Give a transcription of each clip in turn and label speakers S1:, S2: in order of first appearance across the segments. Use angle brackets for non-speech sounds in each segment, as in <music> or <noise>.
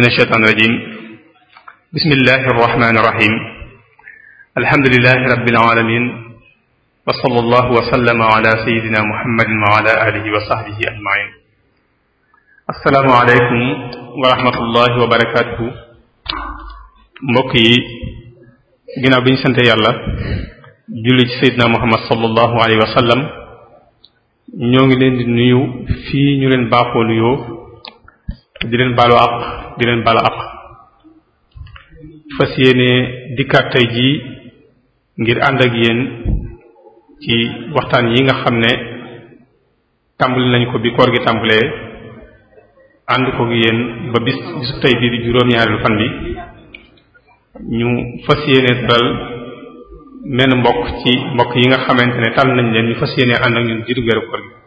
S1: من الشيطان الرجيم بسم الله الرحمن الرحيم الحمد لله رب العالمين وصلى الله وسلم على سيدنا محمد وعلى آله وصحبه أجمعين السلام عليكم ورحمة الله وبركاته mbokk yi ginnaaw bi ñu sant yàlla julli ci Seydina Muhammad sallallahu alayhi wa sallam ñoo ngi leen di nuyu fii ñu leen baaxoo nuyoo di leen baalu àq di leen baalu àq fas yéene dikkaat tey jii ngir ànd ak yéen ci waxtaan yi nga xam ne tàmbali nañ ko bi koor gi tàmbalee ànd ko yéen ba bis bisu tey bii di juróom-ñaareelu fan bi ñu fas yéene dal menn mbokk ci mbokk yi nga xamante ne tànn nañ leen ñu fas yéene ànd ak ñun diiru weeru koor gi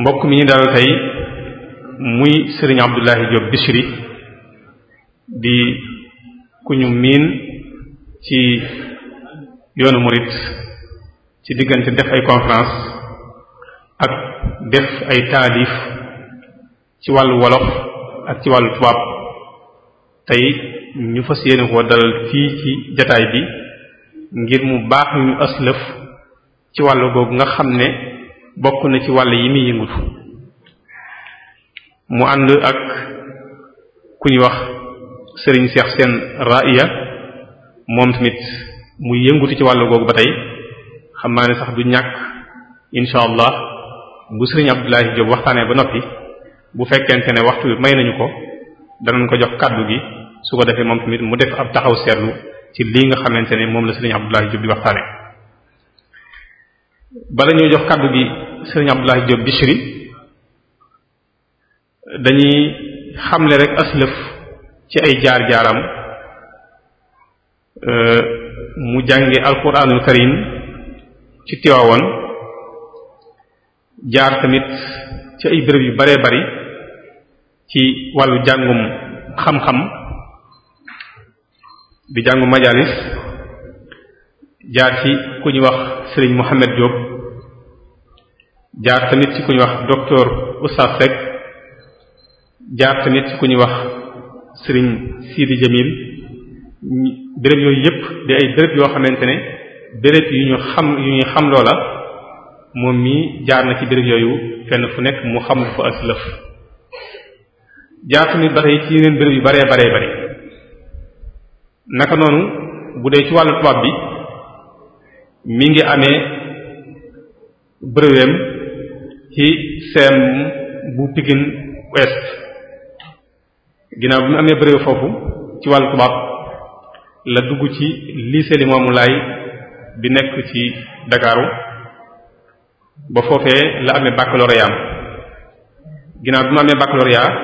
S1: mbokk mi ñu dalal tey muy sëriñ Abdullahi Diop Bichri di ku ñu miin ci yoonu murit ci diggante def ay conférence ak def ay taalif ci wàllu wolof ak ci wàllu tubaab tey ñu fas yéene koo dalal fii ci jataay bi ngir mu baax ñu aslëf ci wàllu googu nga xam ne bokk na ci wàll yi muy yëngutu mu ànd ak ku ñuy wax sëriñ seex seen raaya moom tamit muy yëngutu ci wàll googu ba tey xam naa ne sax du ñàkk incha allah bu sëriñ Abdoulaye Diop waxtaanee ba noppi bu fekkente ne waxtu bi may nañu ko danan ko jox kàddu gi su ko defee moom tamit mu def ab taxaw seetlu ci lii nga xamante ne moom la sëriñ Abdoulaye Diop di waxtaanee. bala ñuy jox kàddu gi sëriñ Abdoulaye Diop Bichri dañuy xamle rekk aslëf ci ay jaar-jaaram euh, mu jànge alquranul karim ci Tiwaawoon jaar tamit ci ay béréb yu bare bari ci wàllu jàngum xam-xam di jàngu majalis jaar ci ku ñu wax sëriñ Mohamed Diop jaar tamit ci ku ñuy wax docteur Oustaz Seck jaar tamit ci ku ñuy wax sëriñ Sidi Jamil béréb yooyu yépp di ay béréb yoo xamante ne bërëb yu ñu xam yu ñu xam loola moom mii jaar na ci béréb yooyu fenn fu nekk mu xam lu fa as lëf jaar tamit ba tey ci yeneen béréb yu baree baree bare naka noonu bu dee ci wàllu tubaab bi mi ngi amee bërëwéem ci seen bu Pikine Ouest ginnaaw bi mu amee bërëw foofu ci wàllu la dugg ci lycée Limamou Laye bi nekk ci dakaaru ba foofee la amee baccalauréat ginnaaw bi mu amee baccalauréat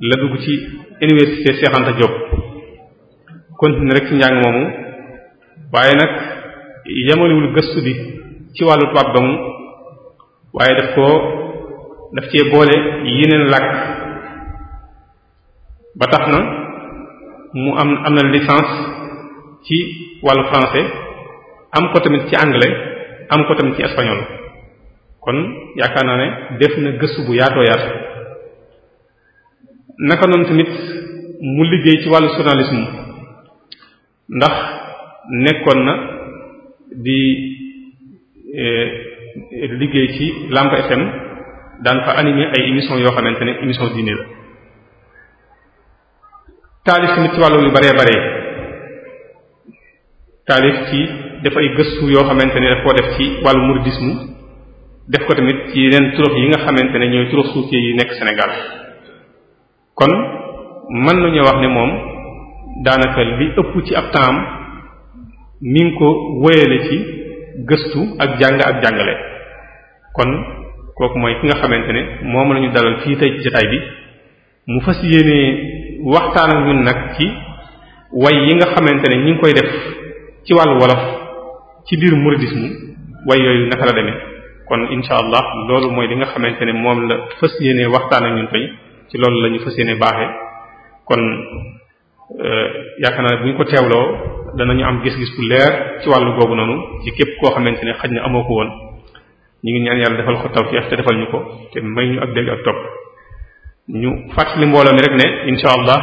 S1: la dugg ci université Cheikh Anta Diop rek ci njàng moomu waaye nag yemalewul gëstu bi ci wàllu tubaab dong waaye daf ko daf cee boole yeneen làkk ba tax na mu am am na licence ci wàllu français am ko tamit ci anglais am ko tamit ci espagnol kon yaakaar naa ne def na gëstu bu yaatoo yaatu naka noonu tamit mu liggéey ci wàllu journalisme ndax nekkoon na di e, e, liggéey ci Lamp FM daan fa animé ay émission yoo xamante ne émission diine la taalif tamit ci wàllu yu baree bare taalif ci def ay gëstu yoo xamante ne daf koo def ci wàllu mouridisme def ko tamit ci yeneen turux yi nga xamante ne ñooy turux suufee yi nekk Sénégal kon mën nañoo wax ne moom daanaka li ëpp ci ab temps ni ngi ko woyeele ci gëstu ak jàng ak jàngale kon kooku mooy ki nga xamante ne moom la ñu dalal fii tey ci jotaay bi mu fas yéenee waxtaan ak ñun nag ki way yi nga xamante ne ñu ngi koy def ci wàll wolof ci biir mouridisme way yooyu naka la demee kon incha allah loolu mooy li nga xamante ne moom la fës yéenee waxtaan ak ñun tey ci loolu la fës fas yéenee baaxee kon euh, yaakaar naa ne bu ñu ko teewloo dana ñu am gis-gis bu leer ci wàllu googu noonu ci képp koo xamante ne xaj na amoo ko woon ñu ngi ñaan yàlla defal ko tawfiix te defal ñu ko te may ñu ak dégg ak topp ñu mi rek ne incha allah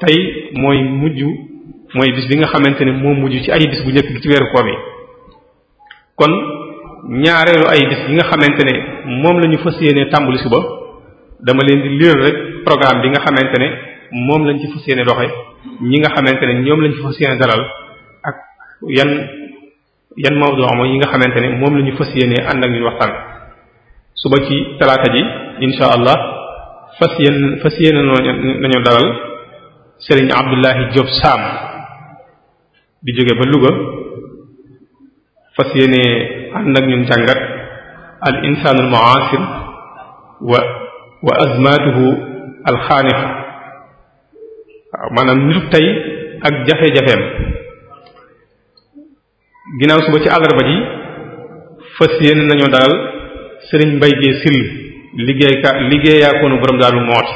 S1: tey mooy mujj mooy bis bi nga xamante ne moo mujj ci ay bis bu njëkk ci weeru koor kon ñaareelu ay yi nga xamante ne moom la ñu fas yéene tàmbali suba dama leen di lire rek bi nga xamante ne moom lañ ci fas yéene doxe ñi nga xamante ne ñoom lañ ci fas yéene dalal yan yan mawdu mooy yi nga xamante ne moom lañu ñu fas yéenee ànd ak ñu waxtaan suba ci talaata ji insha allah fas yéen fas yéene nañu dalal Serigne Abdullahi Diop Sam di jóge ba Louga fas yéenee ànd ak ñun jàngat al insaanu al mu'asir wa wa azmatuhu al xaanifa waaw maanaam nitu tey ak jafe-jafeem ginnaaw suba ci àllarba ji fas yéen nañoo dalal sëriñ Mbaye Guèye Syll liggéeyaakoonu borom Darou Moukhty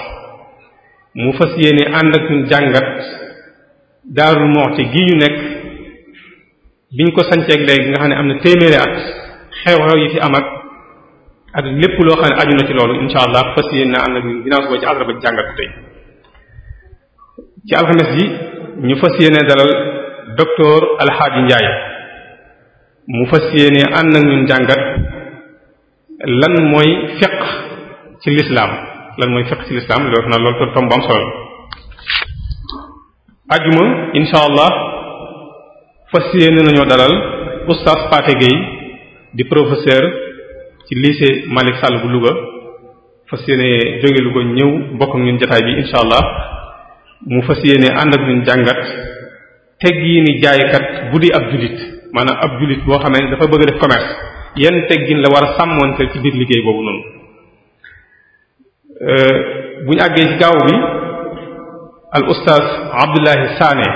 S1: mu fas yéene ànd ak ñu jàngat Darou Moukhty gi ñu nekk biñ ko sanceeg léegi nga xam ne am na téeméeri at xew-xew yi fi am ak ak lépp loo xam ne aju na ci loolu incha allah fas yéene na ànd ak ñun ginnaaw suba ci àllarba jàngat ko tey ci alxames ji ñu fas yéene dalal docteur Alxaaji Ndiaye mu fas yéene ànd ak ñun jàngat lan mooy fiq ci lislaam lan mooy fiq ci lislaam loolu na lool tomb am solo ajuma insha allah fas yéene nañoo dalal oustaz Pathé Gueye di professeur ci lycée Malick Sall bu Louga fas yéene jóge Louga ñëw bokk ak ñun jotaay bi insha allah mu fas yéene ànd ak ñun jàngat teggi ni jaaykat bu di ab jullit maanaam ab jullit boo xamee ne dafa bëgg a def commerce yan teggin la war a sàmmoonte ci biir liggéey boobu noonu euh, bu ñu àggee ci gaaw bi al ustaas Abdullahi Saane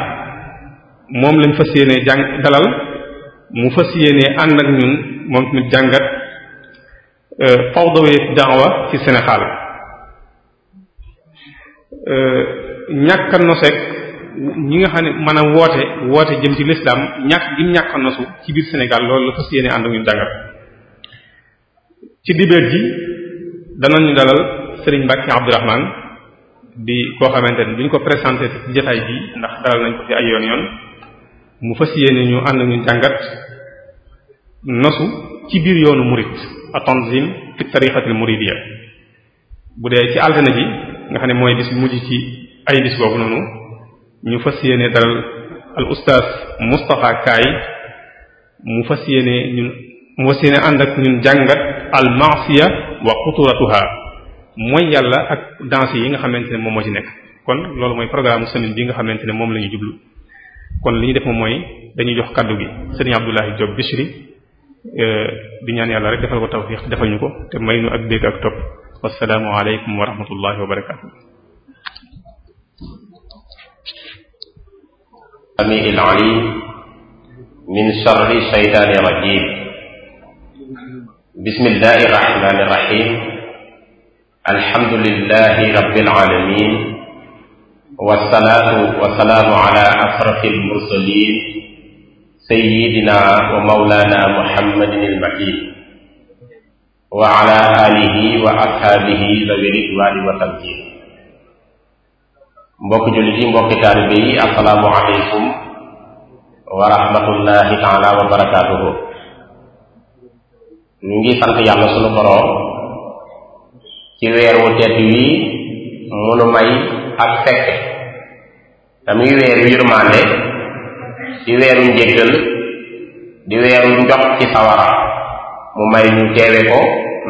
S1: moom lañ fas yéene jàng dalal mu fas yéenee ànd ak ñun moom jàngat fawdawee euh, daawa ci Sénégal euh, ñàkk noseek ñi nga xam ne mën a woote woote jëm ci lislaam ñàkk gi ñàkk nosu ci biir senegal loolu la fas yéene ànd ñu jàngat ci dibeer ji danañu dalal Serigne Mbacke Abdourahmane di koo xamante ne duñ ko présenté ci jotaay bi ndax dalal nañ ko fi ay yoon yoon mu fas yéene ñu ànd ñu jàngat nosu ci biir yoonu murid at-tanzim fi tariqatil muridiyya bu dee ci altine ji nga xam ne mooy bis mujj ci ay bis boobu noonu ñu fas yéene dalal al ustaas Moustapha mu fas yéene ñun mu fas yéene ànd ak ñun jàngat al ma'siya wa xuturatuha mooy yàlla ak danse yi nga xamante ne moom moo ci nekk kon loolu mooy programme semaine bi nga xamante ne moom la ñu jublu kon li ñu def moom mooy dañuy jox kàddu gi sëriñ Abdoulaye Diop Bichri euh, di ñaan yàlla rek defal ko tawfiq defal ñu ko te may nu ak dégg ak topp wassalaamu aleykum wa rahmatullahi wa barakaatu السميع العليم
S2: من شر الشيطان الرجيم بسم الله الرحمن الرحيم الحمد لله رب العالمين والصلاة والسلام على أشرف المرسلين سيدنا ومولانا محمد المكين وعلى آله وأصحابه ذوي الرضوان والتمكين mbokki jullit yi mbokki taalibe yi assalaamu aleykum wa rahmatullahi taala wa barakaatuhu ñu ngi sant yàlla sunu
S3: borom ci weer wu tedd wi may ak fekke damuy weeru yërmande di weeru njéggal di weeru njox ci sawara mu may ñu teewe ko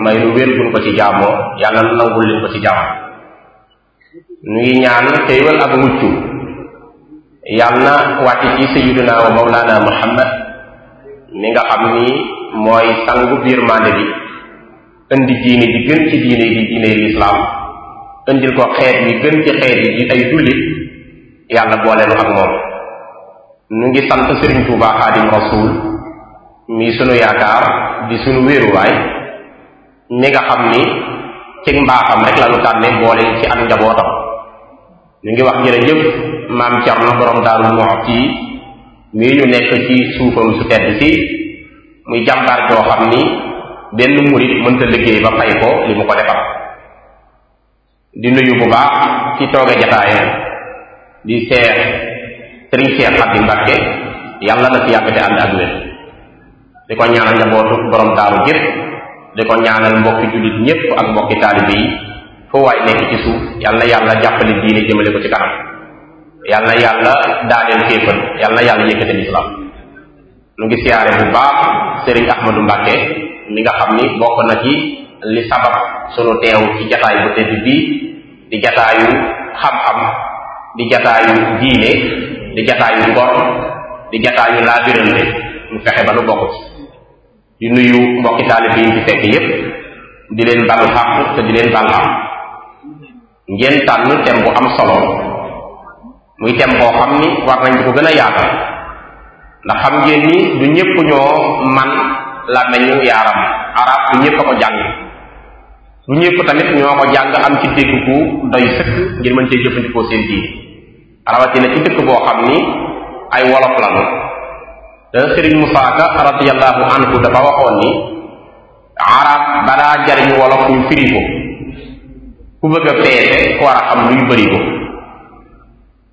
S2: may nu wér ko ci jàmmoo yàlla nu nangul leen ko ci jàmm ñu ngi ñaan teewal ak muccu yàlla wàcc ci sayyidina wa mawlana muhammad mi nga xam ni mooy sangu biir mande indi diine di gën ci diine di diine lislaam indil ko xeet yi gën ci xeet yi di ay jullit yàlla booleenu ak moom nu ngi sant Sëriñ Tuubaa Xaadim Rasuul mi sunu yaakaar di sunu wéeruwaay mi nga xam ni ci mbaaxam rek la nu tànne boole ci ak njabootam ñu ngi wax jërëjëf maam Cerno borom Daaru Muxti mii ñu nekk ci suufam su tedd si muy jàmbaar joo xam ni benn murit mënta liggéey ba fay ko li mu ko defal di nuyu bu baax ci tooge jataayam di seex sëriñ Seex Xaddi Mbàkke yàlla na fi yàgg te ànd ak wér di ko ñaanal njabootu borom daaru jëpp di ko ñaanal mbokki jullit ñépp ak mbokki taalibe yi foo waay nekk ci suuf yal na yàlla jàppale diine jëmale ko ci kanam yal na yàlla daaneel kéefal yal na yàlla yëkkati lislaam nu ngi siyaare bu baax Serigne Ahmadou Mbacke mi nga xam ni bokk na ci li sabab sunu teew ci jataay bu tedd bii di jataayu xam-xam di jataayu diine di jataayu ngor di jataayu laabirante mu fexe ba nu bokk ci di nuyu mbokki taalib yi ñu fekk yépp di leen balu xàq te di leen bal xàq ngeen tànn tem bu am solo muy tem boo xam ni war nañ di ko gën a yaatal ndax xam ngeen ni du ñëpp ñoo man làmmeñu yaaram arab du ñëpp a ko jàng du ñëpp tamit ñoo ko jàng am ci dégg ku doy sëkk ngir mën cee jëfandikoo seen diine rawatina ci dëkk boo xam ni ay wolof lañu te sëriñ Musaa Ka radiyallahu anhu dafa waxoon ni arab balaa jariñu wolof ñu firi ku bëgg a peese ku war a xam luy bëri ko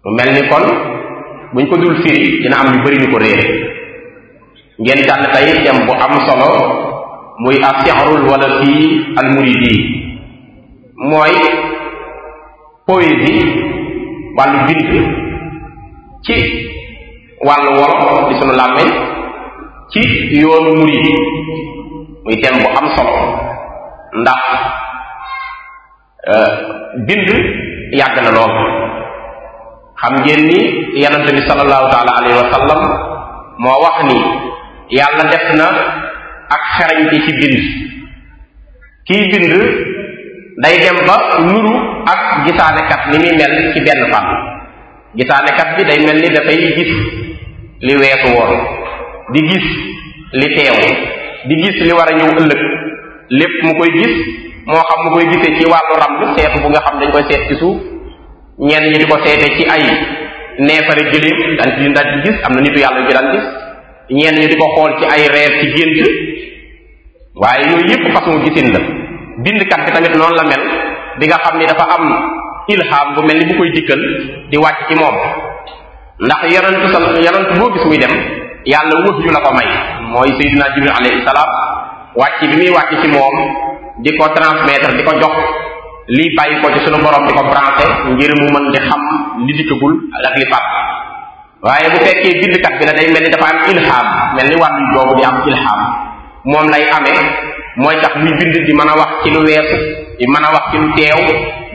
S2: mu mel ni kon buñ ko dul firi dina am yu bëri ko réere ngeen tànn tey thème bu am solo muy as-sihrul walafi
S3: al-muridi mooy
S2: poésie wàllu bind ci wàllu wolof di sunu làmmeñ ci yoonu murid muy thème bu am solo ndax Euh, bind yàgg na lool xam ngeen ni yonente bi sallallahu taala alayhi wa sallam moo wax ni yàlla def na ak xarañte ci bind kiy bind day dem ba nuru ak gisaanekat ni muy mel ci benn fànn gisaanekat bi day mel ni dafay gis li weesu woon di gis li teew di gis li war a ñëw ëllëg lépp mu koy gis moo xam mu koy gisee ci wàllu ramb seetu bu nga xam dañ koy seet ci suuf ñenn ñi di ko seete ci ay neefare gëléem daan ci daan ci gis am na nitu yàlla yu ci daan gis ñenn ñi di ko xool ci ay reer ci gént waaye yooyu yépp façon gisin la bindkat bi tamit noonu la mel bi nga xam ni dafa am ilham bu mel ni bu koy dikkal di wàcc ci moom ndax yonentu sa yonentu boo gis muy dem yàlla wëf yu la ko may mooy Seydina Jibril alayhi salaam wàcc bi muy wàcc moom di ko transmettre di ko jox lii bàyyi ko ci sunu borom di ko branché ngir mu mën di xam li dikkagul ak li fàtt waaye bu fekkee bindkat bi la day mel ni dafa am ilham mel ni wàllu boobu di am ilham moom lay amee mooy tax muy bind di man a wax ci lu weesu di mën a wax ci lu teew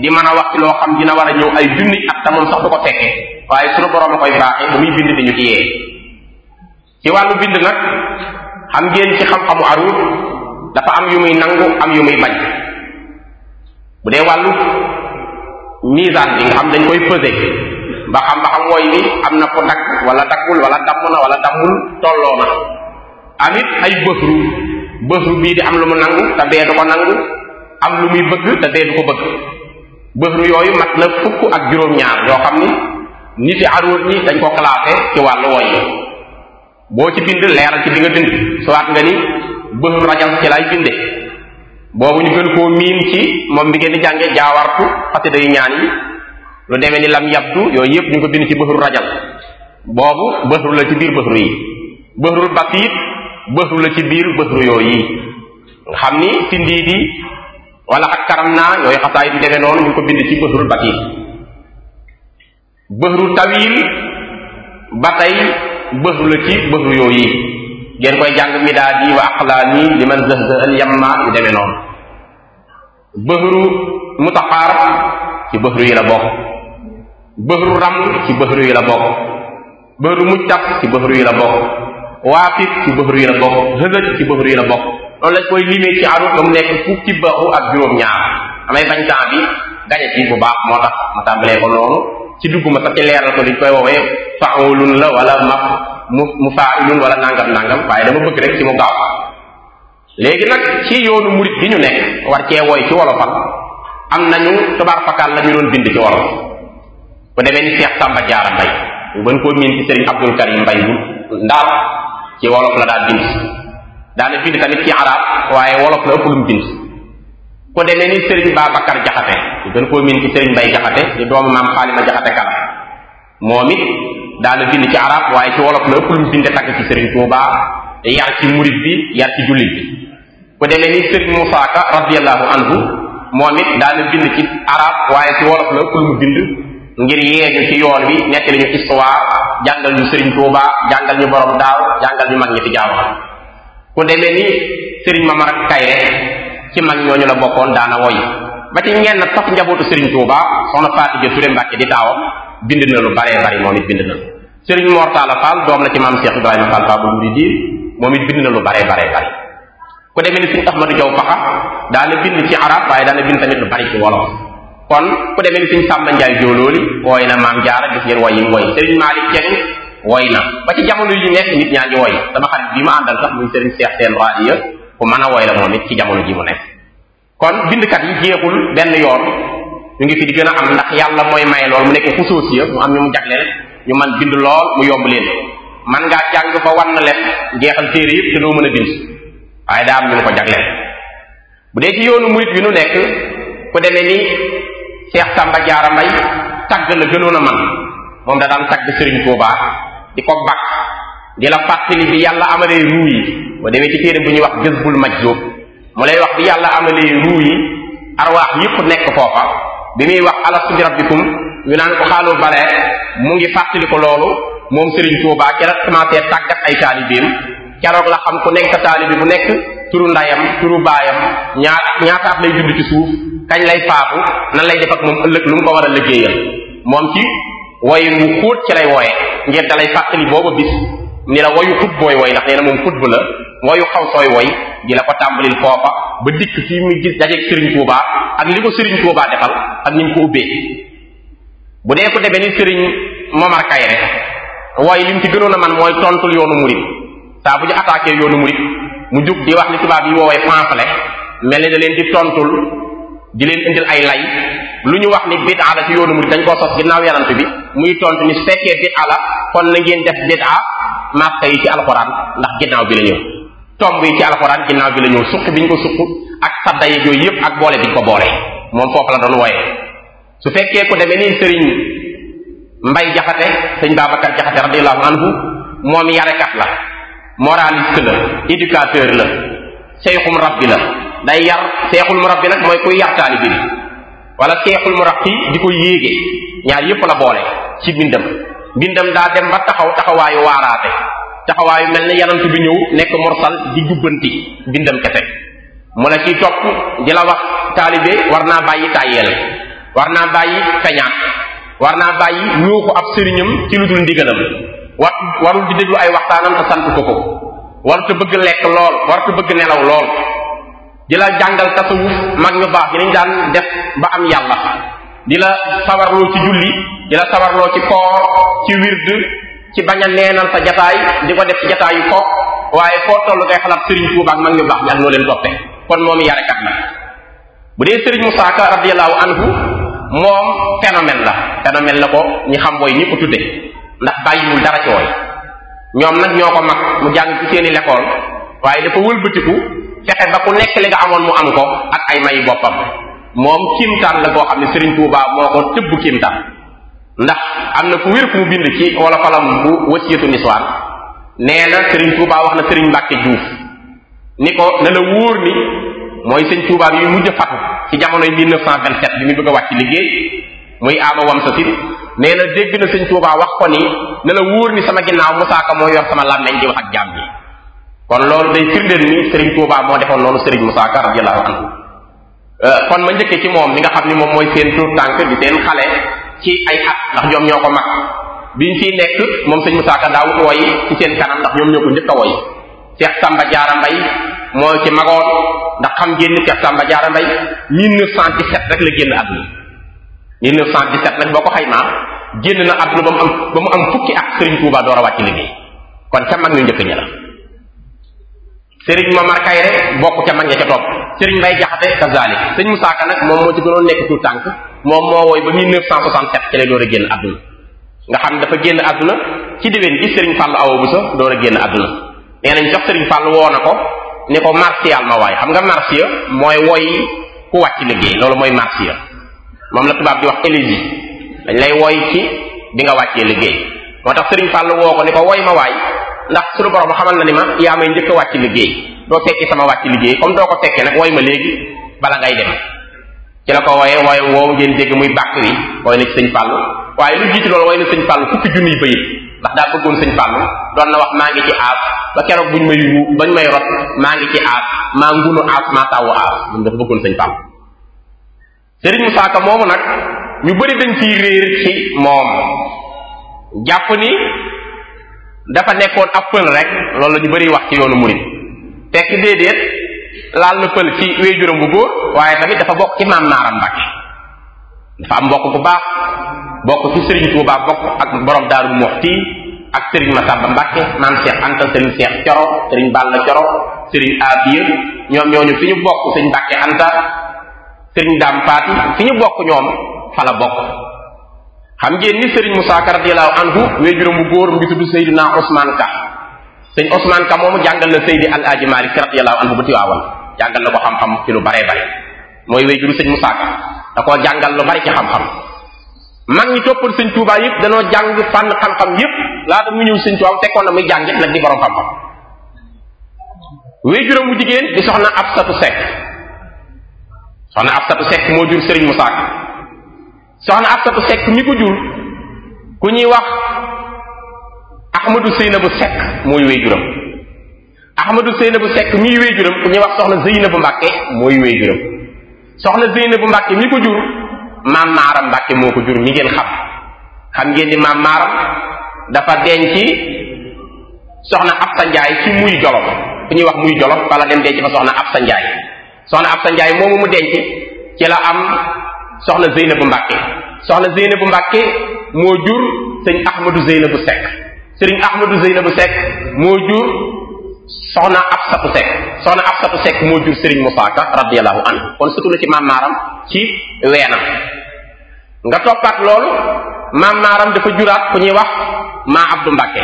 S2: di mën a wax ci loo xam dina war a ñëw ay junni ak te moom sax du ko fekkee waaye sunu borom a koy baaxee bu muy bind di ñu ci yee ci wàllu bind nag xam ngeen ci xam-xamu arut dafa am yu muy nangu am yu muy bañ bu dee wàllu misaan bi nga xam dañ koy pesé ba xam ba xam wooy bi am na ko dakk wala dakkul wala damm na wala dammul tolloo na amit ay bësru bësru bii di am lu mu nangu te bee du ko nangu am lu muy bëgg te bee du ko bëgg bësru yooyu mat na fukk ak juróom-ñaar yoo xam ni nit yi aroot ñi dañ ko classé ci wàllu wooy boo ci bind leeral ci bi nga bind soit nga ni bëxul rajal ci lay binde boobu ñu gën koo miin ci moom bi ngeen di jànge jaawartu xasida yu ñaan yi lu demee ni lam yabdu yooyu yëpp ñu ko bind ci bëxul rajal boobu bëxru la ci biir bëxru yi bëxrul basiit bëxru la ci biir bëxru yooyu yi nga xam ni tindii di wala ak karam naa yooyu xasaay di demee noonu ñu ko bind ci bëxrul basiit bëxru tawil ba tey bëxru la ci bëxru yooyu yi ngeen koy jàng midaadi wa aqlaani nii li man yu demee noonu bëhru mutaxaar ci bëhru yi la bokk bëhru ram ci bëhru yi la bokk bëhru mujtaf ci bëhru yi la bokk waafif ci bëhru yi la bokk hëgëj ci bëhru yi la bokk loolu lañ koy limee ci aru ba mu nekk fukki bëhru ak juróom-ñaar amay bañ temps bi gañe ci bu baax moo tax ma tàmbalee ko noonu ci dugguma sax ci leeral ko liñ koy woowee faulun la wala ma mu mu faailun wala nangam nangam waaye dama bëgg rek ci mu gaaw léegi nag ci yoonu murit bi ñu ne war cee woy ci wolofal am na tubaar fakkaan la ñu doon bind ci wolof bu demee ni Seex Sàmba Jaara Mbay ñu gën koo miin ci Sëriñ Abdul Karim Mbay bu ndaar ci wolof la daa bind daana bind tamit ci arab waaye wolof la ëpp lu bind ko demee ni sëriñ Babacar Jaxate ñu gën koo miin ci sëriñ Mbay Jaxate di doomu maam Xaalima Jaxate kala moom it daana bind ci arab waaye ci wolof la ëpp lu mu binde takk bi yar ci jullit bi ku demee ni sëriñ Moussa Ka radiyallahu anhu bind ci arab waaye ci ngir yeeñu ci yoon wi nekk lañu histoire jàngal ñu sëriñ Touba jàngal ñu borom daaw jàngal ñu mag ñi fi jaaroon ku demee ni sëriñ Mamar Kayre ci mag ñooñu la bokkoon daana woy ba ci ñenn sax njabootu Serigne Touba soxna Fatou Dia Touré Mbacke di taawam bind na lu baree bari moom it bind na Serigne Mor Talla Fall doom la ci maam Cheikh Ibrahima Fall Babou Mouridine na lu baree baree ku demee ni Serigne Ahmadou Diaw Paxa daana bind ci arab waaye daana bind tamit lu bari ci wolof kon ku demee ni Serigne Samba Ndiaye joolooli wooy na maam a gis ngeen woy yi mu woy Serigne Malick Dieng woy na ba ci jamono yi nekk nit ñaa ngi woy sama xarit bi ma àndal sax muy Serigne Cheikh Sène Radia ku mën a woy la moom it ci jamono ji mu nekk kon bindkat yi jeexul benn yoon ñu ngi fi di gën a am ndax yàlla mooy may lool mu nekkee xusoosiya mu am ñu mu jagleel ñu man bind lool mu yomb leen man ngaa jàng ba war na leen jeexal téere yëpp te doo mën a bind waaye daa am ñu mu ko jagleel bu dee ci yoonu murit wi nu nekk ku demee ni Cheikh Samba Diarra Mbaye tagg la gënoon a man moom da daan tagg Serigne Touba di ko bakk di la fàttali bi yàlla amalee ruu yi boo demee ci téere bu ñuy wax jëzbul majjub mu lay wax bi yàlla amalee ruu yi arwaax yëpp nekk foofa bi muy wax alastu bi rabbikum ñu naan ko xaalul bale mu ngi fàttali ko loolu moom Serigne Touba keroog commencé tàggat ay taalibeem keroog la xam ku nekk taalibi bu nekk turu ndayam turu baayam ñaa ñaata at lay judd ci suuf kañ lay faatu nan lay def ak moom ëllëg lu mu ko war a liggéeyal moom ci woy wu xóot ci lay wooye ngir dalay fàttali booba bis ni la wayu xut booy woy ndax nee na moom xut bu la wayu xaw sooy woy di la ko tàmbalil foofa ba dikk fii mu gis dajeeg Serigne Touba ak li ko Serigne Touba defal ak ni mu ko ubbee bu dee ko demee ni sëriñ Momar Kayre woy li mu ci gënoon man mooy tontul yoonu murid saa bu ñu attaqué yoonu murid mu jug di wax ni tubaab yi woowee fanfale mel na da leen di tontul di leen indil ay lay lu ñu wax ni bid'a la ci yoonu murid dañ koo sos ginnaaw yarante bi muy tontu fekkee bid'a la kon na ngeen def bid'a màkka yi ci alxuraan ndax ginnaaw bi la ñëw tomb yi ci alxuraan ginnaaw bi la ñëw suqi bi ko suq ak sadda yi yooyu yëpp ak boole bi ñu ko boole moom foofu la doon wooyee su fekkee ku demee nii sëriñ mbay jaxate sëñ Babacar jaxate radiallahu anhu moom yarekat la moraliste la éducateur la seyxum bi la day yar seexul mu bi nag mooy kuy yar taalibe bi wala seexul mu rabbi di ko yéege ñaar yëpp la boole ci bindam mbindam daa dem ba taxaw taxawaayu waaraate taxawaayu mel na yanantu bi ñëw nekk morsal di jubbanti mbindam kese mu la ciy topp di la wax taalibe war naa bàyyi la war naa bàyyi feñaat war naa bàyyi ñuuxu ab sëriñam ci lu dul ndigalam war warul di déglu ay waxtaanam te sant ko ko warut a bëgg lekk lool warut bëgg nelaw lool di la jàngal tasawuf mag ñu baax ñi nañ daan def ba am yàlla di la sawarloo ci julli di la sawarloo ci koor ci wird ci bañ a neenal sa jataay di ko def ci jataayu ko waaye koo toll ngay xalaat Serigne Touba ak mag ñu baax ñi ak noo leen toppe kon moom yarekat la bu dee Serigne Moussa Ka radiyallahu anhu moom phénomène la phénomène la ko ñi xam wooy ñi ko tudde ndax bàyyiwul dara ci ñoom nag ñoo ko mag mu jàng ci seeni lekkool waaye ko wëlbatiku fexe ba ku nekk li nga amoon mu am ko ak ay mayi boppam moom kiimtaan la koo xam ne Serigne Touba moo ko tëbb kiimtaan ndax am na ku wér ku mu bind ci wala falam bu wasiyatu niswaan nee na Serigne Touba wax na Serigne Mbacke Diouf ni ko na la wóor ni mooy sëñ Touba bi mujj fatu ci jamonoy 1927 bi mu bëgg a wàcc liggéey muy ama wam sa nee na dégg na sëñ Touba wax ko ni na la ni sama ginnaaw Musaaka moo yor sama làmmeñ di ak jaam kon loolu day firndeel ni Serigne Touba moo defoon noonu Serigne Musaaka radiyallahu anhu euh, kon ma njëkkee ci moom mi nga xam ni moom mooy seen tur tànk di seen xale ci ay at ndax ñoom ñoo ko mag biñ fiy nekk moom sëñ Moussa Ka daawut woy ci seen kanam ndax ñoom ñoo ko njëkk a woy Cheikh Samba Diarra Mbaye moo ci magoon ndax xam ngeen ni Cheikh Samba Diarra Mbaye 1917 rek la génn àdduna 1917 nag boo ko xaymaa génn na àdduna ba mu am ba mu am fukki at Serigne Touba door a wàcc liggéey kon ca mag ñu njëkk ña la Serigne Momar Kayre bokk ca mag ña ca topp Serigne Mbaye Jaxate kazalik sëñ Moussa Ka nag moom moo ci gënoon nekk tout tànk moom moo woy ba 1967 ci lay door a génn àdduna nga xam dafa génn àdduna ci déwén bi Serigne Fallou Awa Bousso door a génn àdduna nee nañ sax Serigne Fallou woo na ko ni ko martial ma waay xam nga martial mooy woy ku wàcc liggéey loolu mooy ya moom la tubaab di wax élégie dañ lay woy ci bi nga wàccee liggéey moo tax Serigne Fallou woo ko ni ko woy ma waay ndax suñu borom xamal na ni ma yaa may njëkk a wàcc liggéey doo fekki sama wàcc liggéey comme doo ko fekkee nag woy ma léegi bala ngay dem ci la ko wooye waaye woowu ngeen dégg muy bàkk wi wooy na ci sëñ fàllu waaye lu jiitu loolu wooy na sëñ fàllu fukki junniy bayit ndax daa bëggoon sëñ fàllu doon na wax maa ngi ci aas ba keroog buñ may bañ may rot maa ngi ci aas maa ngunu aas maa tàwwu aas moom dafa bëggoon sëñ fàllu sëriñ Musaa Ka moomu nag ñu bari dañ ciy réer ci moom jàpp ni dafa nekkoon ab pël rek loolu la ñu bari wax ci yoonu murid fekk déedéet laal na pël ci wéjuram bu góor waaye tamit dafa bokk ci maam naaram Mbàkke dafa am mbokk bu baax bokk ci Serigne Touba bokk ak borom Daaru Muxti ak Serigne Massamba Mbàkke maam Cheikh Anta Serigne Cheikh Coro Serigne Balla Coro Serigne Afiya ñoom ñooñu fi ñu bokk Serigne Mbàkke Anta Serigne Dame Faati fi ñu bokk ñoom fa bokk xam ngeen ni Serigne Moussa Ka radiyallahu anhu wéjuram bu góor mu ngi tudd Seydina Ousmane Ka sëñ Ousmane Ka moomu jàngal na Seydi Alaaji Maalik radiyallahu anhu ba Tiwaawan jàngal na ko xam-xam ci lu baree bari mooy wéy juru sëñ Musaa da koo jàngal lu bari ci xam-xam mag ñi toppoon sëñ Tuubaa yëpp danoo jàng fànn xam-xam yëpp laata mu ñëw sëñ Tuubaa fekkoon na muy jàngit nag di borom xam-xam wéy juróom bu jigéen di soxna Absatu Sekk soxna Absatu Sekk moo jur sëriñ Musaa Ka soxna Absatu Sekk mi ko jur ku ñuy wax Ahmadu Seynabu Sekk mooy wéy juróom Ahmadou Seynabu Seck mii wéejuram ku ñuy wax soxna Zeynabu Mbàkke mooy wéejuram soxna Zeynabu Mbàkke mi ko jur maam Maaram Mbàkke moo ko jur mi ngeen xam xam ngeen di maam Maaram dafa denc soxna Absa Njaay ci muy jolof ku ñuy wax muy jolof wala dem denc fa soxna Absa Njaay soxna Absa Njaay moomu mu denc ci la am soxna Zeynabu Mbàkke soxna bu Mbàkke moo jur sëñ Ahmadou Zeynabu Seck sëriñ Ahmadou Zeynabu Seck moo jur soxna Absatu Seck soxna Absatu Seck moo jur sëriñ Moussa Ka radiyallahu anhu kon sutu la ci maam maaram ci weenam nga toppaat loolu maam maaram dafa juraat ku ñuy wax maa Abdou Mbacke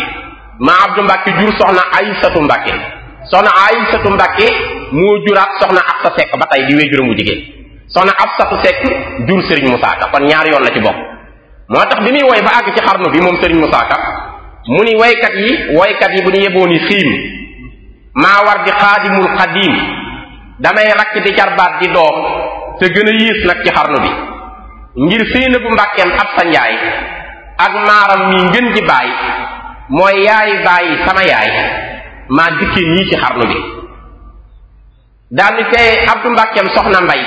S2: maa Abdou Mbacke jur soxna Aysatu Mbacke soxna Aysatu Mbacke moo juraat soxna Absa Seck ba tey di wéejuram bu jigéen soxna Absatu Seck jur Serigne Moussa Ka kon ñaar yoon la ci bokk moo tax bi muy woy ba àgg ci xarnu bi moom sëriñ Moussa mu ni woykat yi woykat yi bu ñu yeboo ni maa war di xaadimul xadim damay rakk di jarbaat di doom te gën a yées nag ci xarnu bi ngir séena bu mbàkkeem ab sa njaay ak maaram mi ngën ji baay mooy yaayu bàyyi sama yaay maa dikkee ñii ci xarnu bi daldi tey abdu mbàkkeem soxna mbay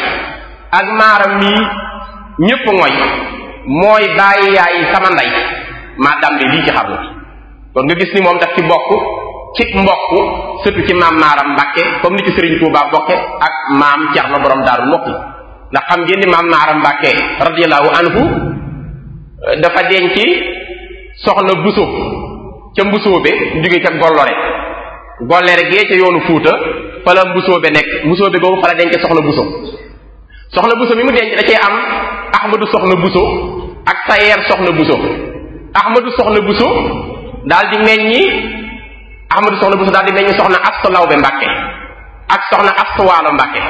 S2: ak maaram mi ñépp ngoy mooy bàyyi yaayi sama ndey maa dambe lii ci xarnu bi kon nga gis ni moom daf ci bokk ci mbokk surtout ci maam maaram Mbacke comme ni ci Serigne Touba bokke ak maam na borom daaru mbokk ndax xam ngeen ni maam maaram Mbacke radiyallahu anhu dafa denc soxna Bousso ca Mbusoobe jóge ca Gollore Gollore gee ca yoonu Fuuta fa la Mbusoobe nekk Mbusoobe boobu fa la denc soxna Bousso soxna Bousso mi mu denc da cee am Ahmadu soxna Bousso ak Sayer soxna Bousso Ahmadu soxna Bousso daal di meññi. ahmadu soxna busu daal di nañu soxna asta lawbe mbàkke ak soxna asta waalo mbàkke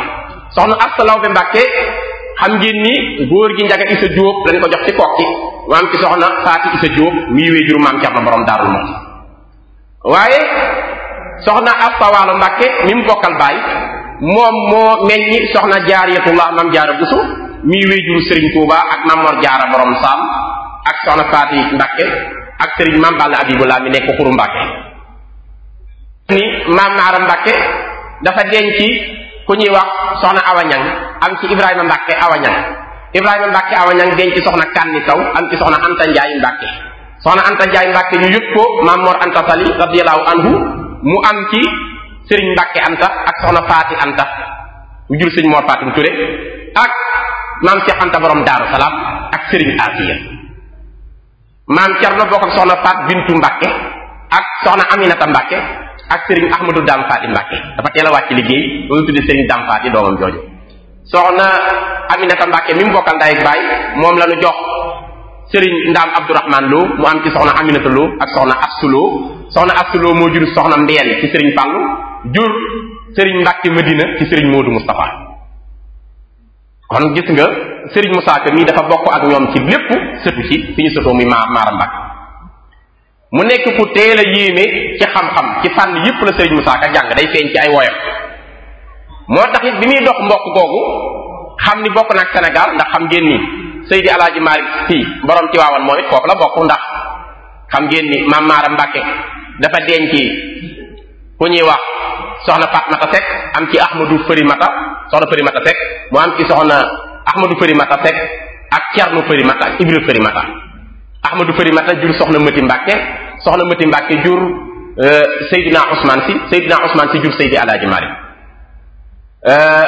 S2: soxna asta lawbe mbàkke xam ngeen ni góor gi njaga isa jóob lañ ko jox ci kokki maam ci soxna faati isa jóob muy wéejuru maam cerno borom daarul moom waaye soxna asta waalo mbàkke mi mu bokkal baay moom moo meññi soxna jaariyatullah maam jaara busu muy wéejuru sëriñ tuuba ak mamor jaara borom saam ak soxna faati mbàkke ak sëriñ maam balla abibullah mi nekk xuru mbàkke ni maam Maaram Mbàkke dafa denc ku ñuy wax soxna awañang am ci Ibrahima Mbàkke awañang Ibrahima Mbàkke awañang denc soxna Kànni Saw am ci soxna Anta Njaay Mbàkke soxna Anta Njaay Mbàkke ñu yëpp ko maam Mor Anta Sali radiyallahu anhu mu am ci Sëriñ Mbàkke Anta ak soxna Faati Anta ñu jur Sëriñ Mor Faatim Ture ak maam Cheikh Anta borom Daaru ak Sëriñ Asiya maam Cerno bokk ak soxna Faat Bintu Mbàkke ak soxna Aminata Mbàkke ak sëriñ Ahmadou Dame Faty Mbacke dafa teel a wàcc liggéey loolu tudde Serigne Dame Faty doomam jooju soxna Aminata Mbacke mi mu bokkal ndey ak baay moom la jox Serigne Ndam Abdourahmane Lo mu am ci soxna Aminata Lo ak soxna Astou Lo soxna Astou Lo moo jur soxna Mbeen ci Serigne Fallou jur Serigne Mbacke Medina ci Serigne Modou Moustapha kon gis nga sëriñ Moussa Ka mii dafa bokk ak ñoom ci lépp sëtu ci fi ñu sëtoo muy ma Maara mu nekk ku teel a yéeme ci xam-xam ci fànn yëpp la Serigne Moussa Ka jàng day feeñ ci ay woyam moo tax it bi muy dox mbokk googu xam ni bokk nag senegal ndax xam ngeen ni Seydi Alaaji Malick Sy borom Tiwaawan moom it foofu la bokk ndax xam ngeen ni Maam Maara Mbàkke dafa denc ku ñuy wax soxna Fatmata Seck am ci Ahmadou Farimata soxna Farimata Seck mu am ci soxna Ahmadou Farimata Seck ak Cerno Farimata ak Ibra Farimata Ahmadou Farimata jur soxna Mati Mbàkke soxna Mati Mbàkke jur euh, Seydina Ousmane si Seydina Ousmane si jur Seydi Alaaji Maalik euh,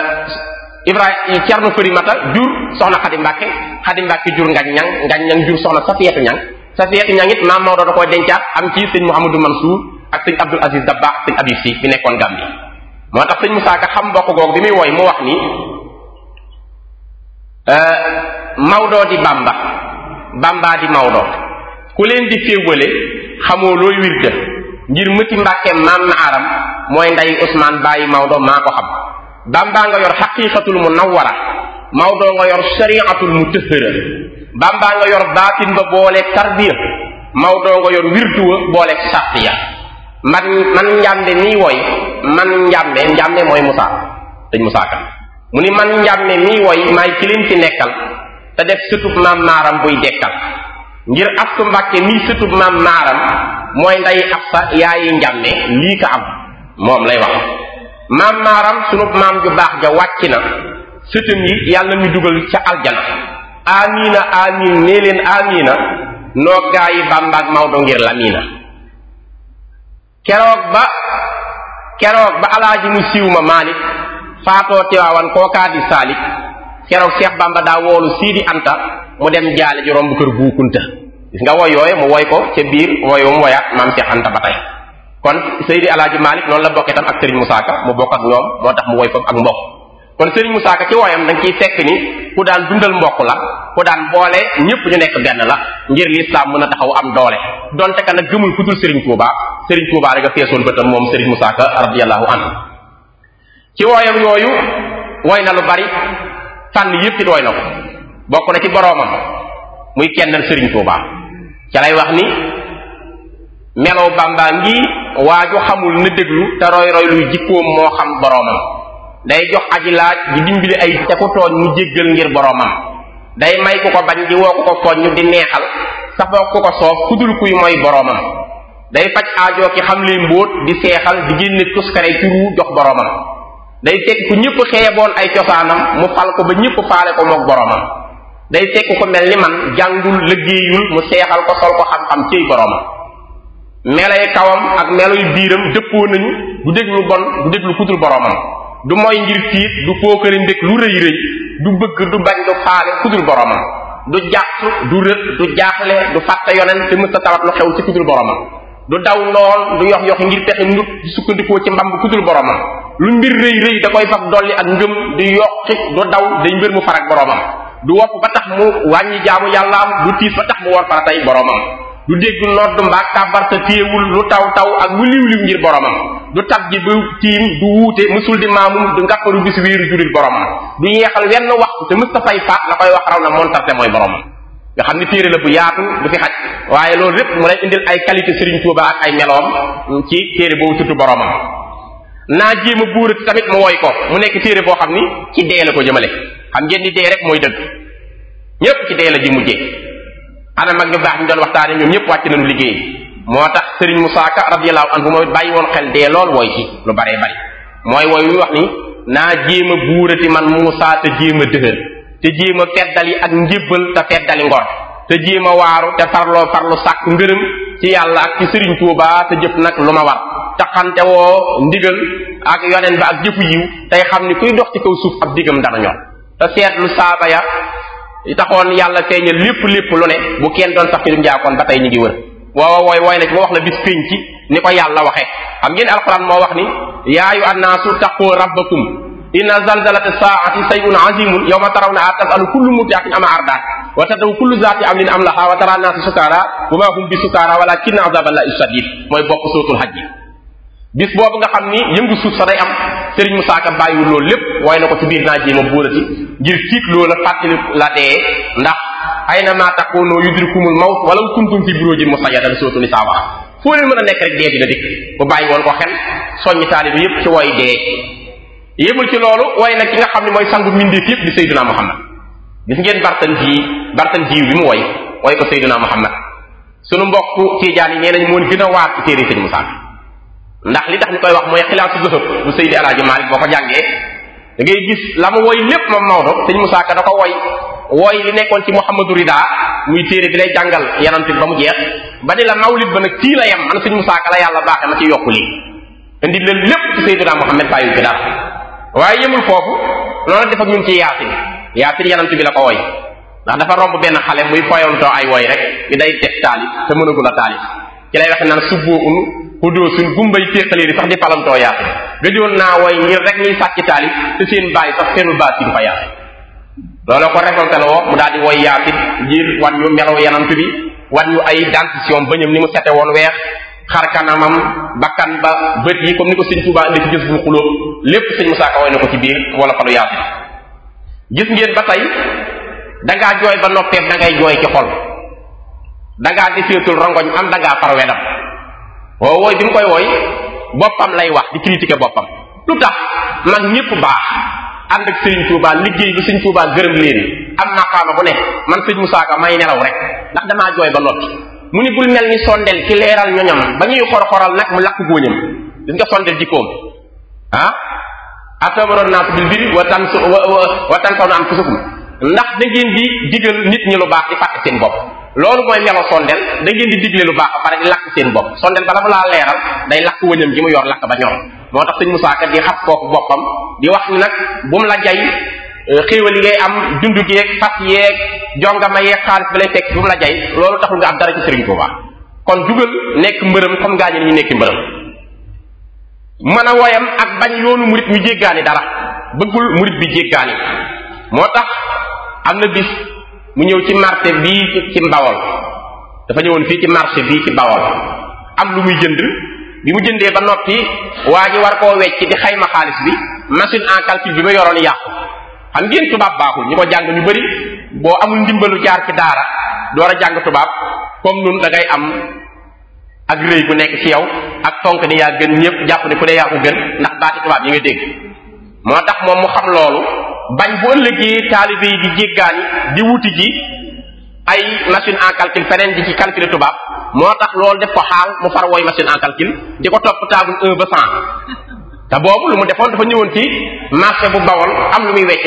S2: Ibrahima Cerno Fëri Mata jur soxna Xadi Mbàkke Xadi Mbàkke jur Ngañ ñan Ngañ Ñang jur soxna Safiyatu Ñang Safiyatu Ñang it maam Maodo da koo dencaat am ci sëñ man Mansour ak sëñ Abdul Aziz Dabbaax sëñ Abib Si bi nekkoon Gàmbi moo tax sëñ Musaa Ka xam mbokk googu bi muy woy mu wax ni euh, Maodo di Bamba Bamba di Maodo ku leen di féewale xamoo looy wirda ngir mëti mbàkkeem maam na aram mooy nday Ousmane bàyyi Maodo maa ko xam bambaa nga yor xaqiqatul munawwara Maodo nga yor shari'atul mutahhara bambaa nga yor baatin ba booleeg tarbiya Maodo nga yor wirdu wa booleeg sàqiya man man njàmbe mii woy man njàmbe njàmbe mooy Musaa dañ Musaa kan mu ni man njàmme mii woy maay ki leen fi nekkal te def sutub maam maaram buy dekkal ngir aftu mbàkke mi sëtub maam maaram mooy nday afsa yaayi njàmme lii ka am moom lay wax maam maaram sunub maam ju baax ja wàcc na sëtam yi yàlla mi dugal ca aljana amina amin nee leen amina noo gaa yi bàmbaag mawdo ngir lamina keroog ba keroog ba alaaji mu siiw ma maalik faatoo tiwaawan kookaa di saalik keroog Cheikh Bamba daa woolu Sidi Anta mu dem jaale ji romb kër buukunta gis nga woy yooyu mu woy ko ca biir woyum woyaat maam Cheikh ba tey kon Seydi Alaaji Malik noonu la bokkee tam ak Serigne Moussa Ka mu bokk ak ñoom moo tax mu woy foofu ak mbokk kon sëriñ Moussa Ka ci woyam da nga ciy ni ku daan dundal mbokk la ku daan boole ñëpp ñu nekk benn la ngir lislaam mën a taxaw am doole donte nag gëmul ku dul Serigne Touba Serigne Touba rek a feesoon bëtam moom Serigne Moussa Ka radiyallahu anhu ci woyam yooyu woy na lu bari fànn yëpp ci doy na ko. bokk na ci boroomam muy kennal sëriñ Touba ca lay wax ni melow Bàmba ngi waaju xamul na déglu te roy roy luy jikkoom moo xam boroomam day jox aji laaj di dimbali ay te ku tooñ mu jéggal ngir boroomam day may ku ko bañ di woo ku ko foññ di neexal safoo ku ko soof kudul kuy mooy boroomam day faj aajoo ki xam leen mbóot di seexal di génne tuskare ci ruu jox boroomam day teg ku ñëpp xeeboon ay cosaanam mu fal ko ba ñëpp faale ko mook boroomam day fekk ko mel ni man jàngul liggéeyul mu seexal ko sol ko xam-xam ciy boroomam melay kawam ak meluy biiram dëppoo nañu du déglu bon du déglu kudul boroomam du mooy ngir tiit du pookari mbég lu rëy rëy du bëgg du bañ du faale kudul boroomam du jàq du rët du jaaxle du fàtte yonent te mësta tawat lu xew ci kudul boroomam du daw lool du yox yox ngir pexe ndut di sukkandikoo ci mbamb kudul boroomam lu mbir rëy rëy da koy fab dolli ak ngëm di yoqi du daw day mbir mu farak boroomam du wopp ba tax mu wàññi jaamu yàllaam du tiis ba tax mu war faratay boromam du dégg nodd mbaa kàbbar te téewul lu taw taw ak lu liw-liw ngir boromam du tab ji bu tiim du wuute musul di maamum du ngàpparu bis wéeru julil boromam du yeexal wenn waxtu te mustafay faat la koy wax raw na montarte mooy boromam nga xam ne téere la bu yaatu du fi xaj waaye loolu lépp mu lay indil ay qualité Serigne Touba ak ay meloom ci téere boo tudd boromam naa jéem a buurati tamit mu woy ko mu téere boo xam ni ci dee ko jëmale xam ngeen di dee rek mooy dëgg ñépp ci dee la ji mujje ana mag ñu baax ñu doon waxtaane ñoom ñëpp wàcc nañu liggéey moo tax sëriñ Musaa Ka radiyallahu anhu bu ma bàyyi woon xel dee lool wooy ci lu baree bari mooy wooy wi wax ni naa jéem a buurati man Musaa te jéem a dëhër te jéem a feddali ak njébbal te feddali ngor te jéem a waaru te farloo farlu sàkk ngërëm ci yàlla ak ci sëriñ Tuubaa te jëf nag lu ma war taxantewoo ndigal ak yoneen bi ak jëfu yiw tey xam ni kuy dox ci kaw suuf ab digam te seetlu saaba ya yi taxoon yàlla feeñal lépp lépp lu ne bu kenn doon sax ci du njaakoon ba tey ñu ngi wër woowa wooy wooy na ci wax la bis feeñ ci ni ko yàlla waxe xam ngeen alquran moo wax ni yaayu annaasu taqoo rabbakum inna zalzalata saati sayun azimun yawma tarawnaha tasalu kullu murdiatin ama ardaat wa tadaw kullu zaati amlin amlaha wa tara naasa sukaara wa ma hum bi sukaara walakinna azaba allahi shadid mooy bokk sootul hajji bis boobu nga xam ni yëngu suuf sa day am sëriñ Moussa bàyyiwul loolu lépp waaye na ko ci biir naa jéem a bóolati ngir tiit loola fàttali la dee ndax ay na maa takoonoo yudrikumul mawt wala kuntum fi buróojin musayyada sootu ni saa wax foo leen mën a nekk rek dee dina dikk bu bàyyi woon ko xel soññi taaliba yépp ci woy dee yëmul ci loolu waaye nag ki nga xam ne mooy sangu mbindeef yépp di Seydina Muhammad gis ngeen bartan jii bartan jiw bi mu woy woy ko Seydina Muhammad sunu mbokk tiijaan yi nee nañ moon gën a waat ci téere sëñ Moussa ndax li tax ñu koy wax mooy xilaasu dëhëb bu Seydi Alaaji Maalik boo ko jàngee da ngay gis la mu woy lépp moom Maodo sëñ Moussa Ka da ko woy woy li nekkoon ci Mouhamadou Rida muy téere bi lay jàngal yananti ba mu jeex ba ni la mawlid ba nag tii la yem man sëñ Moussa la yàlla baaxe ma ci yokku lii indi la lépp ci Seydina Muhammad bàyyi bi daal waaye yemul foofu loolu def ak ñun ci yaasin yaasin yananti bi la ko woy ndax dafa romb benn xale muy foyantoo ay woy rek day def taalif te mënagul a taalif ci lay waxe naan subboo un xuddoo suñ gumbay féqaliir yi sax di palantoo yaaq gëjoon naa woy ngir rek ñuy sàcc taalib te seen bàyyi sax seenu baas yi fa yaaq looloo ko récolté la woo mu daal di woy yaasit ngir wan ñu melaw yanant bi wan ñu ay dentition bëñam ni mu sete woon weex xar kanamam bakkan ba bët yi comme ni ko sëñ Tuubaa indi ci gis bu xulóo lépp sëñ Musaa Ka woy na ko ci biir wala falu yaasit gis ngeen ba tey dangaa jooy ba noppee dangay jooy ci xol dagaa defeetul rongoñ am dagaa far wedam woo wooy bi mu koy woy boppam lay wax di critiquer boppam lu tax man ñëpp baax ànd ak Serigne Touba liggéey bi Serigne Touba gërëm leen am maqaama bu ne man Serigne Moussa Ka may nelaw rek ndax damaa jooy ba lot mu ni bul mel ni sondel ki leeral ñoñam ba ñuy xor-xoral nag mu lakk góoñam gis nga sondel jikkoom ah atamaroon naa ko bil biri wa tan wa tan saw na am fusukum ndax da di digal nit ñi lu baax di seen bopp loolu mooy melo sondel da ngeen di digle lu baax ba pare di lakk seen bopp sondel bala mu laa leeral day lakk wëñam gi mu yor lakk ba ñor moo tax sëñ Musaa Ka di xas kooku boppam di wax ni nag bu mu la jay euh, xéewal yi ngay am dund gi yeeg fas yeeg jongama yeeg xaalis bi lay fekk bu mu la jay loolu taxul nga am dara ci Sëriñ ba kon jugal nekk mbërëm kom gaañe ñu nekk mbërëm mën a woyam ak bañ yoonu murit mu jéggaani dara bëggul murit bi jéggaani moo tax am na bis mu ñëw ci marché bii ci mbawol dafa ñëwoon fii ci marché bii ci bawol am lu muy jënd bi mu jëndee ba noppi waa ji war ko wecc di xayma xaalis bi machine en calcul bi ma yoroon yàqu xam ngeen tubaab baaxul ñu ko jàng ñu bari boo amul ndimbalu jaar ci daara door a jàng tubaab comme nun da ngay am ak rëy gu nekk ci yow ak fonk ni yaa gën ñëpp jàpp ne ku ne yaa ko gën ndax baati tubaab yi nga dégg moo tax moom mu xam loolu bañ bu ëllëgee taalibe yi di jéggaani di wuti ji ay machine en calcul feneen di ci calculer tubaab moo tax loolu def ko xaal mu far woy machine en calcul di ko topp table un ba cent <laughs> te boobu lu mu defoon dafa ñëwoon ci marché bu bawoon am lu muy wecc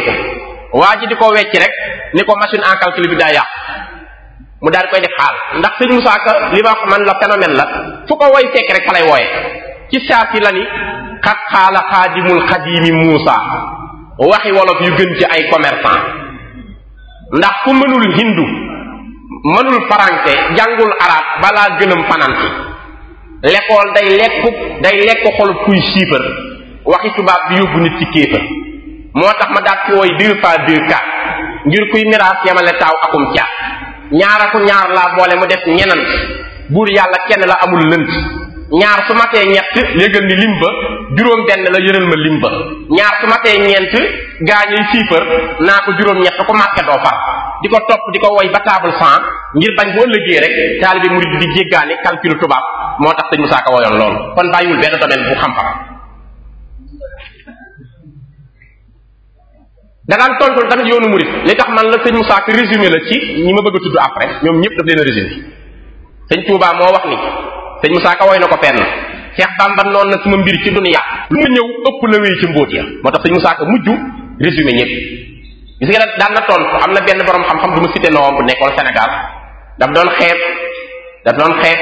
S2: ko waa ji di ko wecc rek ni ko machine en calcul bi daa yàq mu daal di koy def xaal ndax sëñ Moussa li ma man la phénomène la fu ko woy fekk rek fa lay wooye ci saa si la ni xat xaala xaadimul xadiimi waxi wolof yu gën ci ay commerçant ndax ku mënul hindu mënul faranse jàngul arab balaa gënam fananti lekkool day lekku day lekk xol kuy siifar waxi tubaab bi yóbbu nit ci kéefar moo tax ma daat ci wooy deux fois ngir kuy miraas yamale taaw akum caat ñaar aku ñaar laa boole mu def ñenant buur yàlla kenn la amul lënt ñaar su matee ñett yëgal ni lim ba juróom benn la yëral ma lim ba ñaar su matee ñeent gaa ñuy siifar naa ko juróom ñett ko màkke doo far di ko topp di ko woy ba table cent ngir bañ boo liggéey rek taalibe murid di jéggaane calcul tubaab moo tax sëñ Musaa Ka woyoon loolu kon bàyyiwul benn domaine bu xam-xam da daan tamit yoonu murid li tax man la sëñ Musaa Ka résumé la ci ñi ma bëgg tudd après ñoom ñëpp daf leen a résumé sëñ Tuubaa moo wax ni sëñ Musaa Ka woy na ko fenn Cheikh Bamba noonu na sama mbir ci duniya lu ma ñëw ëpp la wéy ci mbóot ya moo tax sëñ Musaa Ka mujj résumé ñëpp gis nga daan na tontu am na benn borom xam-xam du ma cité noom bu nekkoon Sénégal daf doon xeeb daf doon xeeb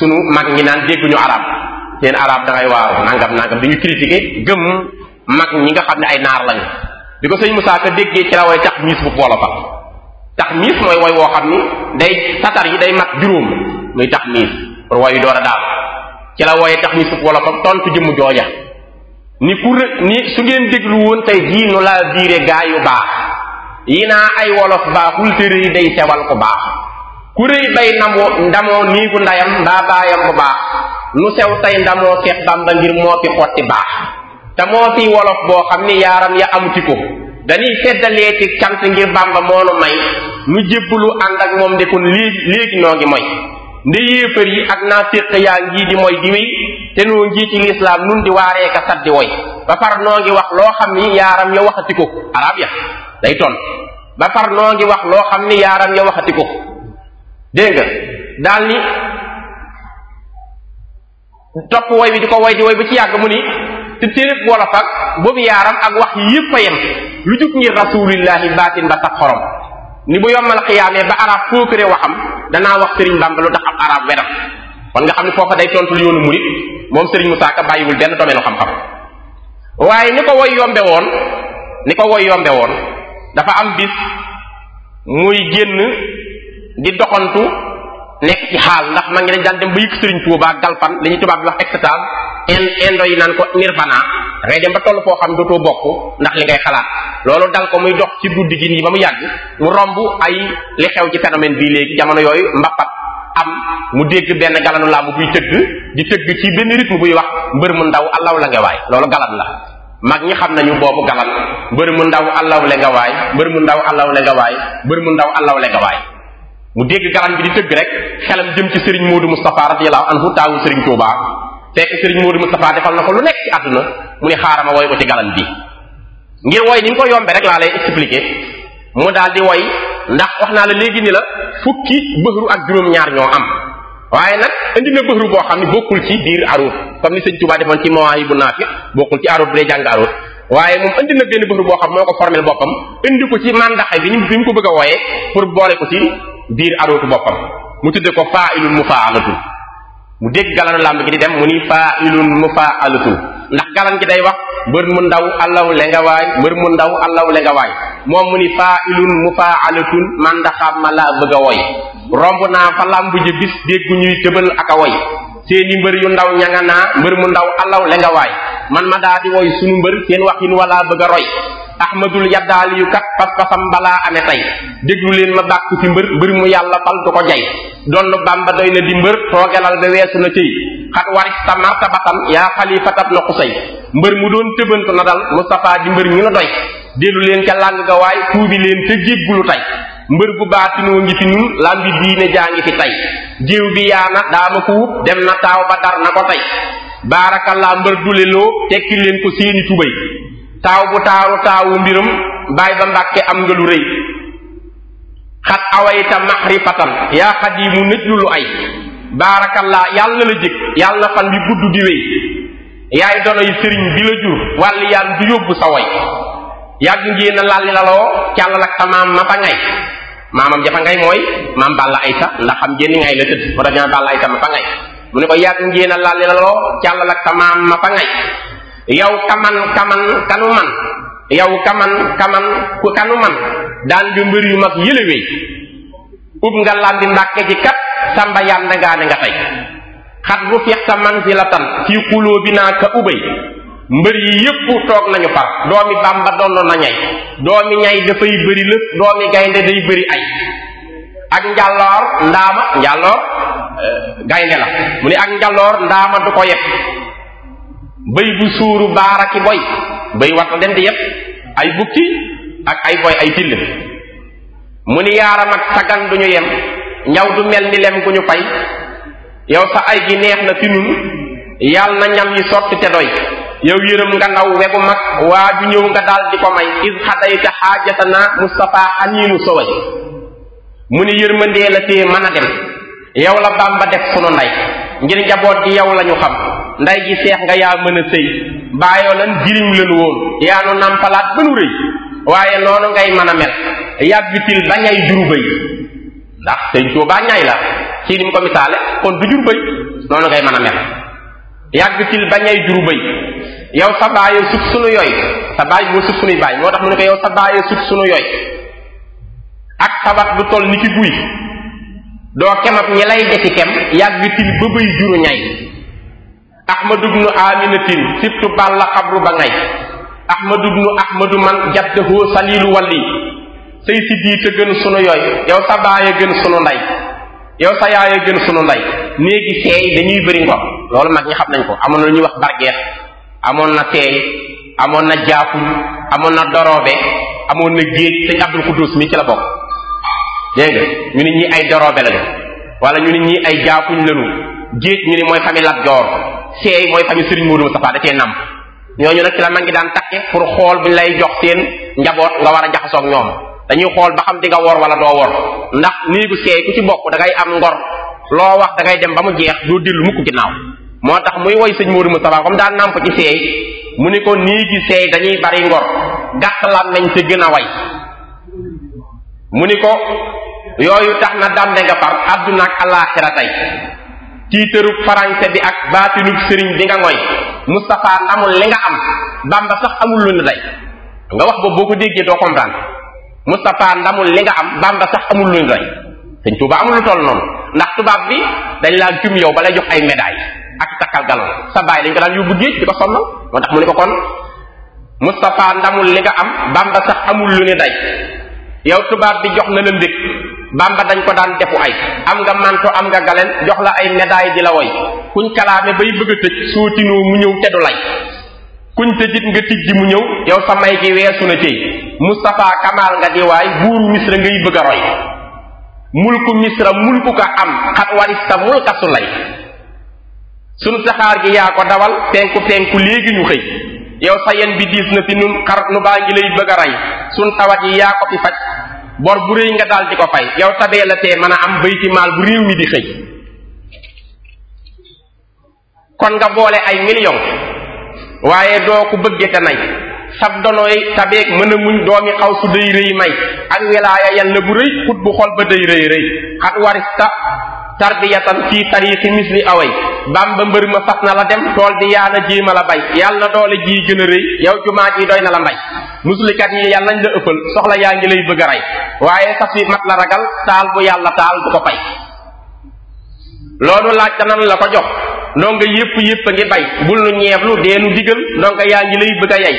S2: sunu mag ñi naan dégguñu arab seen arab da ngay waaw nangam nangam dañu critiqué gëm mag ñi nga xam ne ay naar lañu di ko sëñ Musaa Ka déggee ci tax miis bu boolo fa tax miis mooy woy woo xam ni day satar yi day mat juróom muy tax miis pour woyu door daal ci la wooye tax ñu sub wolofam tontu jëmm jooja ni ku ni su ngeen déglu woon tey jii nu laa biire gaa yu baax yi naa ay wolof baaxul te rëy day sewal ko baax ku rëy bay ndamoo ndamoo niigu ndayam mbaa ko bu baax nu sew tey ndamoo seex bamba ngir moo fi xotti baax te moo fi wolof boo xam ni yaaram ya amuti ko dañuy seddalee ci cant ngir bamba moonu may nu jébbalu ànd ak moom de kon léegi noo ngi moy nde yéefar yi ak naafiq yaa ngii di mooy di wéy te noo ngii ci lislaam nun di waaree ka saddi woy ba par noo ngi wax loo xam ni yaaram ya waxati ko arab ya day ton ba par noo ngi wax loo xam ni yaaram ya waxati ko dégg nga daal ni topp woy bi di ko woy di woy ba ci yàgg mu ni te téréb wolof ak boobu yaaram ak wax yi yëpp a yem lu jug ngir rasulillahi baatin ba sax xorom ni bu yombal xiyaamee ba arab fookare waxam danaa wax Serigne Bamba lu tax ab arab weram nga xam ne foofa day tontul yoonu murit moom Serigne Moussa Ka bàyyiwul benn domaine xam-xam waaye ni ko woy yombe woon ni ko woy yombe woon dafa am bis muy génn di doxantu nekk ci xaal ndax ma ngi dañ daan dem ba yëg Serigne Touba galfan li ñuy tubaab bi wax extase in indo yi naan ko nirvana da ngay dem ba toll foo xam dootoo bokk ndax li ngay xalaat loolu dal ko muy dox ci guddi gi nii ba mu yàgg mu romb ay li xew ci phénomène bii léegi jamono yooyu mbappat am mu dégg benn galanu làmb buy tëgg di tëgg ci benn rythme buy wax mbër mu ndaw allaw la nga waay loolu galan la mag ñi xam nañu boobu galan mbër mu ndaw allaw la nga waay mbër mu ndaw allaw la nga waay mbër mu ndaw allaw la nga waay mu dégg galan bi di tëgg rek xelam jëm ci Serigne Modou Moustapha radiyallahu anhu taawu Serigne Touba fekk Serigne Modou Moustapha defal na ko lu nekk ci àdduna mu ne xaaral ma woy ko ci galan bi ngir woy ni nga ko yombe rek laa lay expliquer mu daal di woy ndax wax naa la léegi ni la fukki bëxru ak juróom-ñaar ñoo am waaye nag indi na bëxru boo xam ne bokkul ci biir aruut comme ni sëñ Touba defoon ci mawaay bu naafi bokkul ci aruut bu dee jàng aruut waaye moom indi na benn bëxru boo xam moo ko formel boppam indi ko ci mandaxe bi ñu bi mu ko bëgg a wooyee pour boole ko ci biir aruutu boppam mu tudde ko faa ilul mu dégg galanu làmb gi di dem mu ni faa ilun mu faa alatun ndax galan gi day wax mbër mu ndaw allaw le nga waay mbër mu ndaw allaw le nga waay moom mu ni faa ilun mu faa alatun man ndaxaam ma laa bëgg a woy romb naa fa làmb ji bis déggu tëbal ak a woy seeni mbër yu ndaw ñanga naa mbër mu ndaw allaw le nga man ma daa di woy sunu mbër seen waxin walaa bëgg a roy ahmadul yaddaal yu kat pas-pasam balaa amee tey déglu leen ma bàkku ci mbër mbër mu yàlla fal du ko jay donn bamba doy na di mbër toogelal ba weesu na cëy xat warista martabatan yaa xalifatab na xusay mbër mu doon tëbantu na dal Mustafa di mbër mi la doy dellu leen ca làng ga waay tuubi leen te jéggulu tey mbër gu baatinoo ngi fi nun làmbi diine jaa ngi fi tey jiw bi yaana daama ko wub dem na taaw ba dar na ko tey baarakallaa mbër duleloo tekki leen taaw bu taaru taawu mbirum baay ba mbàkke am nga lu rëy xat awayta maxrifatan yaa xadiimu nit lu ay baarakallaa yàlla na la jëkk yàlla na fan bi gudd di wéy yaay donoy sëriñ bi la jur wàlli yaan yóbbu sa woy yàgg ngeen a lalli laloo càllal ak sa maam ma fa ngay maamam jafa ngay mooy maam bàlla ayta ndax xam ngeen ngay la tëdd moo tax ñu bàlla ayta ma fa ngay mu ne ko yàgg ngeen lalli laloo càllal ak sa ma fa ngay yow kaman kaman kanu man yow kaman kaman ku kanu man daan ju mbir yu mag yëlewee ub nga làmbi ndàkke ci kat samba yam na ne nga tey xat bu feex sa man si la tan fii xuloo bi naa ka ubay mbër yi yépp toog nañu far doomi bàmba donn na ñay doomi ñay dafay bëri lëf doomi gaynde day bëri ay ak njàlloor ndaama njàlloor eh, gaynde la mu ne ak njàlloor ndaama du ko yet bay bu suuru baara ki boy bay war dem di yépp ay bukki ak ay boy ay till mu ni yaaram ak sagan du yem ñaw du mel ni lem ku ñu fay yow sa ay gi neex na fi nun yàlla na ñam yi sotti te doy yow yërëm nga ndaw wegu mag waa ju ñëw nga daal di ko may is xadayta xaajatana Mustafa aniinu sowal mu ni yërmandee la tee mën a dem yow la Bàmba def sunu ndey ngir njaboot gi yow lañu xam nday ji seex nga yaa mën a sëy baayoo lan jiriñ lan woon yaa nu nàmpalaat ba nu rëy waaye noonu ngay mën a mel yàbbitil ba ñay juru bëy ndax sëñ Tuubaa ñay la ci ni mu ko misaale kon du jur bëy noonu ngay mën a mel yàggitil ba ñay juru bëy yow sa baayoo sut sunu yooy sa baay moo sut sunuy baay moo tax mu ne ko yow sa baayoo sut sunu yooy ak sabat bu toll ni ki guy doo kemab ñi lay defi kem yàggitil ba bëy juru ñay ahmadu bnu aminatin sibtu la xabru ba ngay ahmadu bnu ahmadu man jaddahu salilu walli say si diita gën sunu yooy yow sa baaya gën sunu ndey yow sa yaaya gën sunu ndey néegi seey dañuy bëri ko loolu mag ñi xam nañ ko amoon na lu ñuy wax bargeex amoon na seey amoon na jaaful amoon na dorobe amoon na géej sëñ abdul xudus mi ci la bokk dégg nga ñu ni ñii ay doroobe lañu wala ñu ni ñii ay jaafuñ lañu géej ñu ni mooy famille Lat Joor seey mooy famille Serigne Modou Moustapha da cee namp ñooñu nag ci la mag ngi daan takke pour xool bu ñu lay jox seen njaboot nga war a jaxasoog ñoom dañuy xool ba xam dinga wor wala doo wor ndax niigu seey ku ci bokk da ngay am ngor loo wax dangay dem ba mu jeex doo dellu mukk ginnaaw moo tax muy woy sëñ Modou Moustapha comme daan namp ci seey mu ni ko niigi seey dañuy bari ngor gàtt lam nañ ci gën a way mu ni ko yooyu tax na dàmbe nga far àdduna ak alaaxira tiitërub farañse bi ak baatinub sëriñ bi nga ngoy Moustapha ndamul li nga am Bamba sax amul lu ñu nga wax boobu boo ko déggee doo comprendre Moustapha ndamul li nga am Bamba sax amul lu ñu day sëñ Touba amul lu toll noonu ndax tubaab bi dañ laa jum yow ba lay jox ay médailles ak takkal galon sa baay dañ ko daan yóbbu géej di ko sonnal moo tax mu ne ko kon Moustapha ndamul li nga am Bamba sax amul lu ñu day yow tubaab bi jox na la mbég bamba dañ ko daan defu ay am nga manto am nga galen jox la ay médaille di la woy kuñ kalaame bay bëgg a tëj soo tinoo mu ñëw teddu lay kuñ tëjit nga tijji mu ñëw yow sa may gi weesu na tey Moustapha Kamal nga di waay buuru misra ngay bëgg a roy mulku misra mulku ka am xat warista mulka su lay sunu saxaar gi yaa ko dawal penku penku léegi ñu xëy yow sa yen bi diis na fi nun xar nu baa ngi lay bëgg a rey tawat yi yaa ko fi faj bor bu réy nga daal di ko fay yow tabee la tee mën a am bayti maal bu réew mi di xëy kon nga boole ay million waaye doo ko bëgge te nay sab donoy tabeeg mën a muñ doomi xaw su day rëy may ak wilaaya yàlla bu rëy xut bu xol ba day rëy rëy xat warista tarbiyatan fii tariixi misli away bamba mbër ma fas na la dem tool bi yaana jéema la bay yàlla doole ji gën a rëy yow jumaa ji doy na la mbay muslikat yi yàlla nañ la ëppal soxla yaa ngi lay bëgg a rey waaye saf yi mat la ragal taal bu yàlla taal du ko fay loolu laaj tanan la ko jox ndonga yépp yépp a ngi bay bul nu ñeeblu deenu digal ndonga yaa ngi lay bëgg a yay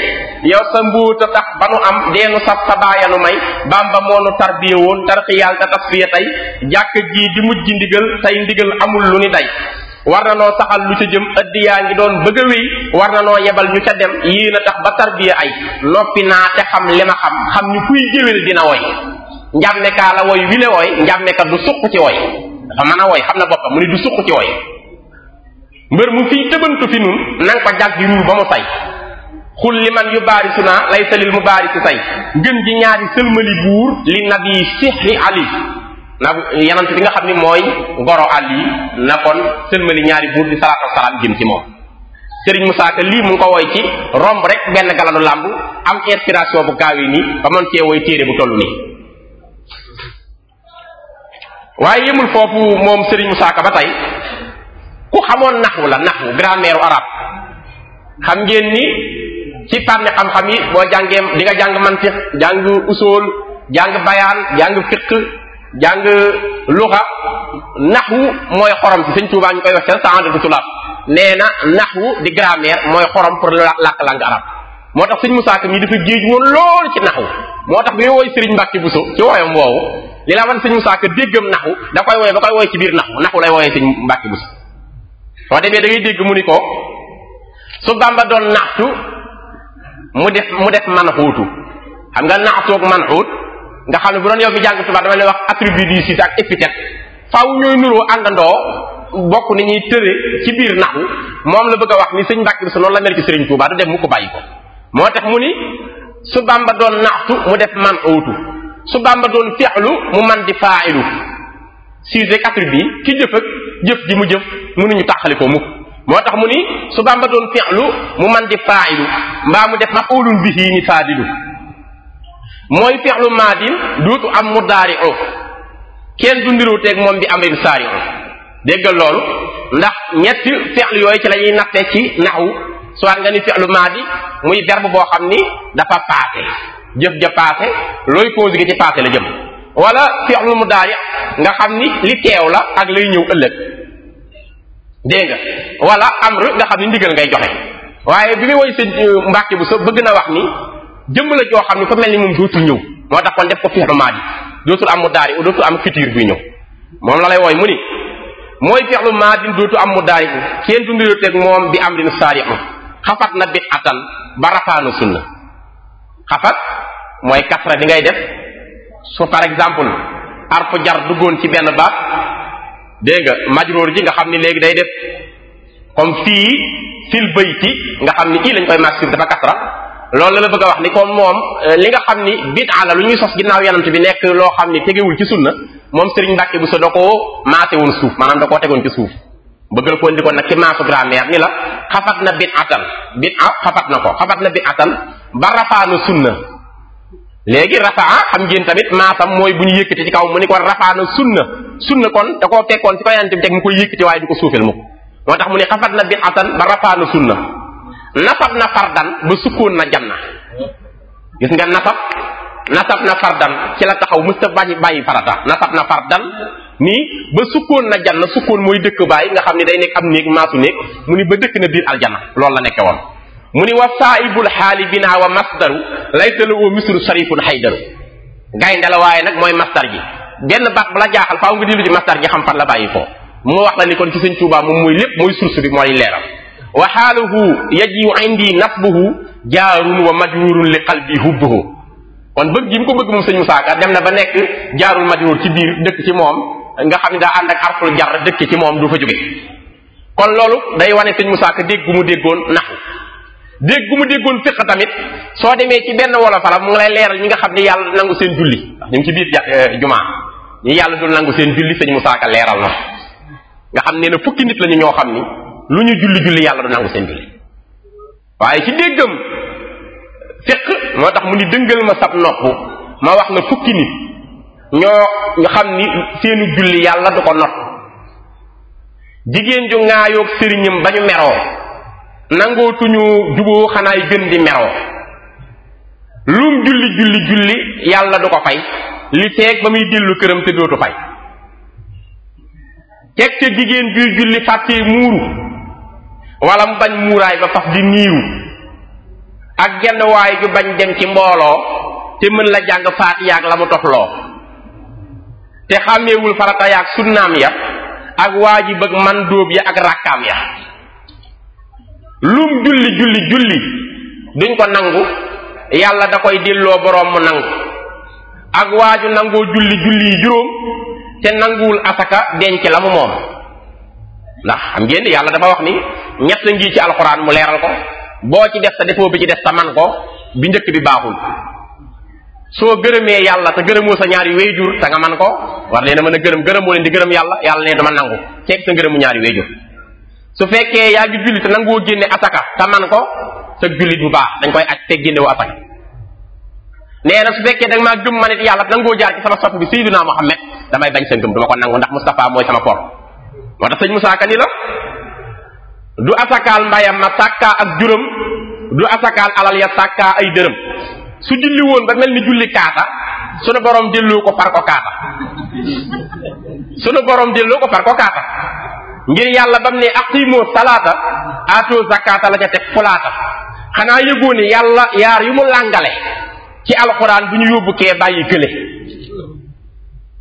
S2: yow sa a tax ba nu am deenu saf sa baayanu may bamba moonu tarbiya woon tarxiyaal ta tasfiya tey jàkk ji di mujj ndigal tey ndigal amul lu ni day war na noo saxal lu ca jëm ëdd yaa ngi doon bëgg a war na noo yebal ñu ca dem yéen a tax ba tarbiya ay loppi naa te xam li ma xam xam ñu kuy géwél dina woy njàmmekaa la woy wi le woy njàmmeka du suq ci woy dafa a woy xam na boppam mu ni du suq ci woy mbër mu fii tëbantu fi nun na nga ko jag di ruur ba mu say xul li yu baari naa lay salil mu baari si say gën ji ñaari sëlmali buur li nabi sihri ali na yanant bi nga xam ni mooy ngoro ali na kon sëlmali ñaari buur di salaatu wasalaam jëm ci moom sëriñ Moussa lii mu ngi ko woy ci romb rek benn galanu làmb am inspiration bu gaaw yi nii ba mën cee woy téere bu toll nii waaye yëmul foofu moom sëriñ Moussa ba tey ku xamoon wu la naxwu grammaire arabe xam ngeen ni ci fànni xam-xam yi boo jàngee di nga jàng mantiq jàng usool jàng bayaan jàng fiq jàng luxa naxwu mooy xorom ci sëñ Tuubaa ñu koy wax ca sa'adatu tulaab nee na naxwu di grammaire mooy xorom pour làkk langue moo tax sëñ Musaa Ka mi dafa géej woon lool ci naxwu moo tax bi wooy sëriñ Mbàkke Buso ci wooyam woowu li la wan sëñ Musaa Ka déggam naxwu da koy wooye ba koy wooye ci biir naxwu naxwu lay wooyee sëñ Mbàkke Buso soo demee dangay dégg mu ni ko su Bàmba doon naxtu mu def mu def manxuutu xam nga naxtu ak manxuut nga xam ne bu doon yow mi jàng tubaab dama lay wax attribut du site ak épithète faaw ñooy nuroo àndandoo bokk ni ñuy tëre ci biir naxu moom la bëgg a wax ni sëñ Mbàkke Bousso noonu la mel ci Sëriñ Tuubaa du dem mu ko bàyyi ko moo tax mu ni su Bàmba doon naxtu mu def manxuutu su Bàmba doon fexlu mu man di faa'ilu siis ak attribut ki jëf ak jëf ji mu jëf mënuñu tàqali ko mukk moo tax mu ni su bàmba doon fi'lu mu man di faa'ilu mbaa mu def maf'ulun bihi ni faadilu mooy fi'lu maadin duutu am mudaari'u kenn du mbiru teeg moom bi amrim saari'u déggal loolu ndax ñetti fi'lu yooyu ci lañuy ñuy natte ci naxu soit nga ni fi'lu maadi muy verbe boo xam ni dafa passé jëf ja passé looy conjugué ci passé la jëm wala mu mudaari nga xam ni li teew la ak lay ñëw ëllëg dégg nga wala nga xam ni ndigal ngay joxe waaye bi muy woy sëñ euh, Mbàkke bu sa bëgg na wax ni jëmm la joo xam ni fa mel ni moom dootul ñëw moo tax kon def ko fi'lu maadi dootul am mudaari dootul am futur bi ñëw moom la lay wooy mu ni mooy fi'lu maadin dootu am mudaari kenn du ndiroteeg moom bi amrin saariqu xafat na bit attan ba rafaanu sunna xafat mooy kasra bi ngay def su par exemple arfu jar duggoon ci benn baat dégg nga majroor ji nga xam ni léegi day def comme fii fil bayti nga xam ni kii lañ koy masir dafa kasra loolu la bëgg a wax ni comme moom euh, li nga xam ni bid'a la lu ñuy sos ginnaaw yonent bi nekk loo xam ni tegewul ci sunna moom Serigne Mbacke bu sa da koo maase woon suuf maanaam da koo tegoon ci suuf bëggal ko indi ko nag ci maasu grammaire ni la xafat na bid'atan bid'a xafat na ko xafat na bid'atan ba rafaanu sunna léegi rafaa xam njéen tamit maasam mooy bu ñu yëkkati ci kaw mu ni kon rafaa na sunna sunna kon da koo fekkoon ci ko yonent bi teg mu koy waaye du ko suufel mukk moo tax mu ne xafat na bid'atan ba rafaa na sunna nasab na fardan ba sukkoon na jan janna gis nga nasab nasab na fardan ci la taxaw mësta bàyyi bàyyi farata nasab na fardan nii ba sukkoon na jan janna sukkoon mooy dëkk baay nga xam ne day nekk am néeg maasu néeg mu ni ba dëkk na biir aljanna loolu la nekke woon mu ni wa saaibul xaali binaa wa masdaru laysa lahu misru sharifun xaydaru gaynde la waaye nag mooy masdar ji benn baat bu la jaaxal faaw nga dellu ci masdar ji xam fan la bàyyi ko moo wax la ni kon ci sëñ Tuubaa moom mooy lépp mooy source bi moo lay leeral wa xaaluhu yajiu indi nasbuhu jaarun wa majhurun li qalbi hubbuhu kon bëgg gi mu ko bëgg moom sëñ Musaa Ka dem na ba nekk jaarul majhur ci biir dëkk ci moom nga xam ne daa ànd ak arful jar dëkk ci moom du fa kon loolu day wane sëñ Musaa Ka dégg mu déggoon naxu dégg gu mu déggoon fiq tamit soo demee ci benn wolof la mu ngi lay leeral ñi nga xam ne yàlla nangu seen julli ndax ñu ngi biir ja euh, jumaa ñi yàlla dul nangu seen julli sëñ Musaa Ka leeral na nga xam ne na fukki nit lañu ñoo xam ni lu ñu julli julli yàlla du nangu seen julli ci déggam fiq moo tax mu ni dëngal ma sab nopp ma wax la fukki nit ñoo xam ni seenu julli yàlla du ko not jigéen ju ngaayoog sëriñam ba ñu meroo nangootuñu juboo xanaay gën di meroo
S1: lum julli julli
S2: julli yàlla du ko fay li feeg ba muy dellu këram te dootu fay teg ca jigéen juy julli fàttee muuru wala mu bañ muuraay ba faf di niiru ak genn waay ju bañ dem ci mbooloo te mën la jàng faatiya ak la mu tofloo te xàmmeewul farata ya ak sunnaam ya ak waajib ak mandóob ya ak rakkaam ya
S1: lum julli julli julli
S2: duñ ko nangu yàlla da koy delloo boroom mu nangu ak waaju nangoo julli julli yi juróom te nanguwul asaka denc la mu moom ndax xam ngeen yàlla dafa wax ni ñett ngi ci alxuraan mu leeral ko boo ci def sa defoo bi ci def sa man ko bi njëkk bi baaxul soo gërëmee yàlla te gërëmoo sa ñaari wéyjur te nga man ko war leen a mën a gërëm gërëmoo leen di gërëm yàlla yàlla ne dama nangu ceeg sa ngërëmu ñaari wéyjur su fekkee yaa ngi julli te nangoo génne asaka te man ko sa julli bu baax dañ koy aj te génnewu asaka nee na su fekkee da nga maa gëm ma yàlla nangoo jaar ci sama sopp bi sayyiduna Muhammad damay bañ sa gëm duma ko nangu ndax Moustapha mooy sama por moo tax sëñ Moussa Ka ni la du asakaal mbayam ma sàkkaa ak juróom du asakaal alal ya sàkkaa ay dërëm su julli woon ba mel ni julli kaata sunu boroom delloo ko far ko kaata sunu borom delloo ko far ngir yàlla bam ne aqimu talaata aatu zakata la ca teg fulaata xanaa yëgoo ne yàlla yaar yu mu làngale ci alxuraan bu ñu yóbbu kee bàyyi kële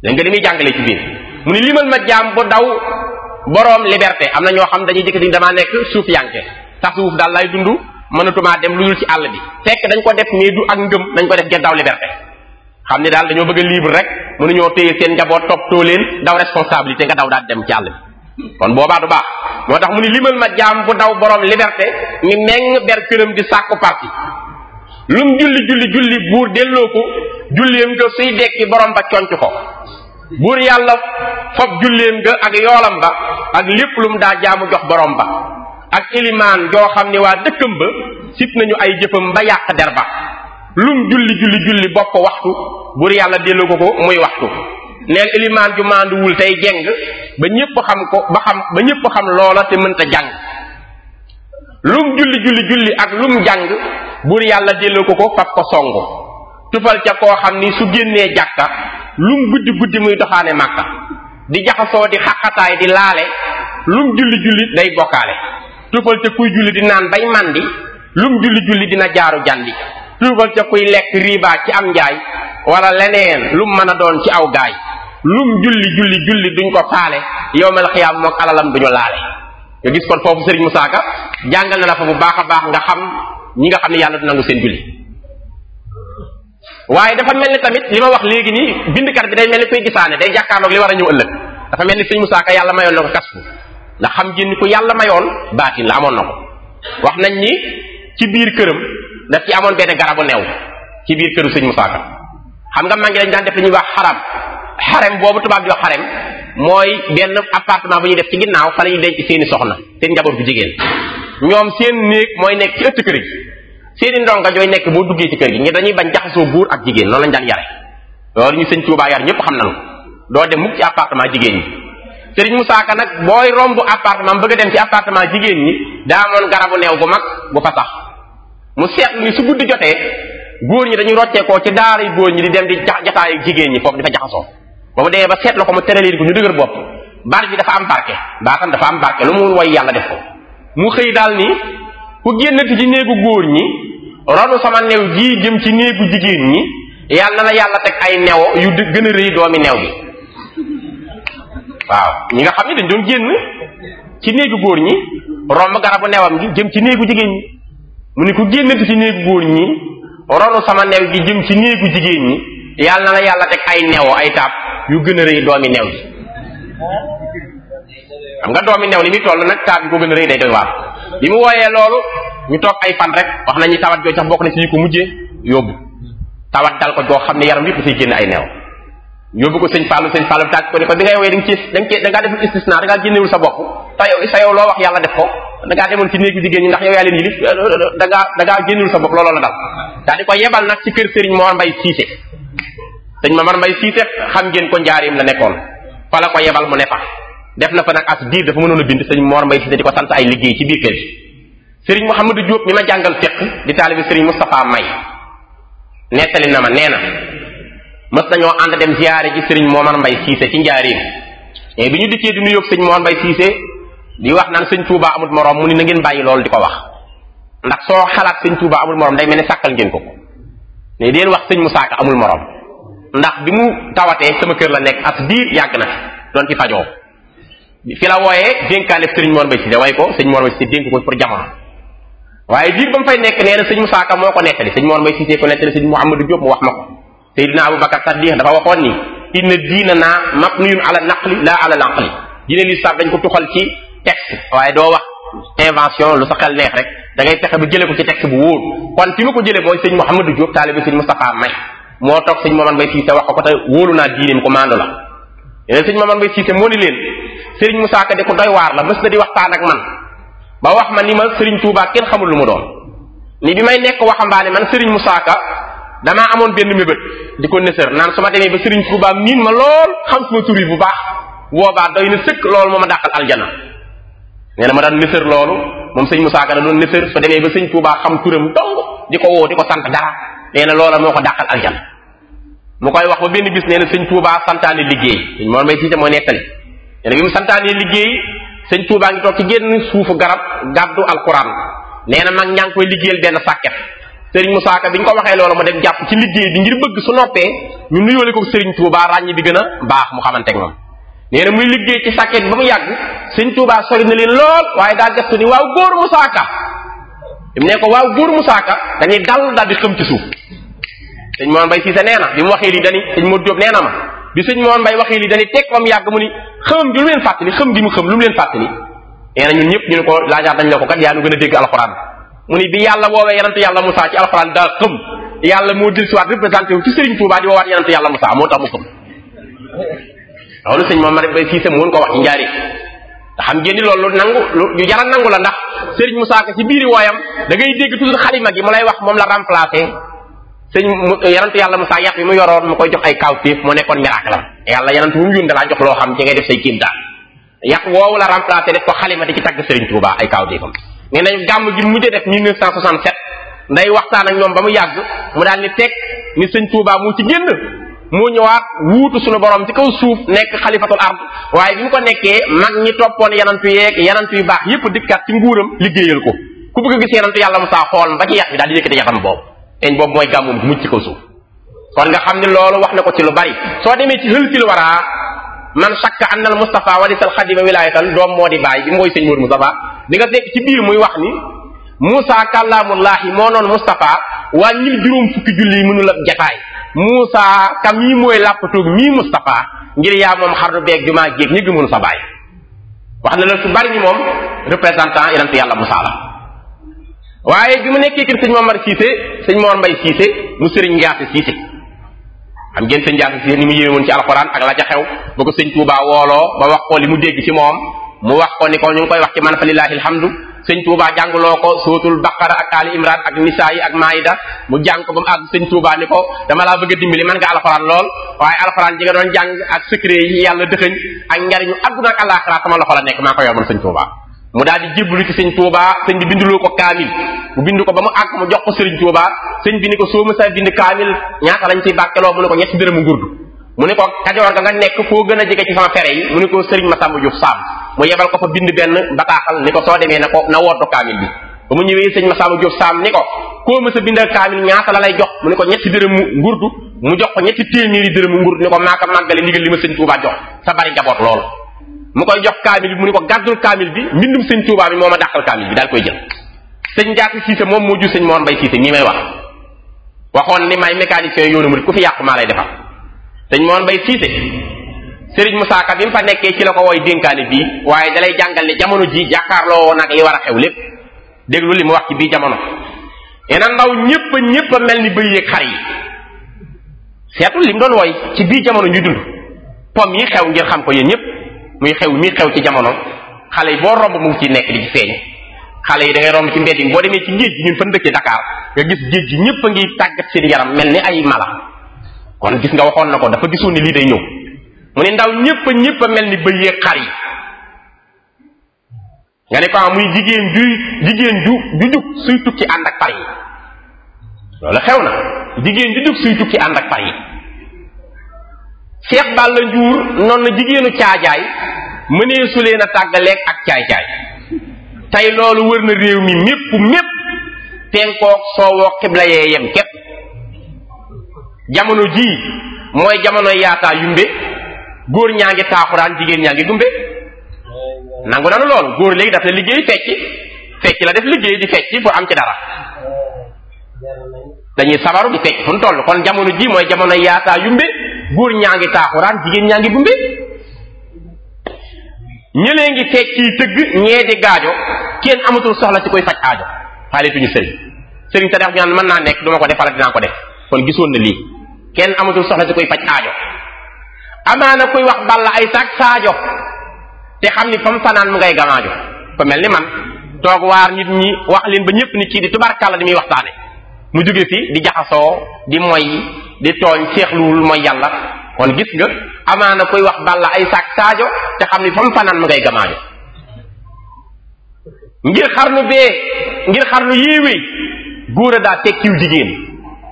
S2: dégg nga li muy jàngale ci biir mu ne limal ma jaam bu daw boroom liberté am na ñoo xam dañuy jëkk di damaa nekk suuf yanke tasawuf daal lay dund mënatumaa dem lu dul ci àll bi fekk dañ ko def mais du ak ngëm dañ ko def ngeen daw liberté xam ni daal dañoo bëgg a libre rek mënuñoo téye seen njaboot toppatoo leen daw responsabilité nga daw daal dem ci àll bi kon boobaa du baax moo tax mu ni limal ma jaam bu daw borom liberté mi meng ber këram di sàkku parti lum julli julli julli buur delloo ko julleem nga suy dekki borom ba conc ko buur yàlla fob julleem nga ak yoolam ba ak lépp lum daa jaamu jox boroom ba ak ilimaan joo xam ni waa dëkkam ba sib nañu ay jëfam ba yàq der ba lum julli julli julli bopp waxtu buur yàlla delloo ko ko muy waxtu neel ilimaan ju maanduwul tey jeng ba ñépp xam ko ba xam ba ñépp xam loola te jàng lum julli julli julli ak lum jàng buur yàlla delloo ko ko fab ko songu tufal ca koo xam ni su génnee jàkka lum guddi guddi muy doxaane màkka di jaxasoo di xaqataay di laale lum julli julli day bokkaale tufal ca kuy julli di naan bay màndi lum julli julli dina jaaru jàndi tufal ca kuy lekk riibaa ci am njaay wala leneen lum mën a doon ci aw gaay lum julli julli julli duñ ko faale yowmal xiyaam mook alalam duñu laale nga gis kon foofu Serigne Moussa Ka jàngal na la fa bu baax a baax nga xam ñi nga xam ne yàlla du nangu seen julli waaye dafa mel ni tamit li ma wax léegi nii bindkat bi day mel ni kuy gisaane day jàkkaarloog li war a ñëw ëllëg dafa mel ni Serigne Moussa Ka yàlla mayoon na ko kasfu ndax xam ngeen ni ko yàlla mayoon baatin la amoon na ko wax nañ ni ci biir këram daf ci amoon benn garabu new ci biir këru Serigne Moussa Ka xam xarem boobu tubaab di wax xarem mooy benn appartement bu ñuy def ci ginnaaw fa ñu ñuy denc seeni soxna seen njaboot bu jigéen ñoom seen néeg mooy nekk ci ëtt kër gi seeni ndonga ñooy nekk boo duggee ci kër gi ngir dañuy bañ jaxasoo góor ak jigéen loolu lañ daan yare loolu ñu sëñ Tuubaa yar ñëpp xam nañu doo dem mukk jigéen ñi Sëriñ Musaa Ka nag booy romb appartement bëgg a dem ci appartement jigéen ñi daa amoon garabu neew bu mag bu fa sax mu seetlu ni su guddi jotee góor ñi dañuy rocceekoo ci daaray góor ñi di dem di jataayu jigéen ñi foofu di fa jaxasoo ba mu demee ba seetlu ko mu teraleen ko ñu dëgër bopp baat bi dafa am barke baatam dafa am barke lu mu woy yàlla def ko mu xëy daal ni ku génnati ci néegu góor ñi ronu sama new jii jëm ci néegu jigéen ñi yàlla na yàlla teg ay newo yu gën a rëy doomi neew bi waaw ñi nga xam ne dañ doon génn ci néegu góor ñi romb garabu newam gi jëm ci néegu jigéen ñi mu ne ku génnati ci néegu góor ñi ronu sama new gi jëm ci néegu jigéen ñi yàlla na la yàlla teg ay new ay taab yu gën a rëy doomi new yi xam nga doomi new li muy toll nag taab yi ko gën a rëy day doy waar bi mu wooyee loolu ñu toog ay fan rek wax nañu tawat jooju sax bokk na ci ñu ko mujjee yóbbu tawat dal ko joo xam ne yaram yëpp siy génn ay new yóbbu ko sëñ Fallou sëñ Fallou taaj ko ne ko bi ngay wooyee da nga ci da nga def istisna da ngaa génnewul sa bopp te sa yow loo wax yàlla def ko da ngaa demoon ci néegu jigéen ñi ndax yow yaa leen yilif da ngaa da ngaa génnul sa bopp looloo la dal daal di ko yebal nag ci kër sëriñ Mor Mbay Siise sëñ Mamar xam ngeen ko njaarim la nekkoon fa la ko ne fa def na fa nag as diir dafa mënoon a bind sëñ Mor Mbay Siise di ko sant ay liggéey ci biir kër sëriñ Mouhamadou Diop mi ma jàngal fiq di taalibi sëriñ Moustapha May nettali na ma nee na mës nañoo ànd dem ziyaare ji sëriñ Momar Mbay Siise ci njaarim mais bi ñu dikkee di nuyoog sëñ Mor Mbay Siise di wax naan sëñ Touba amul moroom mu ni na ngeen bàyyi loolu di ko wax ndax soo xalaat sëñ tuuba amul morom day mel ni sàkkal ngeen ko ko ne deen wax sëñ mu Ka amul morom ndax bi mu tawatee sama kër la nekk as diir yàgg na doon ci fajoo fi la wooyee dénkaale sëriñ Mor Mbaye Cissé way ko sëñ Mor Mbaye Cissé dénk ko pour jamono waaye diir ba mu fay nekk nee na sëñ Moussa Ka moo ko nettali sëñ Mor Mbaye Cissé ko nettali sëñ Mouhamadou Diop mu wax ma ko Seydina Aboubacar Saddiq dafa waxoon ni inna diina naa mabniyun ala naqli la ala naqli diine lislaam dañ ko tuxal ci texte waaye doo wax invention lu sa xel neex rek da ngay fexe ba jëlee ko ci texte bu wóor kon fi ma ko jëlee mooy sëñ Mouhamadou Diop taalibe sëñ Moustapha May moo toog sëñ Maman ma Siise wax ko te wóolu naa diine mi ko maandu la yeneen sëñ Maman Bay Siise moo ni leen sëriñ Moussa Ka de ko doy waar la mës na di waxtaan ak man ba wax ma ni ma sëriñ Touba kenn xamul lu mu doon ni bi may nekk waxambaane man sëriñ Moussa Ka damaa amoon benn mébét di ko nësër naan su ma demee ba sëriñ Touba miin ma lool xam suma tur yi bu baax woo boobaa doy na sëkk loolu moo ma dàqal aljana nee na ma daan nëfër loolu moom sëñ Moussa Ka da doon nëfër su demee ba sëñ Touba xam turam dong di ko woo di ko sant dara nee na loola moo ko dàqal aljana mu koy wax ba benn bis nee na sëñ Touba santaane liggéey sëñ Mor may siite mooy nettali nee na bi mu santaane liggéey sëñ Touba ngi toog ci génn suufu garab gàddu alquran nee na mag ñaa ngi koy liggéeyal benn sàkket sëriñ Moussa Ka bi ñu ko waxee loola mu dem jàpp ci liggéey bi ngir bëgg su noppee ñu nuyoole ko sëriñ Touba ràññ bi gën a baax mu xamante moom nee muy liggéey ci sàkket ba mu yàgg sëñ Tuubaa sori na leen lool waaye daa gëstu ni waaw góor Musaa Ka mu ne ko waaw góor Musaa Ka dañuy dal daal di xëm ci suuf sëñ moon bay siise nee bi mu waxee lii dani sëñ Modou Diop nee na ma bi sëñ moon bay waxee lii dani teg ba mu yàgg mu ni xëm bi lu leen mu lu mu leen fàttali nee na ñun ñëpp ñu ne ko laajaat dañ la ko kat yaa nu gën a dégg alxuraan mu ni bi yàlla woowee yenantu yàlla Musaa ci alxuraan daa xëm yàlla moo dil siwaat représenté wu ci Sëriñ yàlla Musaa moo tax loolu sëñ Momar Ibra Cissé mu ko wax ci njaari te xam ngeen ni loolu nangu lu jara nangu la ndax sëriñ Moussa Ka ci biiri wooyam da ngay dégg toujours xalima gi mu lay wax moom la remplacé sëñ yanantu yàlla Moussa yàq yi mu yoroon mu koy jox ay kawtéef mu nekkoon miracle am yàlla yanantu mu yun dalaa jox loo xam ci ngay def say kéemtaan yàq woowu la remplacé def ko xalima di ci tagg sëriñ Touba ay kawtéefam nee nañ gàmm gi ba mu yàgg mu daal ni teg ni sëñ mu ñëwaat wuutu suñu borom ci kaw suuf nekk xalifatul ard waaye bi mu ko nekkee mag ñi toppoon yanantu yee yanantu yu baax yépp dikkaat ci nguuram liggéeyal ko ku bëgg gis yanantu yàlla Musaa xool ba ci yax bi daal di yëkkati yaxam boobu eñ boobu mooy gàmmum gi mucc ci kaw suuf kon nga xam ne loolu wax na ko ci lu bari soo demee ci hëlkil waraa man shakka anna al Mustafa walisal xadima wilaayatan doom moo di bàyyi bi mooy sëñ Mour Mustafa di nga fekk ci biir muy wax ni Musaa kàllaamullaahi moo noon Mustafa waa ñil juróom fukki julli mënul ab jataay Moussa kam mii mooy làppatoog mii Moustapha ngir yaa moom xarnu beeg jumaa géeg ñi gëmoon sa baay wax na la su bari ñi moom représentant yonent yàlla Moussa la waaye bi mu nekkee kër sëñ Momar Cissé sëñ moo Mbay Cissé mu sëriñ Ndiasse Cissé xam ngeen sëñ Ndiasse Cissé ni mu yéeme woon ci alxuraan ak la ca xew ba ko sëñ Touba wooloo ba wax koo li mu dégg ci moom mu wax ko ni ko ñu ngi koy wax ci man fa lillahi alhamdu sëñ Touba jàngloo ko sootul baqara ak Ali Imran ak Nisaa yi ak Maïda mu jàng ko ba mu àgg sëñ Touba ni ko dama laa bëgg a man mën nga alxuraan lool waaye alxuraan ji nga doon jàng ak secret yi yàlla dëxëñ ak njariñu àdduna ak àllaaxira sama loxo la nekk maa ko yor man sëñ Touba. mu daal di jébbalu ci sëñ Touba sëñ bi binduloo ko kaamil mu bind ko ba mu àgg mu jox ko sëriñ Touba sëñ bi ni ko soo mësa bind kaamil ñaata lañ ciy bàkkeloo mu ne ko ñetti dërëmu ngurdu mu ne ko kajoor ga nga nekk foo gën a jege ci fere ne ko sëriñ Masamba Diouf Samb mu yebal ko fa bind benn bataaxal ni ko soo demee na ko na wootu kaamil bi ba mu ñëwee sëñ Masamba Diop Sam ni ko koo mës a bindal kaamil ñaata la lay jox mu ne ko ñett ñetti dërëmu ngurdu mu jox ko ñetti téeméeri dërëmu ngurdu ni ko maaka màggale ndigal li ma sëñ Touba jox sa bari jaboot loolu mu koy jox kaamil bi mu ne ko gàddul kaamil bi mbindum sëñ Touba bi moo ma dàqal kaamil bi daal koy jël sëñ Ndiakhate Cissé moom moo ju sëñ Mor Mbaye Cissé ñi may wax waxoon ni may mécanicien yoonu murid ku fi yàqu maa lay defal sëñ Mor Mbaye Cissé Serigne Moussa Ka bi mu fa nekkee ci la ko woy dénkaane bii waaye dalay jàngal ne jamono ji jàkkaarloo woon ak li war a xew lépp déglu li mu wax ci bii jamono nee ndaw ñépp a ñépp a mel ni bëy yeeg xar yi seetul li mu doon woy ci biir jamono ñu dund pom yi xew ngir xam ko yéen ñépp muy xew mi xew ci jamono xale yi boo romb mu ngi ci nekk di ci feeñ xale yi da ngay romb ci mbedd mi boo demee ci géej gi ñun fan ndëkk Dakar nga gis géej gi ñépp a ngi tàggat seen yaram mel ni ay mala kon gis nga waxoon na ko dafa gisoon ni lii day ñëw mu ne ndaw ñëpp ñëpp mel ni bëyee xar yi nga ne ko ah, muy jigéen juy jigéen ju
S1: ju jug suy tukki
S2: ànd ak par yi loolu xew na jigéen ju jug suy tukki ànd ak par yi seex bàll njuur noonu na jigéenu caajaay mënee leen a tàggaleeg ak caay-caay tey loolu wër na réew mi mépp mépp penkook soowoo xibla yee yem képp jamono jii mooy jamono yaataa yumbe góor ñaa ngi taaxuraan jigéen ñaa ngi gumbe nangu nanu loolu góor léegi daf na liggéey fecc fecc la def liggéey di fecc pour am ci dara dañuy sabaru di fecc fu nu toll kon jamono ji mooy jamono yaataa yumbe góor ñaa ngi taaxuraan jigéen ñaa ngi gumbe ñëlee ngi fecc yi tëgg ñee di gaajo kenn amatul soxla ci koy faj aajo xaalituñu sëriñ sëriñ te def ñu mën naa nekk duma ko defal dinaa ko def kon gisoon na lii kenn amatul soxla ci koy faj aajo amaana kuy wax Balla ay saak saajo te xam ni fa mu fanaan mu ngay gamaajo ko mel ni man toog waar nit ñi wax leen ba ñëpp nit kii di tubarkàlla di muy waxtaane mu jóge fi di jaxasoo di moy di tooñ seexluwul mooy yàlla kon gis nga amaana koy wax Balla ay saak saajo te xam ni fa mu fanaan mu ngay gamaajo ngir xarnu bee ngir xarnu yéewee góor a daa tekkiw jigéen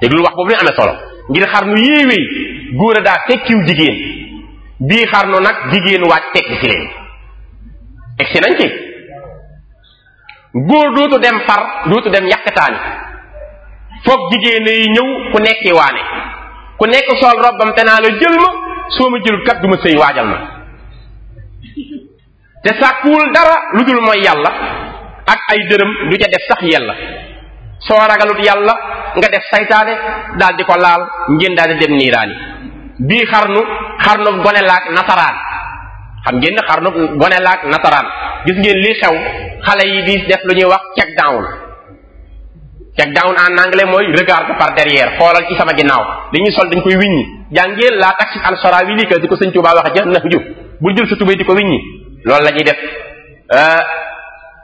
S2: déglul wax boobu ne amee solo ngir xarnu yéewee góor a daa tekkiw jigéen bii xarnu nag jigéenu waaj fekk si leen egsi nañ ci góor dootu dem far dootu dem yàqtaani foog jigéen yi ñëw ku nekki waane ku nekk sol robbam te naa la jël ma soo ma jëlul kat du ma sëy waajal ma te sàkkuwul dara lu dul mooy yàlla ak ay dërëm du ca def sax yàlla soo ragalut yàlla nga def saytaane daal ko laal ngeen daal di dem niiraani bii xarnu xarnu gone laak nasaraan xam ngeen ne xarnu gone laak nasaraan gis ngeen li xew xale yi di def lu ñuy wax check down check down en anglais mooy regarde par derrière xoolal ci sama ginnaaw li ñuy sol dañ koy wiññi jàngeen laa taksi al sora wi lii ka di ko sëñ Tuubaa waxe ja nax ju bu jël sa tubéy di ko wiññi loolu la ñuy def euh,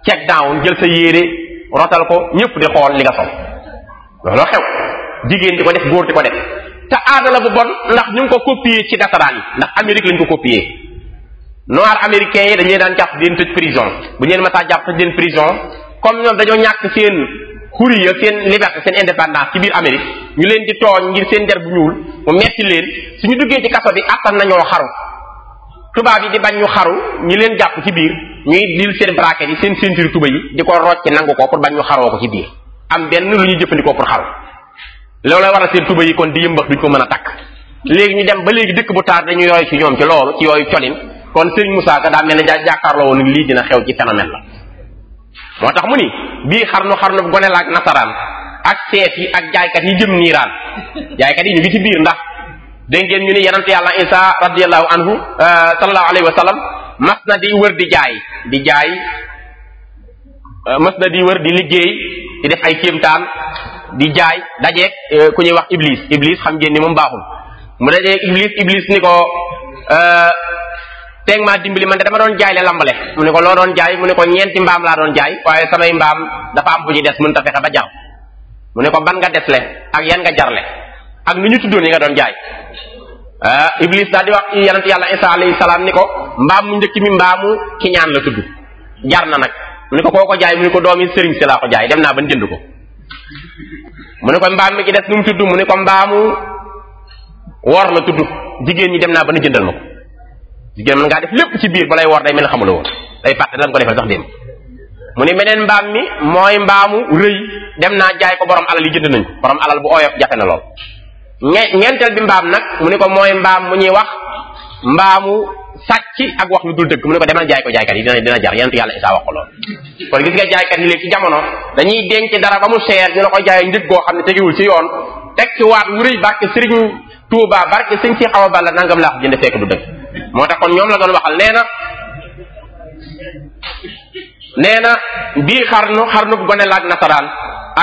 S2: check down jël sa yére rotal ko ñëpp di xool li nga sol looloo xew jigéen di ko def góor di ko def te aada la bu bon ndax ñu ngi ko copier ci nasaraan yi ndax Amérique lañ ko copier noir américain yi dañ leen daan jàpp di leen tëj prison bu ñu leen masaa jàpp tëj leen prison comme ñoom dañoo ñàkk seen hurriya seen liberté seen indépendance ci biir Amérique ñu leen di tooñ ngir seen der bu ñuul mu metti leen ñu duggee ci kaso bi attan nañoo xaru tubaab yi di bañ ñu xaru ñi leen jàpp ci biir ñuy dil seen braquet yi seen ceinture tuba yi di ko rocc nangu ko pour bañ ñu xaroo ko ci biir am benn lu ñuy jëfandikoo pour xaru loola war a seen tuba yi kon di yëmbax duñ ko mën a takk léegi ñu dem ba léegi dëkk bu taar dañu yooyu ci ñoom ci loolu ci yooyu colin kon Serigne Moussa Ka daa mel ne jàkkaarloo woon lii dina xew ci phénomène la moo tax mu ni bii xarnu xarnu gone la ak nasaraan ak seet yi ak jaaykat yi jëm niiraan jaaykat yi ñu ngi ci biir ndax dégg ngeen ñu ni yonent yàlla Isa radiyallahu anhu euh, sallallahu alayhi wa sallam mas na di wër di jaay di jaay euh, mas na di wër di liggéey di ay kéemtaan di jaay dajeeg euh, ku ñuy wax iblis iblis xam ngeen ni moom baaxul mu dajeeg iblis iblis ni ko euh, teeg maa dimbali man de dama doon jaay le lambale mu ne ko loo doon jaay mu ne ko ñeenti mbaam laa doon jaay waaye samay mbaam dafa am bu ñu des mënut a fexe ba jar mu ne ko ban nga desle ak yan nga jarle ak nu ñu tuddoon yi nga doon jaay ah iblis daal di wax yonent yàlla isa alayhi salaam ni ko mbaam mu njëkk mi mbaamu ki ñaan la tudd jar na nag mu ne ko koo ko jaay mu ne ko doomi sëriñ si laa ko jaay dem naa ban jënd ko mu ne ko mbaam mi ci des nu mu tudd mu ne ko mbaamu wor la tudd jigéen ñi dem naa ba ne jëndal ma ko jigéen mën ngaa def lépp ci biir balay wor day mel ne xamula woon day fàtte lan ko defal sax démb mu ne meneen mbaam mi mooy mbaamu rëy dem naa jaay ko borom alal yi jënd nañ ko alal bu oyof jafe na lool ñe ñeenteel bi mbaam nag mu ne ko mooy mbaam mu ñuy wax mbaamu sàcc ak wax lu dul dëgg mu ne ko demal jaay ko jaaykat yi dina dina jar yant yàlla isaa wax ko loolu gis nga jaaykat yi léegi ci jamono dañuy denc dara ba mu seer ñu la ko jaay njëg goo xam ne tegiwul ci yoon teg ci waat wurëy barke sëriñ Tuubaa barke sëñ si xawa balla nangam laa ko jënd fekk du dëgg moo tax kon ñoom la doon waxal nee na nee na bii xarnu xarnu bu gone la ak nasaraan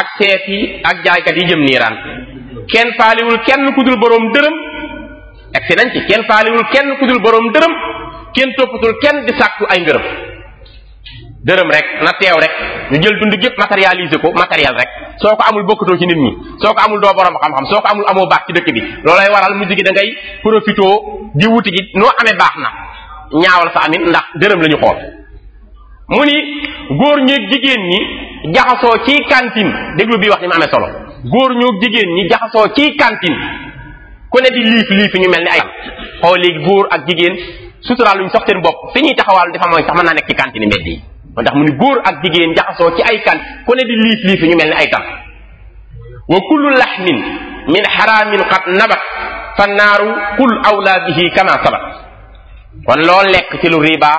S2: ak seef yi ak jaaykat yi jëm niiraan kenn faaliwul kenn ku boroom dërëm ak si nañ ci kenn faaliwul kenn ku dul boroom dërëm kenn toppatul kenn di sàkku ay ngërëm dërëm rek na teew rek ñu jël dund gépp matérialiser ko matérial rek soo ko amul bokkatoo ci nit ñi soo ko amul doo borom xam-xam soo ko amul amoo baax ci dëkk bi loolay waral mujj gi da ngay profité di wuti gi noo amee baax na ñaawal sa amin ndax dërëm lañu ñu xool mu ni góor ñeeg jigéen ñi jaxasoo ci cantine déglu bii wax ni mu amee solo góor ñoog jigéen ñi jaxasoo ci cantine ku ne di liif liif ñu mel ni ay xoo léegi góor ak jigéen suturaaluñ sax seen bopp fi ñuy taxawaalu dafa mooy sax mën naa nekk ci cantine mbedd yi moo tax mu ni góor ak jigéen jaxasoo ci ay kan ku ne di liif liif ñu mel ni ay tam wa kullu laxmin min xaraamin qad nabat fa naaru kul awlaa bihi kama sabat kon loo lekk ci lu riba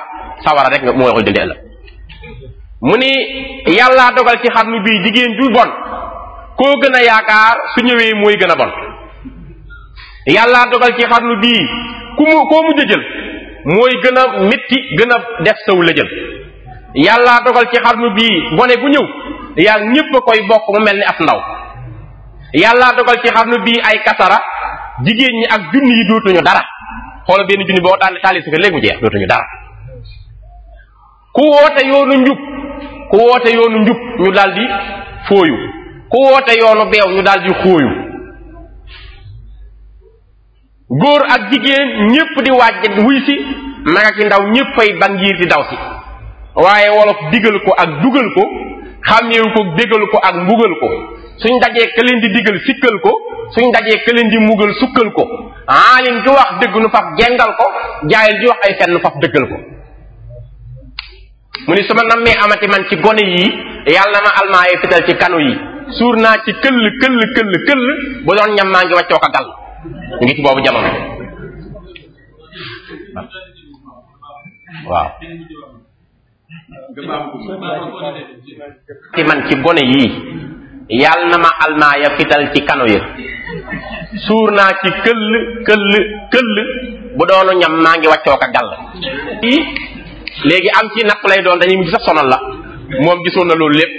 S2: sawara rek nga moo koy dëndee ëllëg mu ni yàllaa dogal ci xam bi jigéen ju bon koo gën a yaakaar su ñëwee mooy gën a bon yàlla dogal ci xarnu bii ku mu koo mujj jël mooy gën a métti gën a def saw la jël yàllaa dogal ci xarnu bii bone bu ñëw yaa ñépp a koy bokk mu mel ni as ndaw yàllaa dogal ci xarnu bii ay kasara jigéen ñi ak junni yi dootuñu dara xoolal benn junni boo daan taalee si léegi mu jeex dootuñu dara ku woote yoonu njub ku woote yoonu njub ñu daldi fooyu ku woote yoonu beew ñu daldi xooyu góor ak jigéen ñépp di waaj wuy ci naka ki ndaw ñépp fay bangiir di daw si waaye wolof digal ko ak dugal ko xàmmeewu ko dégal ko ak mbugal ko suñ dajee ka di digal sikkal ko suñ dajee ka leen di mugal sukkal ko aalim ki wax dëgg nu faf gengal ko jaayil di wax ay fenn nu faf dëggal ko mu ni su ma nammee amati man ci gone yii yàlla ma almaayee fital ci kanu yi suur naa ci këll këll këll këll ba doon ñam maa ngi waccoo ko gal
S1: ñu ngi ci boobu jamono waaw ci man ci gone yii yàlla
S2: na ma almaaya fital ci kano yi
S3: suur naa ci këll këll
S2: këll bu doonu ñam maa ngi wàccoo ka gàll i léegi am ci napp lay doon dañuy mujj sax sonal la moom gisoon na loolu lépp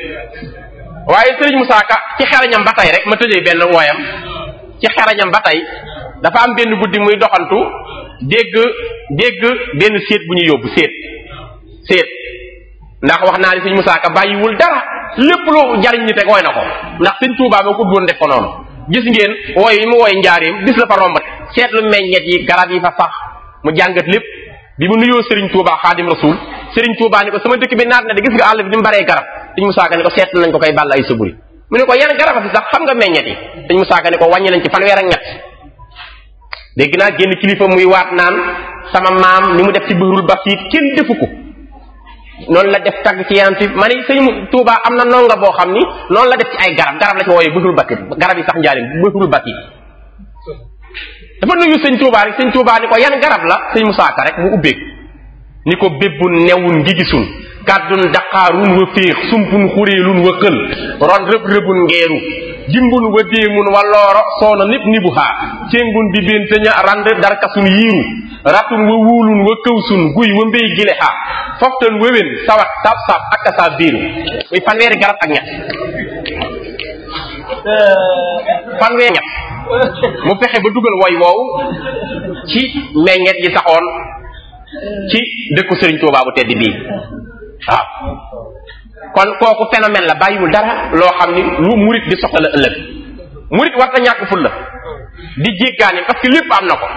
S2: waaye sëriñ Musaa Ka ci xarañam ba tey rek ma tëjee benn wooyam ci xerañam ba tey dafa am benn guddi muy doxantu dégg dégg benn séet bu ñu yóbbu séet séet ndax wax naa ni sëñ Musaa Ka bàyyiwul dara lépp lu jariñ nit rek woy na ko ndax sëñ Tuubaa moo ko woon def ko noonu gis ngeen woy yi mu woy njaareem gis la fa romb seet lu yi garab yi fa sax mu jàngat lépp bi mu nuyoo Serigne Touba xaadim rasul Serigne Touba ni ko sama dëkk bi naat na de gis nga àll bi ni mu baree garab sëñ Musaa Ka ni ko seet nañ ko koy bàll ay mu ne ko yan garaba fi sax xam nga meññet yi dañ mu saaka ne ko wàññi nañ ci fanweer ak ñett dégg naa génn kilifa muy waat naan sama maam ni mu def ci buurul basiit kenn defu ko noonu la def tagg ci ma sëñ Tuubaa am na nonga boo xam ni noonu la def ay garab garab la ci wooyee buurul basiit garab yi sax njaalim buurul basiit dafa nuyu sëñ Tuubaa rek sëñ Tuubaa ni ko yan garab la sëñ mu saaka rek mu ubbeeku ni ko bébbu newun ngi kàddun daqaarun wa féex sumpun xureelun wa kël ron rëb ngeeru jimbun wa déemun wa looro soona nip nibu haa cengun bi benteña rand darkasun yiiru ratun wa wuulun wa këwsun guy wa mbéy gile haa foftan wëwén sawat saab-saab akka saa biiru muy fanweeri garab ak ñett fanweeri ñett mu fexe ba dugal woy woowu ci meññet yi saxoon ci dëkku Sëriñ Tuubaa tedd bii waaw ah. kon kooku phénomène la bàyyiwul dara loo xam ni lu murit di soxla ëllëg murit war ta ñàkk ful la di jéggaani parce que lépp am na ko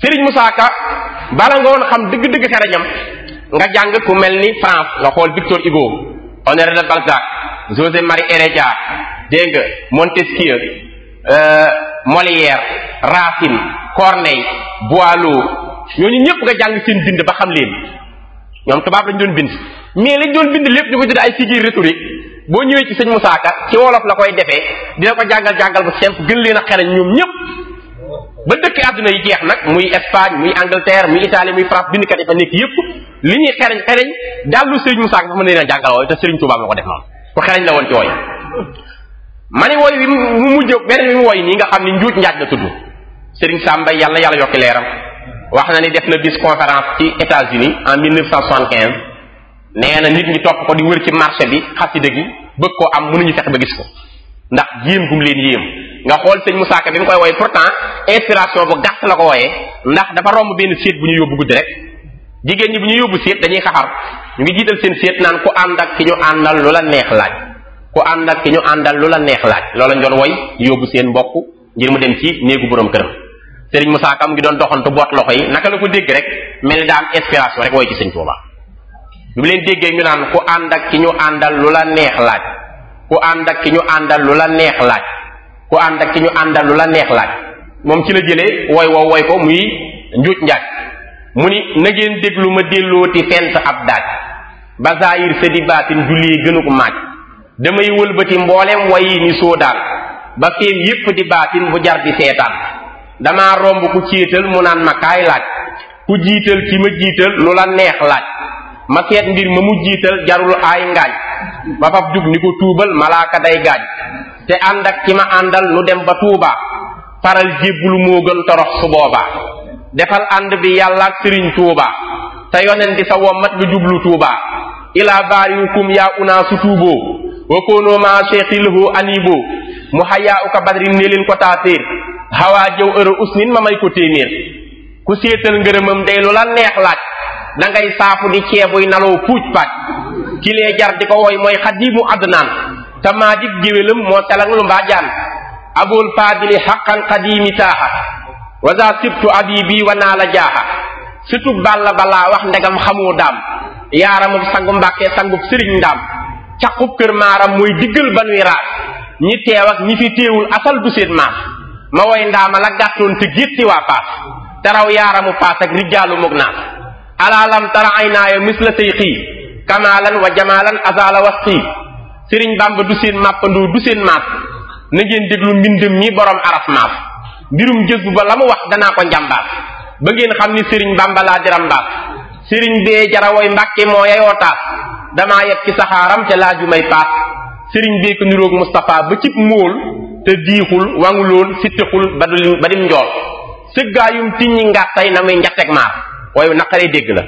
S2: Serigne Moussa Ka bala nga woon xam dëgg-dëgg xereñam nga jàng ku mel ni France nga xool Victor Hugo Honoré de Balzac José Marie Heredia dégg nga Montesquieu euh, Molière Racine Corneille Boileau ñooñu ñëpp nga jàng seen bind ba xam leen ñoom tubaab lañ doon bind mais lañ doon bind lépp ñu ko tudde ay figure rhétorique boo ñëwee ci sëñ Moussa Ka ci wolof la koy defee dina ko jàngal-jàngal bu simple gën leen a xereñ ñoom ñëpp ba dëkk àdduna yi jeex nag muy Espagne muy Angleterre muy Italie muy France bindkat yi fa nekk yëpp li
S3: ñuy xereñ xereñ
S2: daal lu sëñ Moussa Ka dafa mën leen a jàngal wooyu te sëriñ Tuubaa moo ko def noonu ku xereñ la woon ci wooyu ma ni wooyu bi mu mujj beneen bi mu wooyu nii nga xam ne njuuj njaaj la tudd sëriñ Samba yàlla yàlla yokki leeram wax na ni def na bis conférence ci États-Unis en 1975 nee na nit ñi topp ko di wër ci marché bi xasida gi bëgg koo am ñu fexe ba gis ko ndax yéem gum leen yéem nga xool sëñ Moussa Ka bi mu koy woy pourtant inspiration bu gàtt la ko woyee ndax dafa romb benn séet bu ñu yóbbu guddi rek jigéen ñi bu ñu yóbbu séet dañuy xaxar ñu ngi jiital seen séet naan ku ànd ak ki ñu àndal lu la neex laaj ku ànd ak ki ñu àndal lu la neex laaj loolu ñu doon woy yóbbu seen mbokk ngir mu dem ci néegu boroom këram. Serigne Moussa Ka mu ngi doon doxantu boot loxo yi naka la ko dégg rek mel ni daa am inspiration rek wooy ci sëñ Tuuba bi mu leen déggee ñu naan ku ànd ak ki ñu àndal lu la neex laaj ku ànd ak ki ñu àndal lu la neex laaj ku ànd ak ki ñu àndal lu la neex laaj moom ci la jëlee woy woo woy ko muy njuuj njaaj mu ni na déglu ma dellooti fent ab daaj ba zaayir sa di baatin julli gënu ko maaj damay wëlbati mboolem wayi ni soo daal ba feem yépp di baatin jar di seetaan damaa romb ku céetal mu naan ma kaay laaj ku jiital ki ma jiital lu la neex laaj ma seet mbir ma mu jiital jarul aay ngaañ ba faf jub ni ko tuubal malaaka day gaañ te ànd ak ki ma àndal nu dem ba tuuba faral jébbulu moo gën torox su defal ànd bi yàlla ak sëriñ tuubaa te yonen di sa wommat nga jublu tuubaa ilaa baariukum yaa unaa su tuuboo wa koonoo maa cheikhi lahu aniboo mu hayaa uka badrin ne leen ko taaséer xawaa jëw ëra usnin ma may ko téeméer ku séetal ngërëmam day la neex laaj da ngay saafu di ceebuy naloo puuj paaj ki lee jar di ko woy mooy xadimu adnaan te maa jib moo telang lu mbaa jaan abul fadili xaqan xadimi taaxa wasa sibtu abi bi wanaa la jaaxa sutub balla balaa wax ndegam xamoo daam yaaramub sangu mbàkkee sangub sëriñ ndaam caqub kër maaram muy diggal banuy raas ñi teew ñi fi téewul asal du seen maas ma woy ndaama la gàttoon te gitti waa paas te raw yaaramu paas ak rijjaalu mug naas alaalam tara ay naaya misla say xii kamaalan wa jamaalan azala was xii sëriñ bàmba du seen màppandoo du seen maas na ngeen déglu mbindam mi borom araf maas mbirum jësbu ba la mu wax danaa ko njambaas ba ngeen xam ni sëriñ bàmba laa diram mbaas sëriñ bee jarawoy mbàkke moo yayoo taas damaa yeb ci saxaaram ca laaju may paas sëriñ bee ko niroog Mustapha te diixul wanguloon sittixul ba du ba dim njool sëggaayum tiññi ngàttay na muy njatteeg waaye naqaree dégg la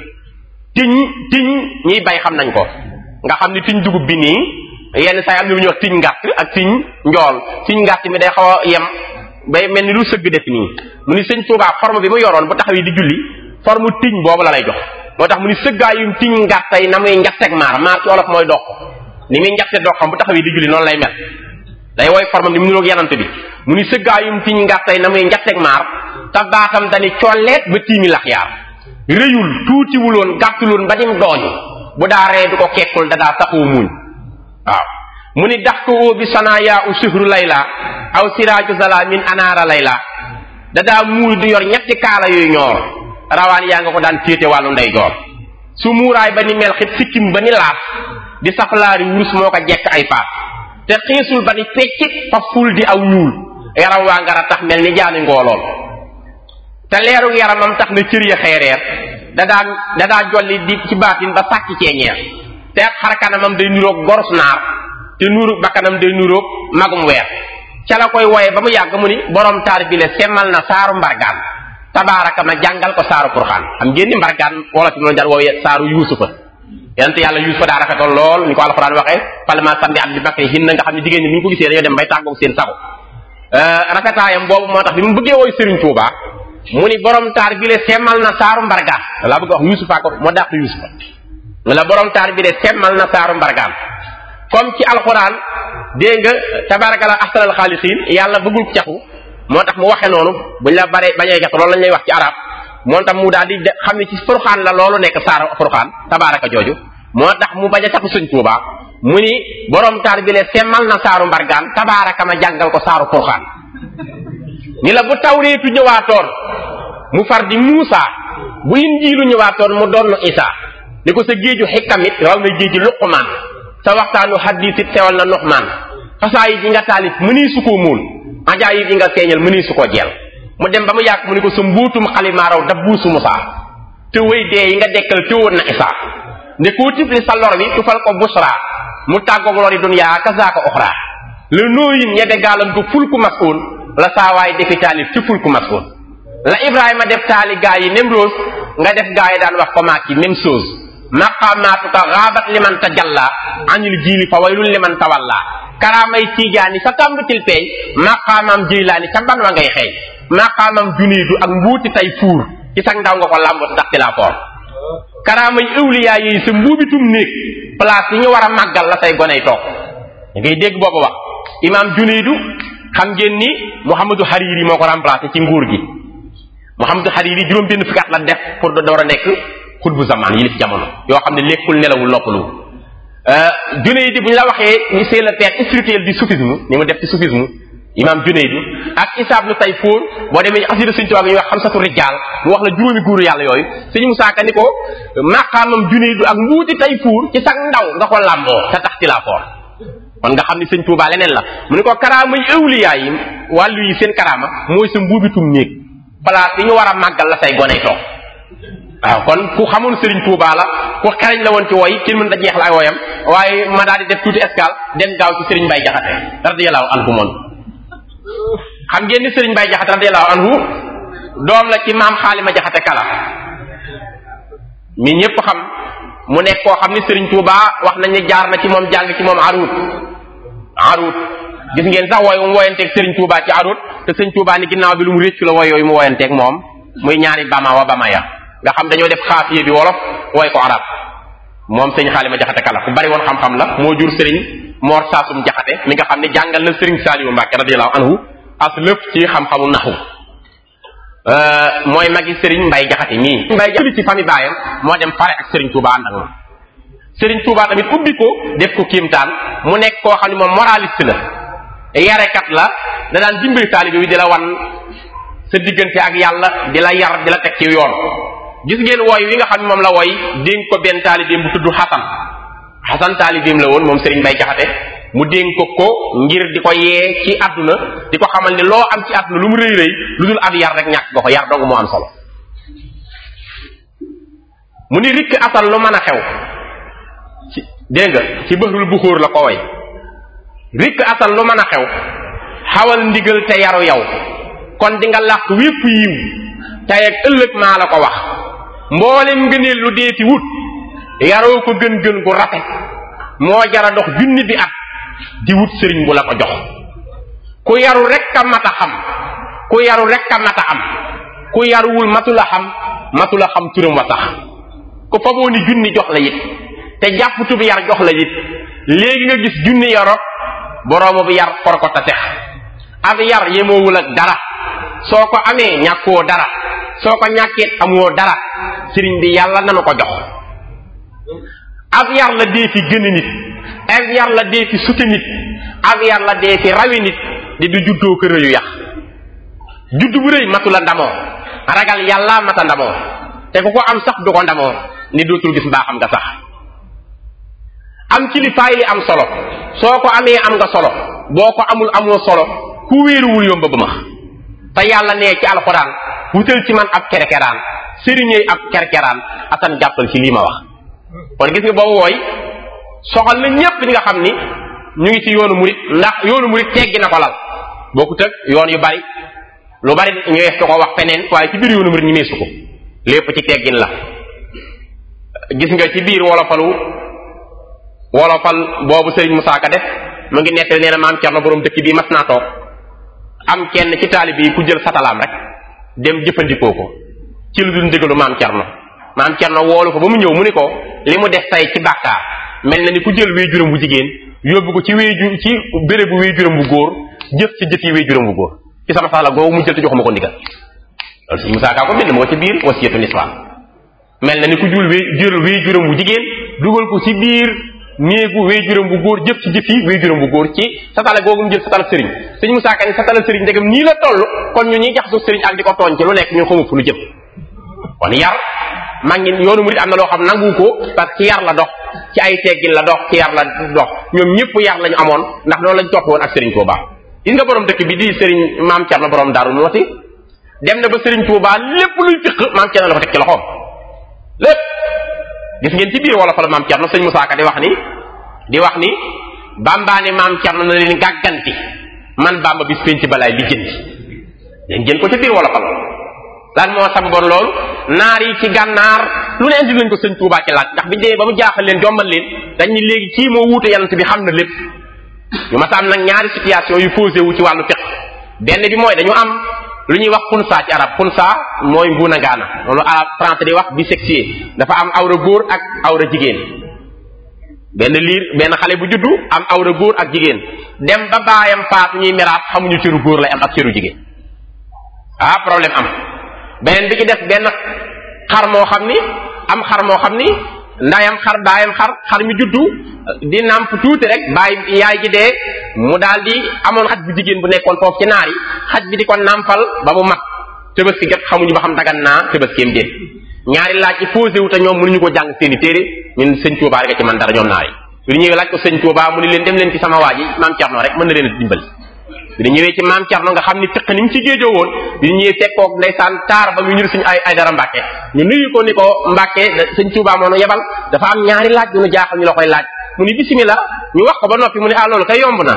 S2: tiñ tiñ ñiy bay xam nañ ko nga xam ni tiñ dugub bi nii yenn saa yi am ñu ñuy wax tiñ ngàtt ak tiñ njool tiñ mi day xaw a yem mel ni lu sëgg def nii mu ni sëñ Tuubaa forme bi mu yoroon bu taxawee di julli forme tiñ boobu la jox moo tax mu ni sëggaayum tiñ ngàttay na muy njatteeg maar maar ci olof mooy dox ni muy njatte doxam bu taxawee di julli noonu lay mel day woy formam ni mu niroog yanante bi mu ni sëggaayum tiñ ngàttay na muy njatteeg maar te baatam dani colleet ba tiimi lax yaar réyul tuutiwuloon gàttuloon ba dim dooñu bu daa ree du ko kekkul da daa saxoo muuñ waaw mu ni dax ko óobi sanaayaa u suhru layla aw siraaju zala anaara layla da daa muuy du yor ñetti kaala yooyu ñoor rawaan yaa nga ko daan téete wàllu ndeyjoor su muuraay ba ni mel sikkim ba ni laas di saflaari wurus moo ko jekk ay paas te xiisul ba ni peccit fa ful di aw ñuul yaram waa a tax mel ni jaani ngoolool te leeru yaramam tax na cër ya xeereer da daa da daa jolli di ci baatin ba sàcc ceeñeer te ak xarkanamam day nuroog goros naar te nuuru bakkanam day nuroog magum weer ca la koy wooye ba mu yàgg mu ni borom taar bi le semmal na saaru mbargaan tabaaraka ma jàngal ko saaru purxaan xam ngeen ni mbargaan wala fi mu doon daan woowee saaru yuusufa yonent yàlla yusufa daa rafetoon lool ni ko alxuraan waxee falma sandi at bi bakri hinna nga xam ne jigéen ñi bu ñu ko gisee dañoo dem bay tàggoog seen sago euh, rafetaayam boobu moo tax bi mu bëggee wooy Serigne Touba mu ni borom taar bi le semmal na saaru mbargaan laa bëgg wax yusufa ko moo dàq yusufa la borom taar bi le semmal na saaru mbargaan comme ci alxuraan dégg nga tabaarakala ahsanal xaaliqiin yàlla bëggul caxu moo tax mu waxe noonu moo tax mu bañ a tax sëñ Tuuba mu ni borom taar bi le semmal na saaru mbargaan tabaaraka ma jàngal ko saaru Poroxaan ni la bu tawreetu ñëwaatoon mu far di Muusa bu injiilu ñëwaatoon mu doon Isa ni ko sa géeju xikkamit raw na géeju Luqmaan sa waxtaanu xaddiisit sewal na Nuxmaan xasaayit yi nga taalif mënii su koo móol ajaayib yi nga seeñal mënii su koo jeel mu dem ba mu yàgg mu ni ko sa mbóotum xalimaa raw dabbuusu Muusa te wéy dee yi nga dekkal te woon ne koo tifli sa lor wi tufal ko busra mu tàggoog lori duniyaa kasaaka oxra le nooyin ñede gaalam ko fulku mas'ul la saawaay defi taalif ci fulku mas'ul la ibrahima def taali gaa yi nemrose nga def gaa yi daan wax ko maak yi même chose maqamaatuka xaabat liman ta jalla anil jiili fa waylul liman tawalla karaamay tiijaani sa tàmbutil peey maqaamam jiilaani ca ban wa ngay xeey maqaamam juniidu ak mbuuti tay fuur ci sag ndaw nga ko làmbut ndax karaamay awliyaa yi sa mbuubitum néeg place yi ñu war a màggal la say goney toog da ngay dégg boobu wax imaam Junaydu xam ngeen ni Mouhamadou Hariri moo ko remplacé ci nguur gi Mouhamadou Hariri juróom benn fukki at la def pour door a nekk xutbu zamaan yilif jamono yoo xam ne lekkul nelawul noppalu euh, Junaydu bu ñu la waxee ni c'est le père spirituel du soufisme ni mu def ci soufisme imam Junayd ak Isaab lu tay fóor boo demee xasida Sëriñ Tuubaa gi ñuy wax xamsatu rijaal mu wax la juróomi góoru yàlla yooyu Sëriñ Musaa Ka ni ko maqaamam Junayd ak mbuuti tay fóor ci sag ndaw nga ko làmboo te tax ci laa foor kon nga xam ni sëñ Tuubaa leneen la mu ne ko karaama yi awliyaa yi wàllu yi seen karaama mooy sa mbuubitum néeg place yi ñu war a màggal la say gone toog waaw kon ku xamoon Serigne Touba la ku xereñ la woon ci woy kenn mën da jeex la ay woyam waaye ma daal di def tuuti escale dem gaaw ci Serigne Mbaye Jaxate radiyallahu anhu moom xam ngeen ni Serigne Baye Jaxate radiyallahu anhu doom la ci maam ma jaxate kala mi ñëpp xam mu nekk koo xam ni Serigne Touba wax nañ ne jaar na ci moom jàng ci moom arut arut gis ngeen sax wooyu mu woyanteeg Serigne Touba ci arut te Serigne Touba ni ginnaaw bi lu mu réccu la wooy yooyu mu woyanteeg moom muy ñaari bama wa bama nga xam dañoo def xaafiye bi wolof wooy ko arab moom sëñ xaalima jaxate kala ku bari woon xam-xam la moo jur sëriñ Mor Saasum Jaxate mi nga xam ne jàngal na Serigne Saliou Mbacke radiyallahu anhu as lëf ci xam-xamu naxu euh, mooy magi Serigne Mbaye Jaxate mii. Mbaye Jaxate ci famille baayam moo dem pare ak Serigne Touba ànd ak moom Serigne Touba tamit ubbi ko def ko kiimtaan mu nekk koo xam ne moom moraliste la yarekat la da daan dimbali taalibe wi di la wan sa diggante ak yàlla di la yar di la teg ci yoon gis ngeen woy wi nga xam ne moom la woy dénk ko benn taalibeem bu tudd Xasan. xasan taalibiim la woon moom Serigne Bay Jaxate mu dénk ko ko ngir di ko yee ci àdduna di ko xamal ne loo am ci àdduna lu mu rëy rëy lu dul ab yar rek ñàkk nga ko yar dong moo am solo mu ni rikk asal lu mën a xew ci dégg nga ci bëxrul bu xóor la ko way rikk asal lu mën a xew xawal ndigal te yaru yow kon di nga làq wépp yiw tey ak ëllëg maa la ko wax mboolem ngëneel lu deeti wut yaroo ko gën gën gu rafet moo jara ndox junni bi at di wut sëriñ bu la ko jox ku yaru rek a mat a xam ku yaru rek a mat a am ku yaruwul matu la xam matu la xam turam wa tax ku faboo ni junni jox la it te jàpputub yar jox la yit léegi nga gis junni yaro boroomu bi yar for ko ta tex yar yemoowul ak dara soo ko amee ñàkkoo dara soo ko ñàkkeet amoo dara sëriñ bi yàlla nanu ko jox ab yàlla dee fi gën nit ab yàlla dee fi suti nit ab yàlla dee fi rawi nit di du juddoo kër yu yàq judd bu rëy matu la ndamoo ragal yàllaa mata ndamoo te ku ko am sax du ko ndamoo ni dootul gis mbaaxam nga sax am kilifaay li am solo soo ko amee am nga solo boo ko amul amoo solo ku wéeruwul yomb ba max te yàlla nee ci alxuraan wutal ci man ab kerkeraan sëriñëy ab kerkeraan asan jàppal ci lii ma wax kon gis nga boobu wooy soxal na ñépp ñi nga xam ni ñu ngi ci yoonu murit ndax yoonu murit teggi na ko lal bokkut ak yoon yu bari lu bari ñëwees ko ko wax feneen waaye ci biir yoonu murit ñu meesu ko lépp ci teggin la gis nga ci biir wolofalu wolofal boobu Serigne Moussa Ka def mu ngi nettali nee na maam Cerno boroom dëkk bii mas naa toog am kenn ci taalibe yi ku jël satalaam rek dem jëfandikoo ko ci lu dul ndigalu maam Cerno maam Cerno woolu ko ba mu ñëw mu ni ko li mu def tey ci bàkkaar mel na ni ku jël waajuram bu jigéen yóbbu ko ci waajur ci bérébu waajuram bu góor jëf ci jëf yi waajuram bu góor ci sama saala googu mu jël te joxuma ko ndigal loolu suñu ko bind moo ci biir wasiyatu niswaan mel na ni ku jul wéy jël waajuram bu jigéen dugal ko ci biir néegu waajuram bu góor jëf ci jëf yi waajuram bu góor ci satala googu mu jël satala sëriñ suñu musaakaa ni satala sëriñ ndegam nii la toll kon ñu ñuy jaxasoo sëriñ ak di ko tooñ ci lu nekk ñun xamu fu lu jëm kon yar maa ngi yoonu murid am na loo xam nangu ko parce que ci yar la dox ci ay teggin la dox ci yar la dox ñoom ñëpp yar lañu amoon ndax noonu lañ topp woon ak Serigne Touba. gis nga borom dëkk bi di Serigne maam Thierno borom Darou Mouhty dem na ba Serigne Touba lépp luy fiq maam la ko teg ci loxoom lépp. gis ngeen ci biir wala fa la maam Thierno sëñ Moussa Ka di wax ni di wax ni bambaane maam Thierno na leen gàgganti man bi bis penc balaay li jëndi leen jën ko ci biir wala fa lan moo sababoon loolu naar yi ci gànnaar lu ne indi lañ ko sëñ Tuubaa ci laaj ndax biñu demee ba mu jaaxal leen jombal leen dañ ni léegi kii moo wuute yant bi xam na lépp ñu masa am nag ñaari situation yu posé ci wàllu fiq benn bi mooy dañu am lu ñuy wax xunsa ci arab xunsa mooy mbuuna gaana loolu arab français di wax bisexué dafa am awra góor ak awra jigéen benn liir benn xale bu juddu am awra góor ak jigéen dem ba baayam faatu ñuy miraas xamuñu cëru góor lay am ak cëru jigéen ah problème am beneen bi ci def benn xar moo xam ni am xar moo xam ni ndayam xar baayam xar xar mi juddu di nàmp tuuti rek bàyyi yaay ji dee mu daal di amoon xaj bu jigéen bu nekkoon foofu ci naar yi xaj bi di ko nàmpal ba mu mat tëbaski jot xamuñu ba xam dagan naa tëbaskeem déet ñaari laaj yi posé wu te ñoom mënuñu ko jàng seeni téere ñun sëñ Tuubaa rek a ci man dara ñoom naar yi. li ñuy laaj ko sëñ Tuubaa mu ne leen dem leen ci sama waa ji maam Cerno rek mën na leen a bi ñu ñëwee ci maam Thierno nga xam ni fiq ni mu ci géejoo woon bi ñu ñëwee fekkoog ndeysaan taar ba mu ñur suñu ay ay dara Mbàkke ñu nuyu ko ni ko Mbàkke sëñ Tuubaa moo nu yebal dafa am ñaari laaj yu nu jaaxal ñu la koy laaj mu ni bismillah ñu wax ko ba noppi mu ni ah loolu yomb na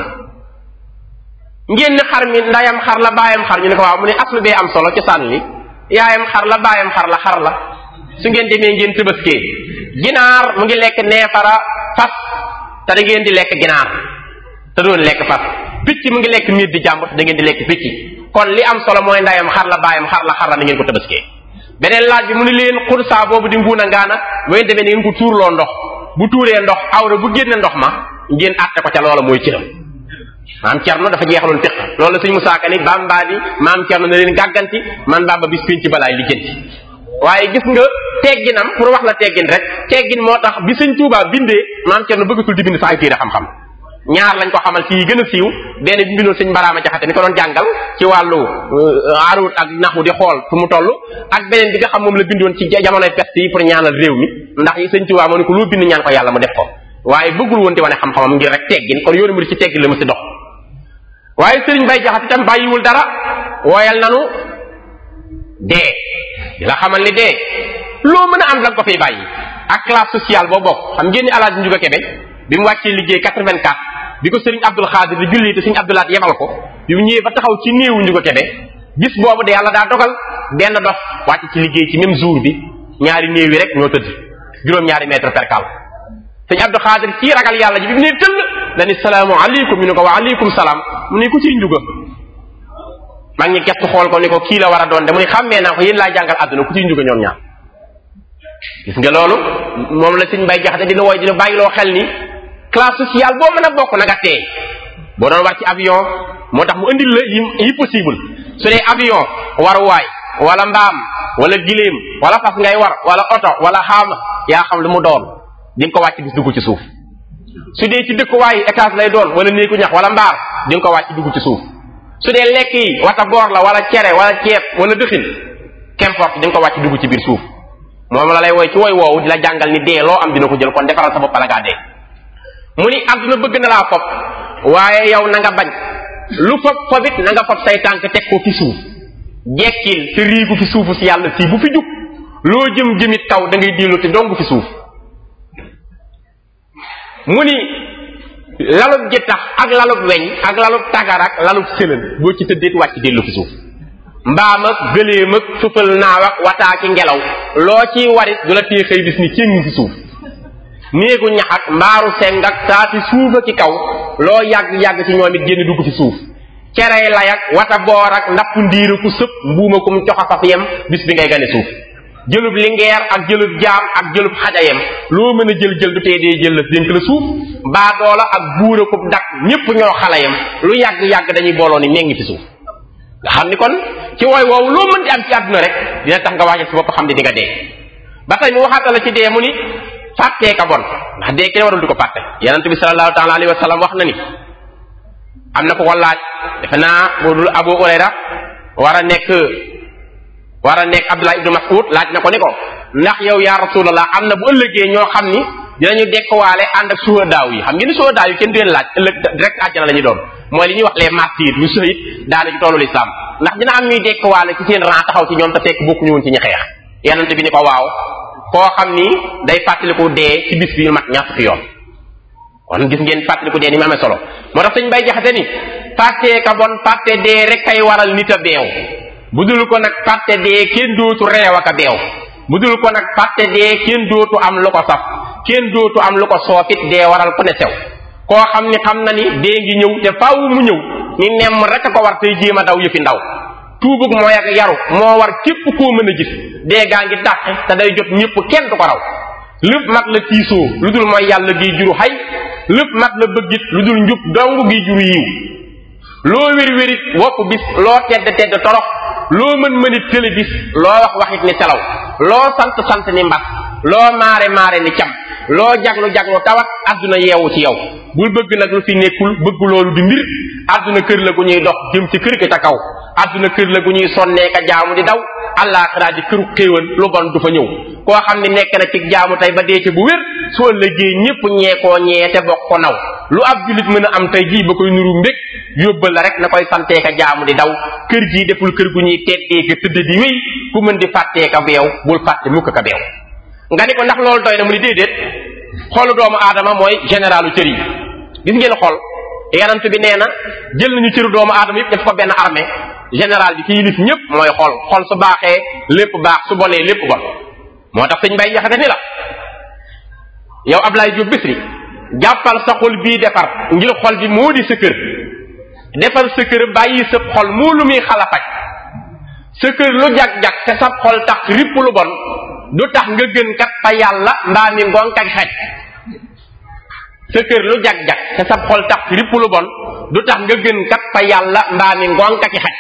S2: ngeen xar mi ndayam xar la baayam xar ne ko waaw mu ne aslu bee am solo cosaan li yaayam xar la baayam xar la xar la su ngeen demee ngeen tëbaskee ginaar mu ngi lekk neefara fas te da ngeen di lekk ginaar te doon lekk fas picc mu ngi lekk miir di jàmbur da ngeen di lekk picc kon li am solo mooy ndayam xar la baayam xar la xar la na ngeen ko tabaskee beneen laaj bi mu ni leen xursaa boobu di nguun a ngaana bu ngeen demee na ngeen ko tuurloo ndox bu tuuree ndox awra bu génne ndox ma ngeen àtte ko ca loola mooy cëram maam Cerno dafa jeexaloon fiq loolu la suñ musaaka ni bambaa bi maam Cerno na leen gàgganti man bamba bis pinc balaay lijjanti waaye gis nga tegginam pour wax la teggin rek teggin moo tax bi sëñ Tuubaa bindee di bind sax ay téere xam-xam ñaar lañ ko xamal si yi gën a siiw benn bi mbindoon sëñ baraama jaxate ni ko doon jàngal ci wàllu euh, arut ak naxu di xool fu mu toll ak beneen bi nga xam moom la bindoon ci jamonoy peste yi pour ñaanal réew mi ndax sëñ Tuubaa moo ne ko loo bind ñaan ko yàlla mu def ko waaye bëggul woon di wane xam-xamam ngir rek teggin kon yoonu mu ci teggin la mu si dox waaye sëriñ bay jaxate itam bàyyiwul dara wooyal nanu dee di la xamal ni dee loo mën a am lan ko fiy bàyyi ak classe sociale boo bokk xam ngeen ni alaaj njuga kebe bi mu wàccee liggéey 84 bi ko sëriñ Abdul Xaadir di julli te sëriñ Abdulaat yebal ko bi mu ñëwee ba taxaw ci néewu ñu ko kebe gis boobu de yàlla daa dogal benn dof wàcc ci liggéey ci même jour bi ñaari néew yi rek ñoo tëdd juróom-ñaari mètre percal sëriñ Abdul Xaadir ci ragal yàlla ji bi mu ne tëll la ni salaamu aleykum ñu ne ko wa aleykum salaam mu ne ku ciy njuga maa ngi gestu xool ko ni ko kii la war a doon de mu ne xàmmee naa ko yéen àdduna ku ciy njuga ñoom ñaar gis nga loolu moom la sëñ Mbay Jaxate dina wooy dina bàyyiloo xel ni classe sociale boo mën a bokk na nga teey boo doon wàcc avion moo tax mu indil la yi possible su dee avion waruwaay wala mbaam wala gileem wala fas ngay war wala oto wala xaama yaa xam lu mu doon di ko wàcc gis dugg ci suuf su dee ci dëkkuwaay étage lay doon wala néegu ñax wala mbaar di nga ko wàcc dugg ci suuf su dee lekk yi wata boor la wala cere wala ceeb wala dëxin qu'importe di nga ko wàcc dugg ci biir suuf moom la lay woy ci woy woowu di la jàngal ni dee loo am dina ko jël kon defaral sa bopp la ngaa dee mu ni àdduna bëgg na laa fob waaye yow na nga bañ lu fob fobit na nga fob say tànk teg ko fi suuf jekkil te riigu fi suufu si yàlla si bu fi jug loo jëm jëmit kaw da ngay diilu te dong fi suuf mu ni lalub jittax ak lalub weñ ak lalub tagar ak lalub sëlën boo ci tëddeet wàcc dellu fi suuf mbaam ak gëléem ak fëfal naaw ak wataa ci ngelaw loo ciy warit du la téexëy bis ni céngi fi suuf néegu ñax ak mbaaru seng ak taati suufa ci kaw loo yàgg-yàgg ci ñoom it génn dugg ci suuf cerey layak wata boor ak ndapp ndiiru ku sëp mbuuma kum coxa faf yem bis bi ngay gane suuf jëlub lingeer ak jëlub jaam ak jëlub xajayem loo mën a jël jël du tee dee jël la dénk la suuf baa doola ak buura ku dak ñépp ñoo xalayem lu yàgg-yàgg dañuy booloo ni meññ ci suuf nga xam ni kon ci wooy woowu loo mën di am ci àdduna rek dina tax nga waajal si bopp di nga dee fàttee ka bon ndax dee kenn warul di ko fàtte yonent bi sallallahu taala alayhi wa wax na ni am na ko ko laaj defe naa boo dul Abu Hurayra war a nekk war a nekk Abdullah ibnu Mas'ud laaj na ko ni ko ndax yow yaa rasulallah am na bu ëllëgee ñoo xam ni ñu dinañu dekkuwaale ànd ak daaw yi xam ngeen ni suhadaaw yi kenn du leen laaj ëllëg direct àjjana la ñu doon mooy li ñuy wax les martyrs yu sëyit daana ci toolul islam ndax dina am ñuy dekkuwaale ci seen rang taxaw ci ñoom te fekk bokkuñu woon ci ñi xeex yonent bi ni koo xam ni day fàttaliku dee ci bis bi ñu mat ñaar fukki yoon kon gis ngeen fàttaliku dee ni mu amee solo moo tax sëñ bay jaxate ni fàttee ka bon fàtte dee rek kay waral nit a beew bu dul ko nag fàtte dee kenn dootu reew ak a beew bu dul ko nag fàtte dee kenn dootu am lu ko saf kenn dootu am lu ko soofit dee waral ku ne sew koo xam ni xam na ni dee ngi ñëw te faaw mu ñëw ni nemm rek a ko war tey jéem a daw yëfi ndaw tuubug mooy ak yaru moo war képp koo mën a gis dee gaa ngi dàq te day jot ñépp kenn du ko raw lépp mat la tiisoo lu dul mooy yàlla giy juru xay lépp mat la bëggit lu dul njub dong giy juru yiw loo wér-wérit wopp bis loo tedd tedd torox loo mën mënit tële bis loo wax waxit ni selaw loo sant sant ni mbas loo maare maare ni cam loo jaglu jaglu tawat àdduna yeewu ci yow bul bëgg nag lu fi nekkul bëgg loolu di mbir àdduna kër la gu ñuy dox jëm ci kër gi ta kaw àdduna kër la gu ñuy sonnee ka jaamu di daw àllaaxiraa di këru xéewal lu bon du fa ñëw koo xam ne nekk na ci jaamu tey ba deete bu wér soo lëggee ñépp ñee koo ñee te bokk ko naw lu ab jullit mën a am tey jii ba koy nuru mbég yóbbal la rek na koy santee ka jaamu di daw kër gii deful kër gu ñuy teddee ka tëdd di wéy mën di fàttee ka beew bul fàtte mukk ka beew nga ni ko ndax loolu doy na mu ni déedéet xolu doomu aadama mooy généralu cër yi gis ngeen xol yanant bi nee na jël nañu cëru doomu aadama yëpp def ko benn armée général bi ci yilif ñëpp mooy xol xol su baaxee lépp baax su bonee lépp bon moo tax sëñ Baye Jaxate ni la yow Ablaye Diop Bichri jàppal sa xol bii defar ngir xol bi moo di sa kër defar sa kër bàyyi sa xol moo lu muy xalafaj sa kër lu jag-jag te sa xol tax ripp lu bon du tax nga gën kat fa yàlla mbaa mi ngoon kak xaj sa kër lu jag-jag te sab xol tax ripp lu bon du tax nga gën kat fa yàlla mbaa mi ngoon kaki xaj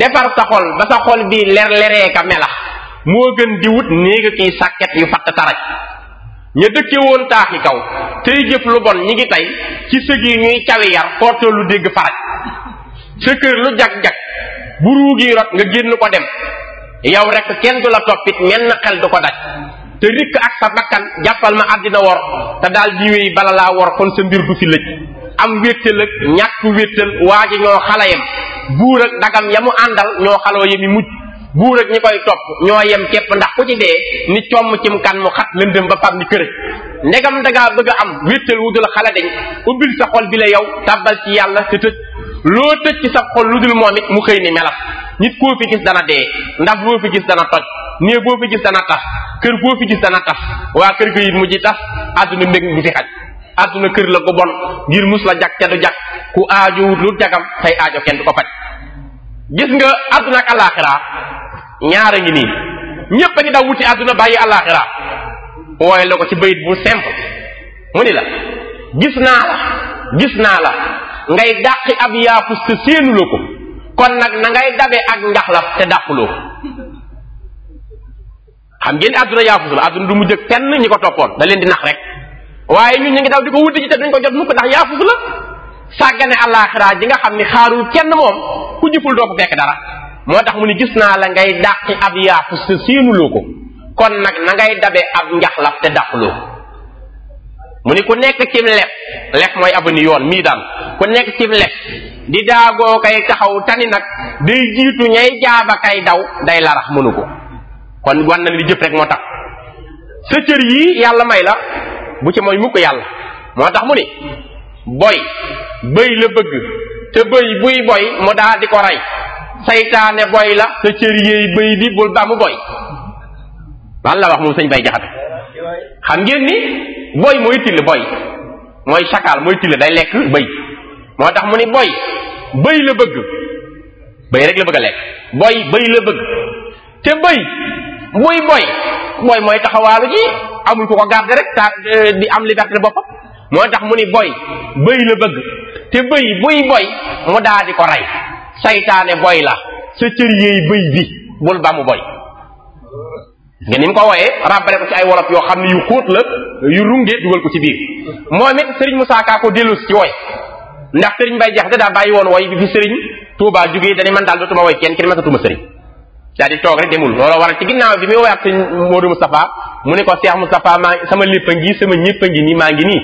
S2: defar sa xol ba sa xol bi ler leree ka melax moo gën di wut néega kiy sàkket yu fatt taraj ña dëkke woon taaxi kaw tey jëf lu bon ñi ngi tey ci sëg yi ñuy cawi yar footoo lu dégg faraj sa kër lu jag-jag bu ruugii rot nga génn ko dem yow rek kenn du la toppit menn xel du ko daj te rikk ak sa bakkan jàppal ma àddina wor te daal di wéy bala laa wor kon sa mbir du fi lëj am wéttal ak ñàkk wéttal waa ji ñoo xala yem buur ak dagam ya mu àndal ñoo xaloo yemi mujj buur ak ñi koy topp ñoo yem képp ndax ku ci dee ni comm cim kan mu xat lëndëm ba far ni kërëj ndegam dangaa bëgg a am wéttal wudul xala deñ ubbil sa xol bi la yow tàbbal ci yàlla te tëj loo tëj ci sa xol lu dul moom it mu xëy ni melas nit koo fi gis dana dee ndax boo fi gis dana toj néeg boo fi gis dana tas kër boo fi gis dana tas waa kër ga mu ji tas àdduna mbég du fi xaj àdduna kër la ko bon ngir mus la jag ca du jag ku aajowut lu jagam tey aajo kenn du ko faj gis nga àdduna ak alaxira ñaara ngi nii ñépp a ngi daw wuti àdduna bàyyi alaxira wooye la ko ci bayit bu simple mu ni la gis naa la gis naa la ngay dàqi ab yaafus te séenu la ko kon nag na ngay dabe ak njaxlaf te dàquloo xam ngeen àdduna yaafu la àdduna du mu jëkk kenn ñi ko toppoon da leen di nax rek waaye ñun ñu ngi daw di ko wuti ji te duñ ko jot mukk ndax yaafu la sàggane àllaaxira ji nga xam ni xaarul kenn moom ku jëful doo ko fekk dara moo tax mu ni gis naa la ngay dàqi ab yaafu sa séenuloo ko kon nag na ngay dabe ab njaxlaf te dàquloo mu ni ku nekk ci leb leb mooy abani yoon mii daan ku nekk ci leb di daagoo kay taxaw tani nag day jiitu ñay jaaba kay daw day larax mënu ko kon wan na li jëf rek moo tax sa cër yii yàlla may la bu ci moy mukk yàlla moo tax mu ni boy bëy la bëgg te bëy buy boy mu daa di ko rey saytaane boy la sa cër yéey bëy bi bul ba mu boy lan la wax moom sëñ bay jaxate xam ngeen ni boy mooy till boy mooy chakal mooy till day lekk bëy moo tax mu ni boy bëy la bëgg bëy rek la bëgg a lekk boy bëy la bëgg te bëy buy boy boy mooy taxawaalu ji amul ku ko garde rek ta euh, di am liberté boppam moo tax mu ni boy bëy la bëgg te bëy buy boy mu daa di ko rey seytaane boy la sa cër yeey bëy bi bul ba mu boy nga ni mu ko wooyee ràbbale ko ci ay wolof yoo xam ne yu xóot la yu rungee dugal ko ci biir moom it sëriñ Moussa Ka ko dellusi ci woy ndax sëriñ Baye Jaxate daa bàyyi woon woy bi fi sëriñ Touba jógee dañu man daal dootuma woy kenn kenn mësatuma sëriñ daa di toog rek demul loolu waral ci ginnaaw bi muy woyaat sëriñ Modou Moustapha mu ne ko Cheikh Moustapha maa sama lépp a ngi sama ñëpp a ngi nii maa ngi nii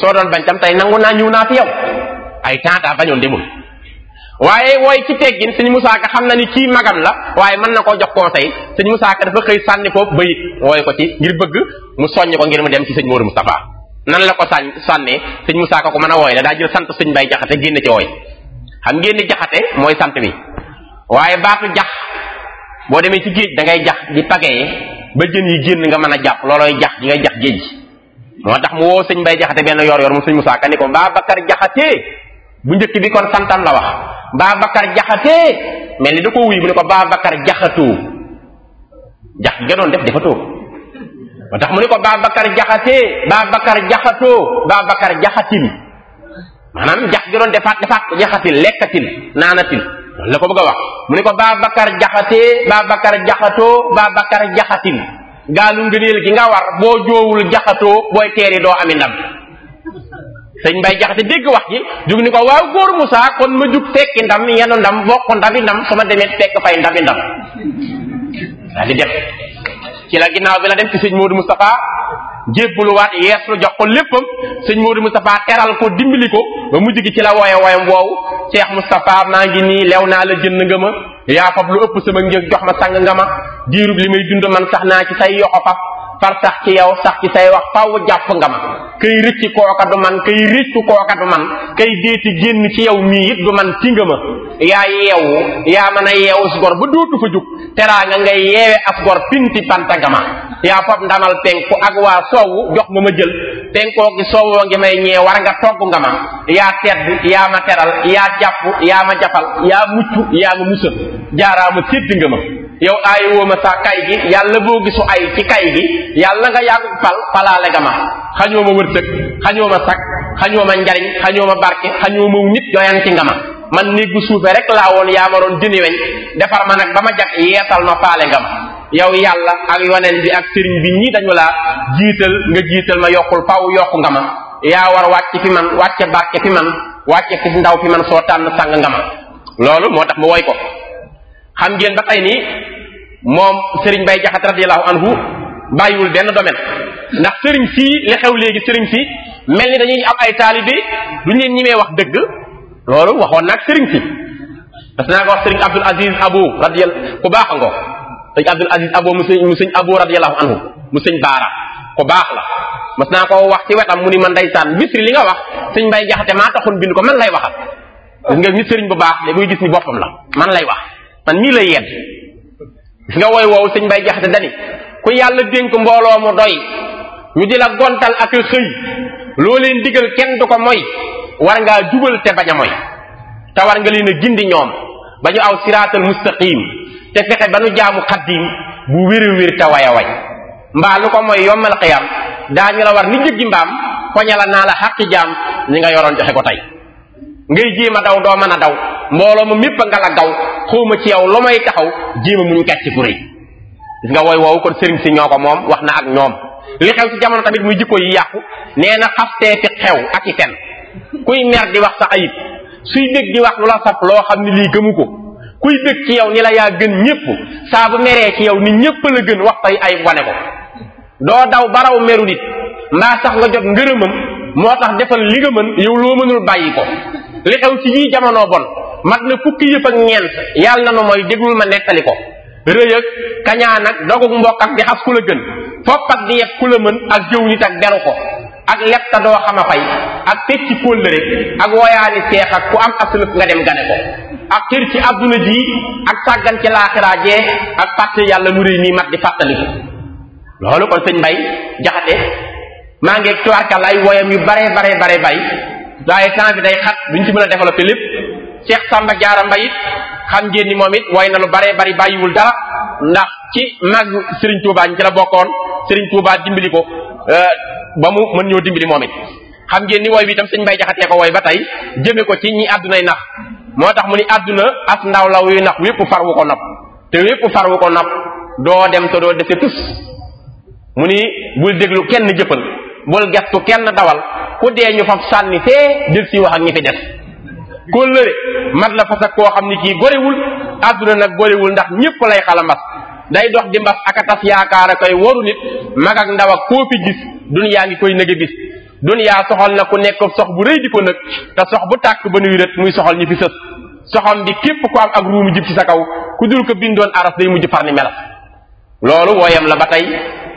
S2: soo doon bañ tam tey nangu naa ñëw naa fi yow ay temps daa bañoon waaye wooy ci teggin sëñ Moussa Ka xam na ni kii magam la waaye mën na koo jox koo tey sëñ Moussa Ka dafa xëy sànni ko bayit wooy ko ci ngir bëgg mu soññ ko ngir mu dem ci sëñ Modou Moustapha nan la ko sàn sànnee sëñ Moussa ko mën a wooy la daa jël sant sëñ Bay Jaxate génn ci wooy xam ngeen ni jaxate mooy sant bi waaye baatu jax boo demee ci géej da ngay jax di pagayee ba jën yi génn nga mën a jàpp loolooy jax di ngay jax géej moo tax mu woo sëñ Bay Jaxate benn yor yor mu sëñ Moussa Ka ni ko Babacar Jaxate bu njëkk bi kon santam la wax Babacar jaxatee mel ni da ko wuy mu ne ko Babacar jaxatoo jax ga def defatoo ba tax mu ne ko Babacar jaxatee Babacar jaxatoo Babacar maanaam jax ga doon defaat defaat jaxatin lekkatin naanatin loolu la ko bëgg a wax mu ne ko Babacar jaxatee Babacar jaxatoo Babacar jaxatin gaalu ngëneel gi nga war boo joowul jaxatoo booy teeri doo ami ndam sëñ mbay Jaxate dégg wax ji jug ni ko waaw góor Moussa kon ma jug tekki ndam yenu ndam bokk ndabi ndam su ma demee fekk fay ndabi ndam daal di def ci la ginnaaw bi la dem ci sëñ Modou Moustapha jébbaluwaat yeeslu jox ko léppam sëñ Modou Moustapha teral ko dimbali ko ba mujj gi ci la wooye wooyam woowu seex Moustapha maa ngi nii lew naa la jënd nga ma yaa lu ëpp sama njëg jox ma sang nga ma diirub li may dund man sax naa ci say yoxo fab far sax ci yow sax ci say wax faaw jàpp nga ma kay rëcc kooka du man kay man kay déeti génn ci yow mii it du man ci nga ma yaa yeewu yaa mën a yeewu si gor ba dootu fa jug teraa nga ngay yeewe as gor pinti pantagama yaa fab ndamal penku ak waa soowu jox nga ma jël penkoo gi soowoo ngi may ñee war nga togg nga ma yaa tedd yaa ma teral yaa jàpp yaa ma jafal yaa mucc yaa ma musal jaaraama tedd nga ma yow aayi wooma saa kay gi yàlla boo gisu ay ci kay gi yàlla nga yàgg pal palaale ga ma xañoo ma wërsëg xañoo ma sag xañoo ma njariñ xañoo ma barke xañoo ma nit doyan ci nga ma man néegu suufe rek laa woon yaa ma doon dini weñ defar ma nag ba ma jag yeesal ma faale nga ma yow yàlla ak yoneen bi ak sëriñ bi ñi dañu laa jiital nga jiital ma yokkul faw yokk nga ma yaa war wàcc fi man wàcce barke fi man wàcce fi ndaw fi man soo tànn sang nga loolu moo tax mu woy ko xam ngeen ba tey nii moom Serigne Baye Jaxate radiyallahu anhu bàyyiwul benn domaine ndax sëriñ fii li xew léegi sëriñ fii mel ni dañuy ab ay taalibe duñ leen ñimee wax dëgg loolu waxoon nag sëriñ fii parce naa ko wax sëriñ Abdul Aziz abu radiyal ku baax a ngoo sëriñ Abdul Aziz Abo mu sëñ mu sëñ Abo radiyallahu anhu mu sëñ Baara ku baax la mas naa ko wax ci wetam mu ni man ndeysaan bisri li nga wax sëñ Mbay Jaxate maa taxoon bind ko man lay waxal gis nga nit sëriñ bu baax da koy gis ni boppam la man lay wax man mii lay yedd gis nga woy woowu sëñ bay jaxate dani ku yàlla dénk mbooloo mu doy ñu di la gontal ak xëy loo leen digal kenn du ko moy war ngaa jubal te bañ a moy te war nga leen a gindi ñoom ba ñu aw siraatal mustaqim te fexe ba nu jaamu xaddiim bu wér wér te way mbaa lu ko mooy yombal xiyam daañu la war ni jëggi mbaam poñe la naa la xaqi jaam ñi nga yoroon joxe ko tey ngay jéem a daw doo mën a daw mbooloo ma mépp a nga la gaw xawma ci yow lu may taxaw jéem a muñ gàcce gu rëy gis nga wooy woowu kon sëriñ si ñoo ko moom wax na ak ñoom li xew ci jamono tamit muy jikko yi yàqu nee na xastee fi xew ak i fen kuy mer di wax sa ayib suy dégg di wax lu la saf loo xam ne lii gëmu ko kuy dégg ci yow ni la yaa gën ñëpp saa bu meree ci yow ni ñëpp la gën wax tay ayib wane ko doo daw baraw meru nit mbaa sax nga jot ngërëmam moo tax defal li nga mën yow loo mënul bàyyi ko li xew ci yii jamono bon mat na fukki yëpp ak ñeent yàlla na nu mooy déglul ma nettali ko rëy ak kañaan ak dogug mbokk ak di xas ku la gën fopp ak di yeb ku la mën ak jëw nit ak deru ko ak leb ta doo xama fay ak teg ci kóllëre ak woyaani seex ak ku am aslëf nga dem gane ko ak xir ci adduna ji ak sàggan ci laaxiraa ak fàtte yàlla nu réy mii mat di fàttaliku loolu kon sëñ mbay jaxate maa ngeeg tuwaarkal ay woyam yu bare bare bare bay waaye temps bi day xat duñ ci mën a développer lépp Cheikh Samba Diarra Mbaye it xam ngeen ni moom it woy na lu baree bari bàyyiwul dara ndax ci mag Serigne Touba ñu ci la bokkoon Serigne Touba dimbali ko euh, ba mu mën ñoo dimbili moom it. xam ngeen ni woy bi itam sëñ Mbaye jaxatee ko woy ba tey jëme ko ci ñi àddunay nax moo tax mu ni àdduna as ndaw la wuy nax wépp far wu ko nopp te wépp far wu ko nopp doo dem te doo dese tus mu ni bul déglu kenn jëppal bul gestu kenn dawal ku dee ñu fab sànni fee dil si wax ak ñi fi des kóllëre mat la fas ak koo xam ni kii gorewul àdduna nag gorewul ndax ñëpp lay xala mbas day dox di mbas ak a tas yaakaar a koy waru nit mag ak ndaw ak koo fi gis duniyaa ngi koy nëg a gis duniyaa soxal na ku nekk sox bu rëy di ko nëg te sox bu tàkk ba nuy rët muy soxal ñi fi sës soxam bi képp ku am ak ruumu jib ci sa kaw ku dul ko bindoon aras day mujj far ni melas loolu wooyam la ba tey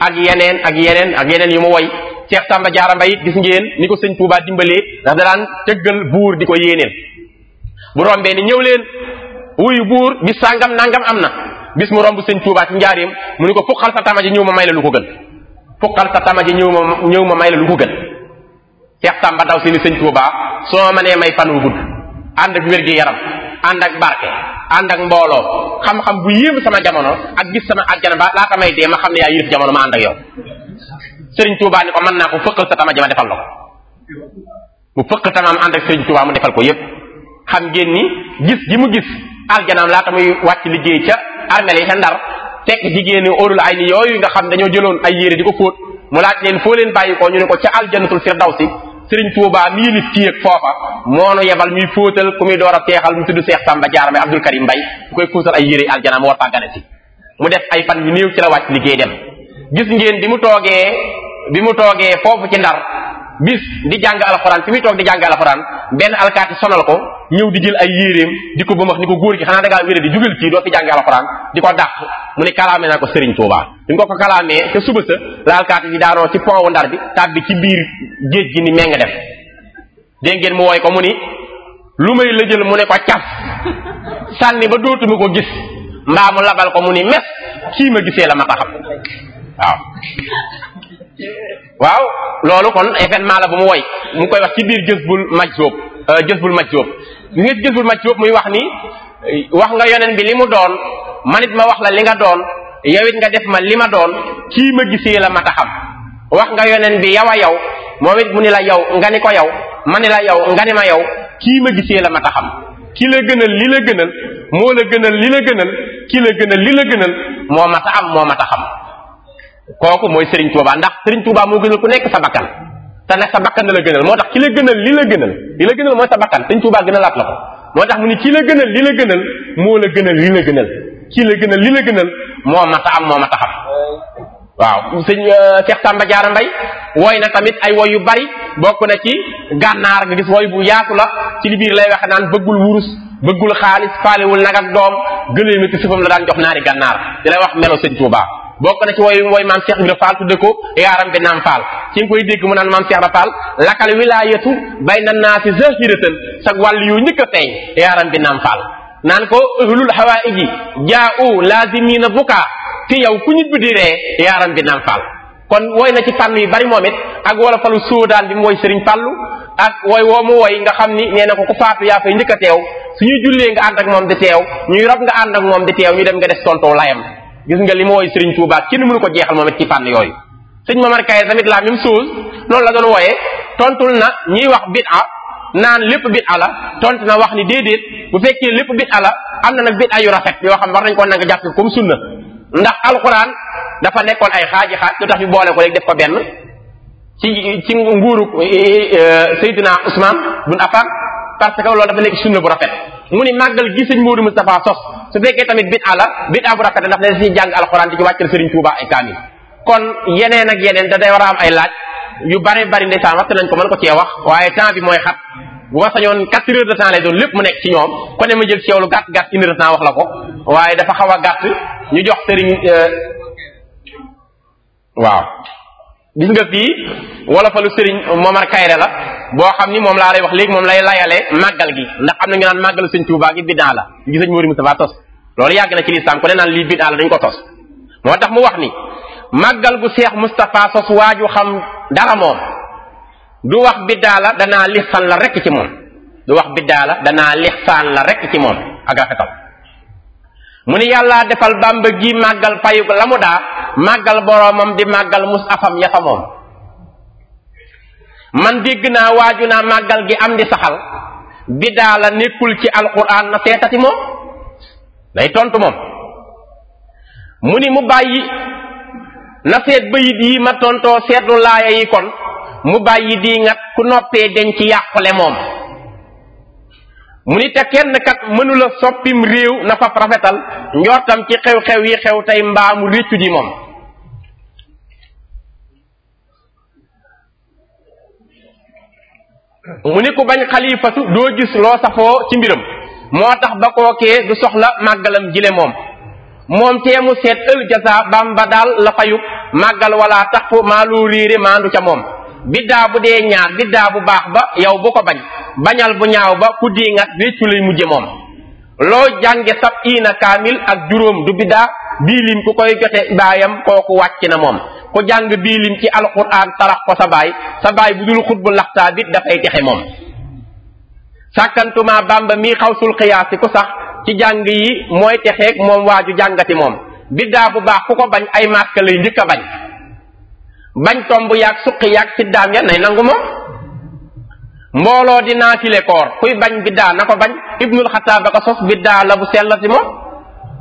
S2: ak yeneen ak yeneen yeneen yu mu woy Cheikh Samba Diarra Mbaye gis ngeen ni ko sëñ Touba dimbalee ndax da daan tëggal buur di ko yéeneel bu rombee ni ñëw leen wuyu buur bis sàngam nangam am na bis mu romb sëñ Touba ci njaareem mu ni ko fuqal sa tama ji ñëw ma may la lu ko gën fuqal sa tama ji ñëw ma ñëw ma may la lu ko gën Cheikh Samba daw si ni sëñ Touba soo ma nee may fan wu gudd ànd ak wér yaram ànd ak barke ànd ak mbooloo xam-xam bu yéem sama jamono ak gis sama àjjana ba laata may dee ma xam ne yaa yilif jamono yow sëriñ Touba ni ko mën naa ko fëqal sa tama jama defal la ko mu fëq tamaam ànd ak sëriñ Touba mu defal ko yépp xam ngeen ni gis gi mu gis aljanaam laata muy wàcc liggéey ca armel yi ca ndar fekk jigéeni óolul ay ni yooyu nga xam dañoo jëloon ay yére di ko fóot mu laaj leen foo leen bàyyi ko ñu ne ko ca aljanatul firdawsi sëriñ Touba mii li téyeeg foofa moonu yebal muy fóotal ku muy door a seexal mu tudd Seex Samba Jaarame Abdul Karim Mbay bu koy kuusal ay yére aljanaam war faa gane si mu def ay fan yu néew ci la liggéey dem bi mu toogee foofu ci ndar bis di jàng alxuraan fi muy toog di jàng alxuraan benn alkaati sonal ko ñëw di jël ay yéeréem di ko bëmax ni ko góor gi xanaa da ngaa wéré di jugal kii doo fi jàng alxuraan di ko dàq mu ne kalaame naa ko Serigne Touba. bi nga ko kalaamee te suba sa la alkaati di daanoo ci pont wu ndar bi tàbbi ci biir géej gi ni mee nga def dégg ngeen mu wooy ko mu ni lu may la jël mu ne ko cas sànni ba dootuma ko gis mbaa mu labal ko mu ni mes kii ma gisee la ma waaw loolu kon événement la bu mu woy mu ngi koy wax ci biir jësbul majzub euh, jësbul majzub ñu ngi jësbul majzub muy wax ni wax nga yoneen bi li mu doon manit ma wax la li nga doon yow nga def ma li ma doon kii ma gisee la mat a xam wax nga yoneen bi yow a yow moom it mu ni la yow nga ni ko yow ma ni la yow nga ni ma yow kii ma gisee la ma taxam ki la gënal li la gënal moo la gënal li la gënal ki la gënal li la gënal moo ma am moo a xam kooku mooy Serigne Touba ndax Serigne Touba moo gënal ku nekk sa bakkan te nag sa bakkan la gënal moo tax ki la gënal li la gënal li la gënal mooy sa bakkan Serigne Touba gënalaat la ko moo tax mu ni ki la gënal li la gënal moo la gënal li la gënal kii la gënal li la gënal moo mat a moo mat a waaw sëñ Cheikh Samba Diarra Mbaye wooy na tamit ay woy yu bari bokk na ci gànnaar nga gis woy bu yaatu la ci li biir lay waxe naan bëggul wurus bëggul xaalis faalewul nag ak doom gëléemi ci suufam la daan jox naari gànnaar di lay wax melo sëñ Touba bokk na ci wooy wooy maam Cheikh Ibra Fall tudde ko yaaram bi naam Fall ci nga koy dégg mu naan maam Cheikh Ibra Fall lakal wilaayatu bayna naasi zahiratan sag wàll yu njëkk a feeñ yaaram bi naam Fall naan ko ahlul hawaiji jaa'u laazimina buka fi yow ku nit bi di ree yaaram bi naam Fall kon wooy na ci fànn yu bari moom it ak wala falu suudaan bi mu wooy Serigne Fallu ak wooy woo mu wooy nga xam ni nee na ko ko faatu yaa fay njëkk a teew su ñuy jullee nga ànd ak moom di teew ñuy rab nga ànd ak moom di teew ñu dem nga des tontoo layam gis nga li mu woy Serigne Touba kenn mënu ko jeexal moom it ci fànn yooyu sëñ Mamar Kaye tamit la même chose noonu la doon wooyee tontul na ñiy wax a naan lépp bid'a la tont na wax ni déedéet bu fekkee lépp bid'a la am na nag bid'a yu rafet yoo xam war nañ ko nanga jàpp comme sunna ndax alquran dafa nekkoon ay xaaji xaaj lu tax ñu boole ko léegi def ko benn ci ci nguuru eh, eh, Seydina Ousmane bun Affan parce que loolu dafa nekk sunna bu rafet mu ni màggal gi sëñ Moodu Moustapha sos su fekkee tamit bit a bit a bu rafet ndax dañ siy jàng alxuraan di ci wàccal Serigne Touba ay kaamil kon yeneen ak yeneen da day war am ay laaj yu bare bari ndeysaan waxtu nañ ko mën ko cee wax waaye temps bi mooy xat bu ma sañoon quatre heures de temps lay doon lépp mu nekk ci ñoom ko ne ma jël ci yow lu gàtt gàtt une heure de wax la ko waaye dafa xaw a gàtt ñu jox Serigne euh, waaw gis nga fii wala fa lu sëriñ Momar Kayre la boo xam ni moom laa lay wax léegi moom lay layale màggal gi ndax am na ñu naan màggalu sëñ Tuubaa gi biddaa la gi sëñ Mori Mustafa tos loolu yàgg na ci lislaam ku ne naan lii biddaa la dañ ko tos moo tax mu wax ni màggal gu Seex Mustafa sos waaju xam dara moom du wax biddaa la danaa lixsaan la rek ci moom du wax biddaa la danaa lixsaan la rek ci moom ak rafetal mu ni yàllaa defal bàmba gi màggal payug la daa màggal boroomam di màggal mus afam yafa moom man dégg naa waaju naa màggal gi am di saxal biddaa la nekkul ci alquran na seetati moom day tontu moom mu ni mu bàyyi na seet bayit yi ma tontoo seetlu laaya yi kon mu bàyyi di ngat ku noppee den ci yàqule moom mu ni te kenn kat mënula soppim réew na fab rafetal njortam ci xew-xew yi xew tey mbaamu réccu ji moom mu ni ku bañ xalifatu doo gis loo safoo ci mbiram moo tax ba kookee du soxla màggalam jile moom moom teemu seet ël jaza bam ba daal la fayu màggal wala tax maa lu riire maandu ca moom biddaa bu dee ñaar biddaa bu baax ba yow bu ko bañ bañal bu ñaaw ba ku diingat réccu lay mujje moom loo jànge sab iina kaamil ak juróom du biddaa bii lim ku koy jote baayam kooku wàcc na moom ku jàng bii lim ci alxuraan tarax ko sa baay sa baay bu dul xutbu laxtaa bit dafay texe moom sàkkantumaa bamba mii xawsul xiyaasi ku sax ci jàng yi mooy texeeg moom waa waaju jàngati moom biddaa bu baax ku ko bañ ay maska lay njëkk a bañ bañ tomb yaag suqi yaag siddaam ya nay nangu moom mbooloo di naafile koor kuy bañ biddaa na ko bañ ibnul xataab ba ko sos biddaa la bu sell si moom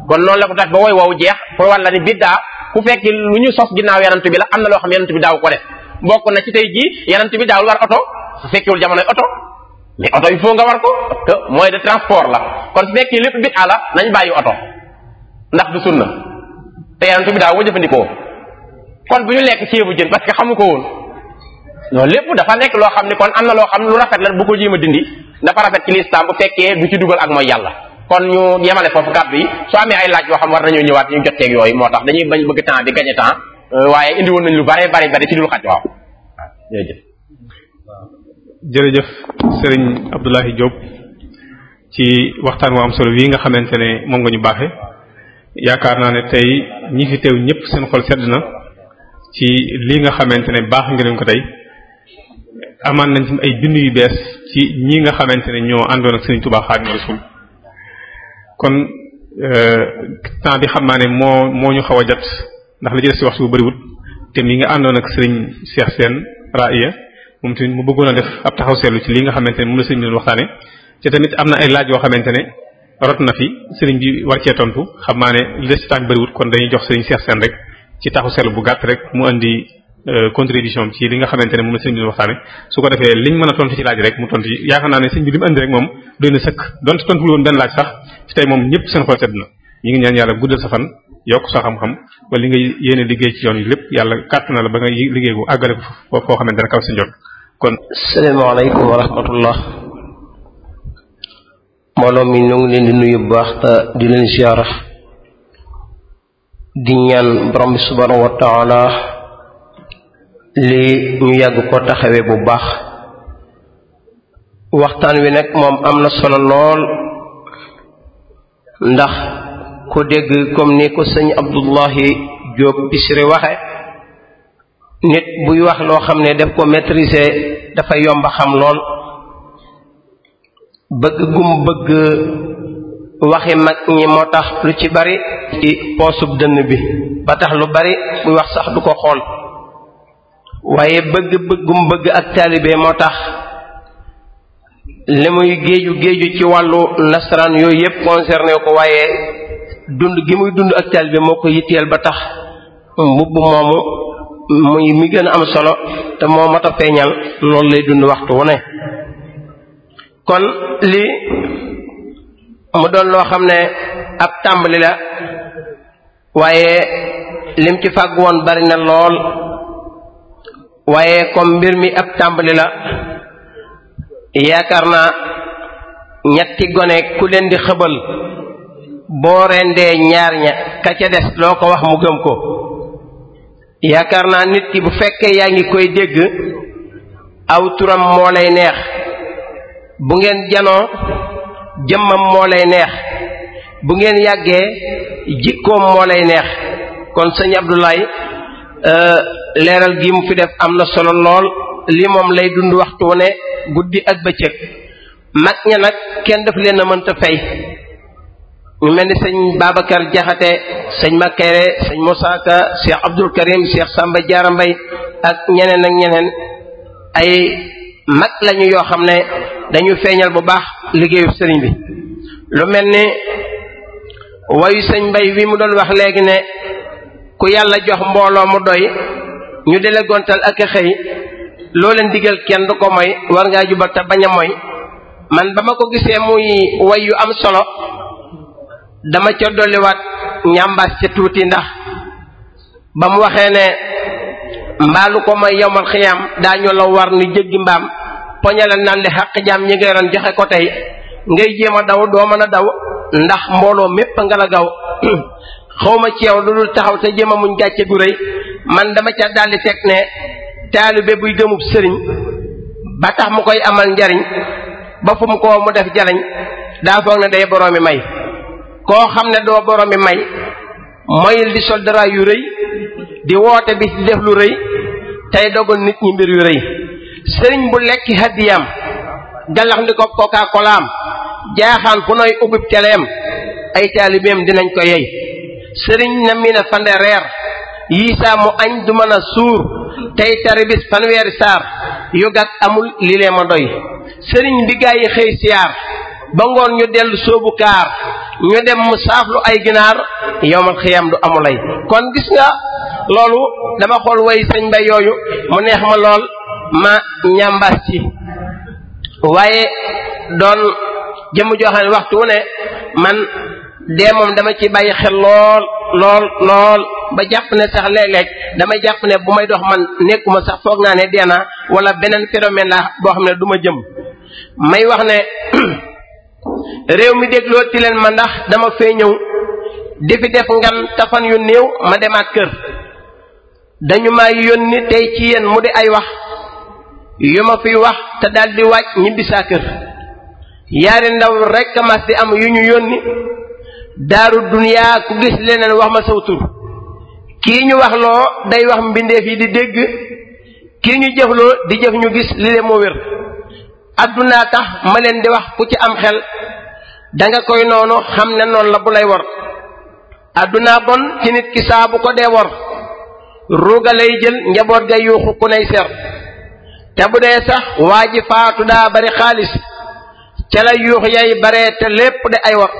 S2: kon noonu la ko tax ba woy wow jeex pour walla ni biddaa ku fekk lu ñu sos ginnaaw yanant bi la am na loo xam yanant bi daaw ko def bokk na ci tey jii yanant bi daawul war oto su fekkiwul jamonoy oto oto il faut nga war ko te moyen de transport la kon su fekkee lépp biddaa la nañ bàyyi oto ndax du sunna te yanant bi daaw ko jëfandikoo kon bu ñu lekk ceebu jën parce que xamu ko woon loolu lépp dafa nekk loo xam ne kon am na loo xam ne lu rafet la bu ko jéem a dindi dafa rafet ci lislaam bu fekkee du ci dugal ak mooy yàlla kon ñu yemale foofu kàddu yi soo amee ay laaj yoo xam war nañoo ñëwaat ñu jot ceeg yooyu moo tax dañuy bañ bëgg temps bi gagné temps euh, waaye indi woon nañu lu bare bare bare ci dul xaj waaw
S1: ah, jërëjëf jërëjëf ci waxtaan wu solo wi nga xamante ne moom nga ñu baaxe yaakaar naa ne tey ñi fi teew ñëpp seen xol sedd na ci lii nga xamante ne baax ngeen ko tey amaan nañ fi ay bind yu bees ci ñi nga xamante ne ñoo àndoon ak Serigne Touba Xaadimu Rasuul kon euh, temps bi xam naa ne moo moo ñu xaw a jot ndax li ci des ci waxtu bu bëriwul te mi nga àndoon ak Serigne seen Sène Raaya moom tamit mu bëggoon a def ab taxaw seetlu ci li nga xamante ne moom la Serigne bi doon waxtaane te tamit am na ay laaj yoo xamante ne rot na fi Serigne bi war cee tontu xam naa ne li des ci temps bi kon dañuy jox Serigne Cheikh seen rek ci taxu seetlu bu gàtt rek Euh, contribution ci li nga xamante ne moom la sëñ bi waxtaane su ko defee liñ mën a tontu ci laaj rek mu tontu yaakaar naa ne sëñ bi li mu indi rek moom doy na sëkk donte tontu woon benn laaj sax ci tey moom ñëpp seen xol sedd na ñu ngi ñaan yàlla guddal sa fan yokk sa xam-xam ba li nga liggéey ci yoon yi lépp yàlla kàtt na la ba nga liggéey ko àggale ko foo xamante ne kaw sa njot kon. salaamaaleykum wa rahmatullah
S3: mbooloo mi ñu ngi leen di nuyu bu baax te di leen ziara di ñaan borom bi subhanahu wa taala lii ñu yàgg koo taxawee bu baax waxtaan wi nag moom am na solo lool ndax ku dégg comme ni ko sëñ Abdullahi Diop Bichri waxe nit buy wax loo xam ne daf ko maîtriser dafa yomba xam lool bëgg gum bëgg waxi mag ñi moo tax lu ci bari ci poosub dënn bi ba tax lu bari buy wax sax du ko xool waaye bëgg bëggum bëgg ak taalibe moo tax li muy géeju géeju ci wàllu nasaraan yooyu yépp concerné ko waaye dund gi muy dund ak taalibe moo ko yitteel ba tax mbubb moomu muy mi gën a am solo te moo mat a feeñal loolu lay dund waxtu wu ne kon li mu doon loo xam ne ab tàmbali la waaye lim ci fàgg woon bari na lool waaye comme mbir mi ab tàmbali la yaakaar naa ñetti gone ku leen di xëbal boo rendee ñaar ña ka ca des loo ko wax mu gëm ko yaakaar naa nit ki bu fekkee yaa ngi koy dégg aw turam moo lay neex bu ngeen janoo jëmam moo lay neex bu ngeen yàggee jikkoom moo lay neex kon sëñ Abdoulaye euh, leeral gi mu fi def am na solo lool li moom lay dund waxtu wu ne guddi ak bëccëg mag ña nag kenn daf leen a mënta fay ñu mel ni sëñ Babacar Jaxate sëñ Makere sëñ Moussa Ka Cheikh Abdul Karim Cheikh Samba Diarra ak ñeneen ak ñeneen ay mag lañu yoo xam ne dañuy feeñal bu baax liggéeyu sëriñ bi lu mel ni wayu sëñ Mbay wi mu doon wax léegi ne ku yàlla jox mbooloo mu doy ñu di gontal ak a xëy loo leen digal kenn du ko moy war ngaa jubal te bañ a moy man ba ma ko gisee muy way yu am solo dama ca dolliwaat ñambaas ca tuuti ndax ba mu waxee ne mbaalu ko mooy yowmal xiyam daañu la war ni jéggi mbaam poñale naan li xaq jaam ñi ngay ron joxe ko tey ngay jéem a daw doo mën a daw ndax mbooloo mépp nga la gaw <clears throat> xawma ci yow lu dul taxaw te jéem mu muñ gàcce gu rëy man dama ca daldi teg ne taalibe buy gëmub sëriñ ba tax mu koy amal njariñ ba fu mu ko mu def jariñ daa foog ne day boroomi may koo xam ne doo boroomi may moyil di sol dara yu rëy di woote bi di def lu rëy tey dogal nit ñi mbir yu rëy sëriñ bu lekk hadiyam gallax ndi ko coca colaam jaaxaan fu noy ubbib teleem ay taalibeem dinañ ko yey sëriñ na miina fande reer yiisaa mu añ du mën a suur tey tari bis fanweeri saar yu gàtt amul li ma doy sëriñ bi gaa yi xëy siyaar ba ngoon ñu dellu soobu kaar ñu dem mu saaflu ay ginaar yowmal xiyam du amulay kon gis nga loolu dama xool way sëñ yooyu mu neex ma lool ma ñàmbaas ci waaye doon jëmm joo waxtu wu ne man dee moom dama ci bàyyi xel lool lool lool ba jàpp ne sax léeg-léeg damay jàpp ne bu may dox man nekkuma sax foog naa ne dee naa wala beneen phénomène la boo xam ne duma jëm may wax ne <clears throat> réew mi dégloo ti leen ma ndax dama fee ñëw di fi def ngan tafan yu néew ma demaat kër dañu ma yónni tey ci yéen mu di ay wax yu ma fiy wax te daldi wàcc ñibbi saa kër yaari ndaw rek mas di am yu ñu yónni daaru duniyaa ku gis leneen wax ma saw kii ñu wax loo day wax mbindeef yi di dégg kii ñu jëf di jëf ñu gis li leen moo wér addunaa tax ma leen di wax ku ci am xel danga koy noonu xam ne noonu la bu lay wor addunaa bon ci nit ki saabu ko dee wor ruuga lay jël njaboot ga yuuxu ku nay ser te bu dee sax waa ji faatu daa bari xaalis ca la yuux yay bare te lépp de ay wor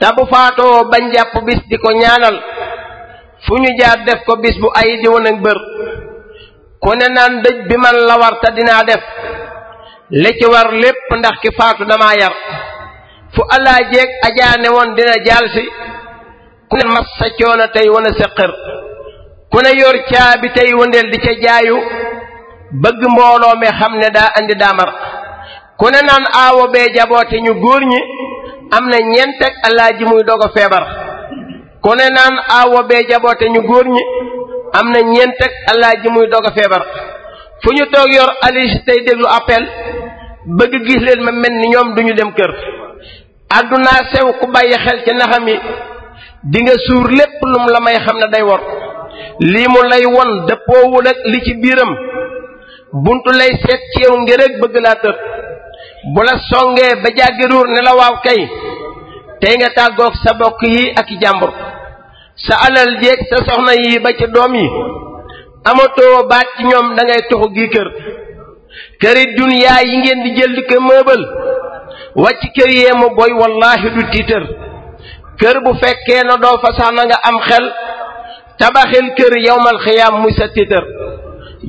S3: te bu faatoo bañ jàpp bis di ko ñaanal fu ñu jaar def ko bis bu ay di won ak bër ku ne naan dëj bi man la war te dinaa def li ci war lépp ndax ki faatu dama yar fu allah jeeg ajaane woon dina jaal ku ne mas sa coono tey wone sa xër ku ne yor caabi tey wëndeel di ca jaayu bëgg mbooloo mi xam ne daa andi daamar ku ne naan aawo bee jabooti ñu góor ñi am na ñeent ak yi muy doog a feebar ku ne naan aawo bee jaboote ñu góor ñi am na ñeent ak yi muy doog a feebar fu ñu toog yor alis tey déglu appel bëgg gis leen ma mel ni ñoom duñu dem kër àdduna sew ku bàyyi xel ci naxam yi di nga suur lépp lum la may xam ne day wor lii mu lay won dëppoowul ak li ci biiram buntu lay seet ci yow ngir bëgg laa tër bu la songee ba jàggiruur ne la waaw kay tey nga tàggoog sa bokk yi ak jàmbur sa alal jeeg sa soxna yi ba ci doom yi amatoo baat ci ñoom da ngay toxu gi kër këri dunyaa yi ngeen di jël di ko mëbal wàcc kër yee mu boy wallaahi du tiitër kër bu fekkee na doo fa sax nga am xel tabaxil kër yowmal xiyaam mu sa tiitër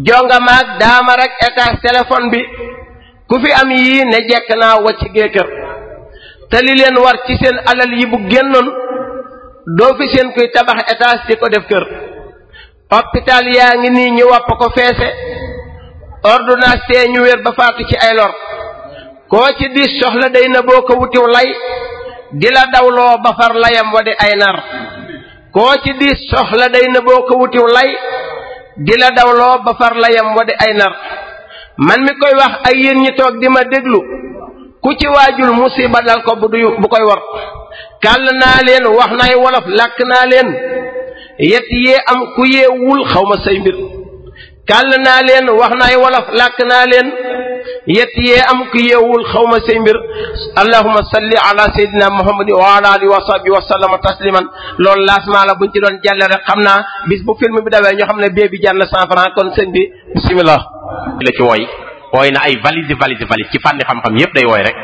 S3: jonga maag daama rek étage téléphone bi ku fi am yii ne jekk naa wacc gee kër te li leen war ci seen alal yi bu génnoon doo fi seen kuy tabax étage di ko def kër hôpital yaa ngi nii ñu wàpp ko feese ordonnance te ñu wér ba faatu ci ay lor koo ci diis soxla day na boo ko wutiw lay di la dawloo ba far layam wa di ay nar koo ci diis soxla day na boo ko wutiw lay di la dawloo ba far layam wa di ay nar man mi koy wax ak yéen ñi toog di ma déglu ku ci waajul musiba dal ko bu bu koy war kàll naa leen wax nay wolof làkk naa leen yet yee am ku yeewul xaw ma say mbir kàll naa leen wax nay wolof làkk naa leen yett yee am ku yeewul xaw ma say mbir allahuma salli ala sayyidina muhammadin wa ala alihi wa sahbihi wa sallama tasliman loolu laasmaa la buñ ci doon jàlle rek xam naa bis bu film bi dawee ñoo xam ne bee bi jar na cent kon sëñ bi bisimilah
S2: la ci wooy wooy na ay valise valise valise ci fànni xam-xam yépp day wooy rek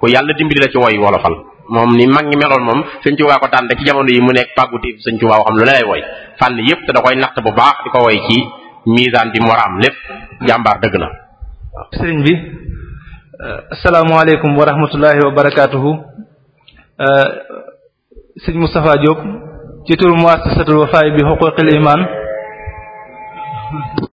S2: ku yàlla dimbali la ci wooy wolofal moom ni mag ñi meloon moom sëñ Tuubaa ko tànn ci jamono yi mu nekk pàgguti sëñ Tuubaa waxam lu ne lay woy fànn yépp te da koy natt bu di ko woy a am lépp jàmbaar dëgg la
S1: sëriñ bi eh, asalaamaaleykum wa rahmatullahi wa barakaatuhu eh, sëñ Moustapha Diop ci turu muassasatul Wafa bi huquqil iman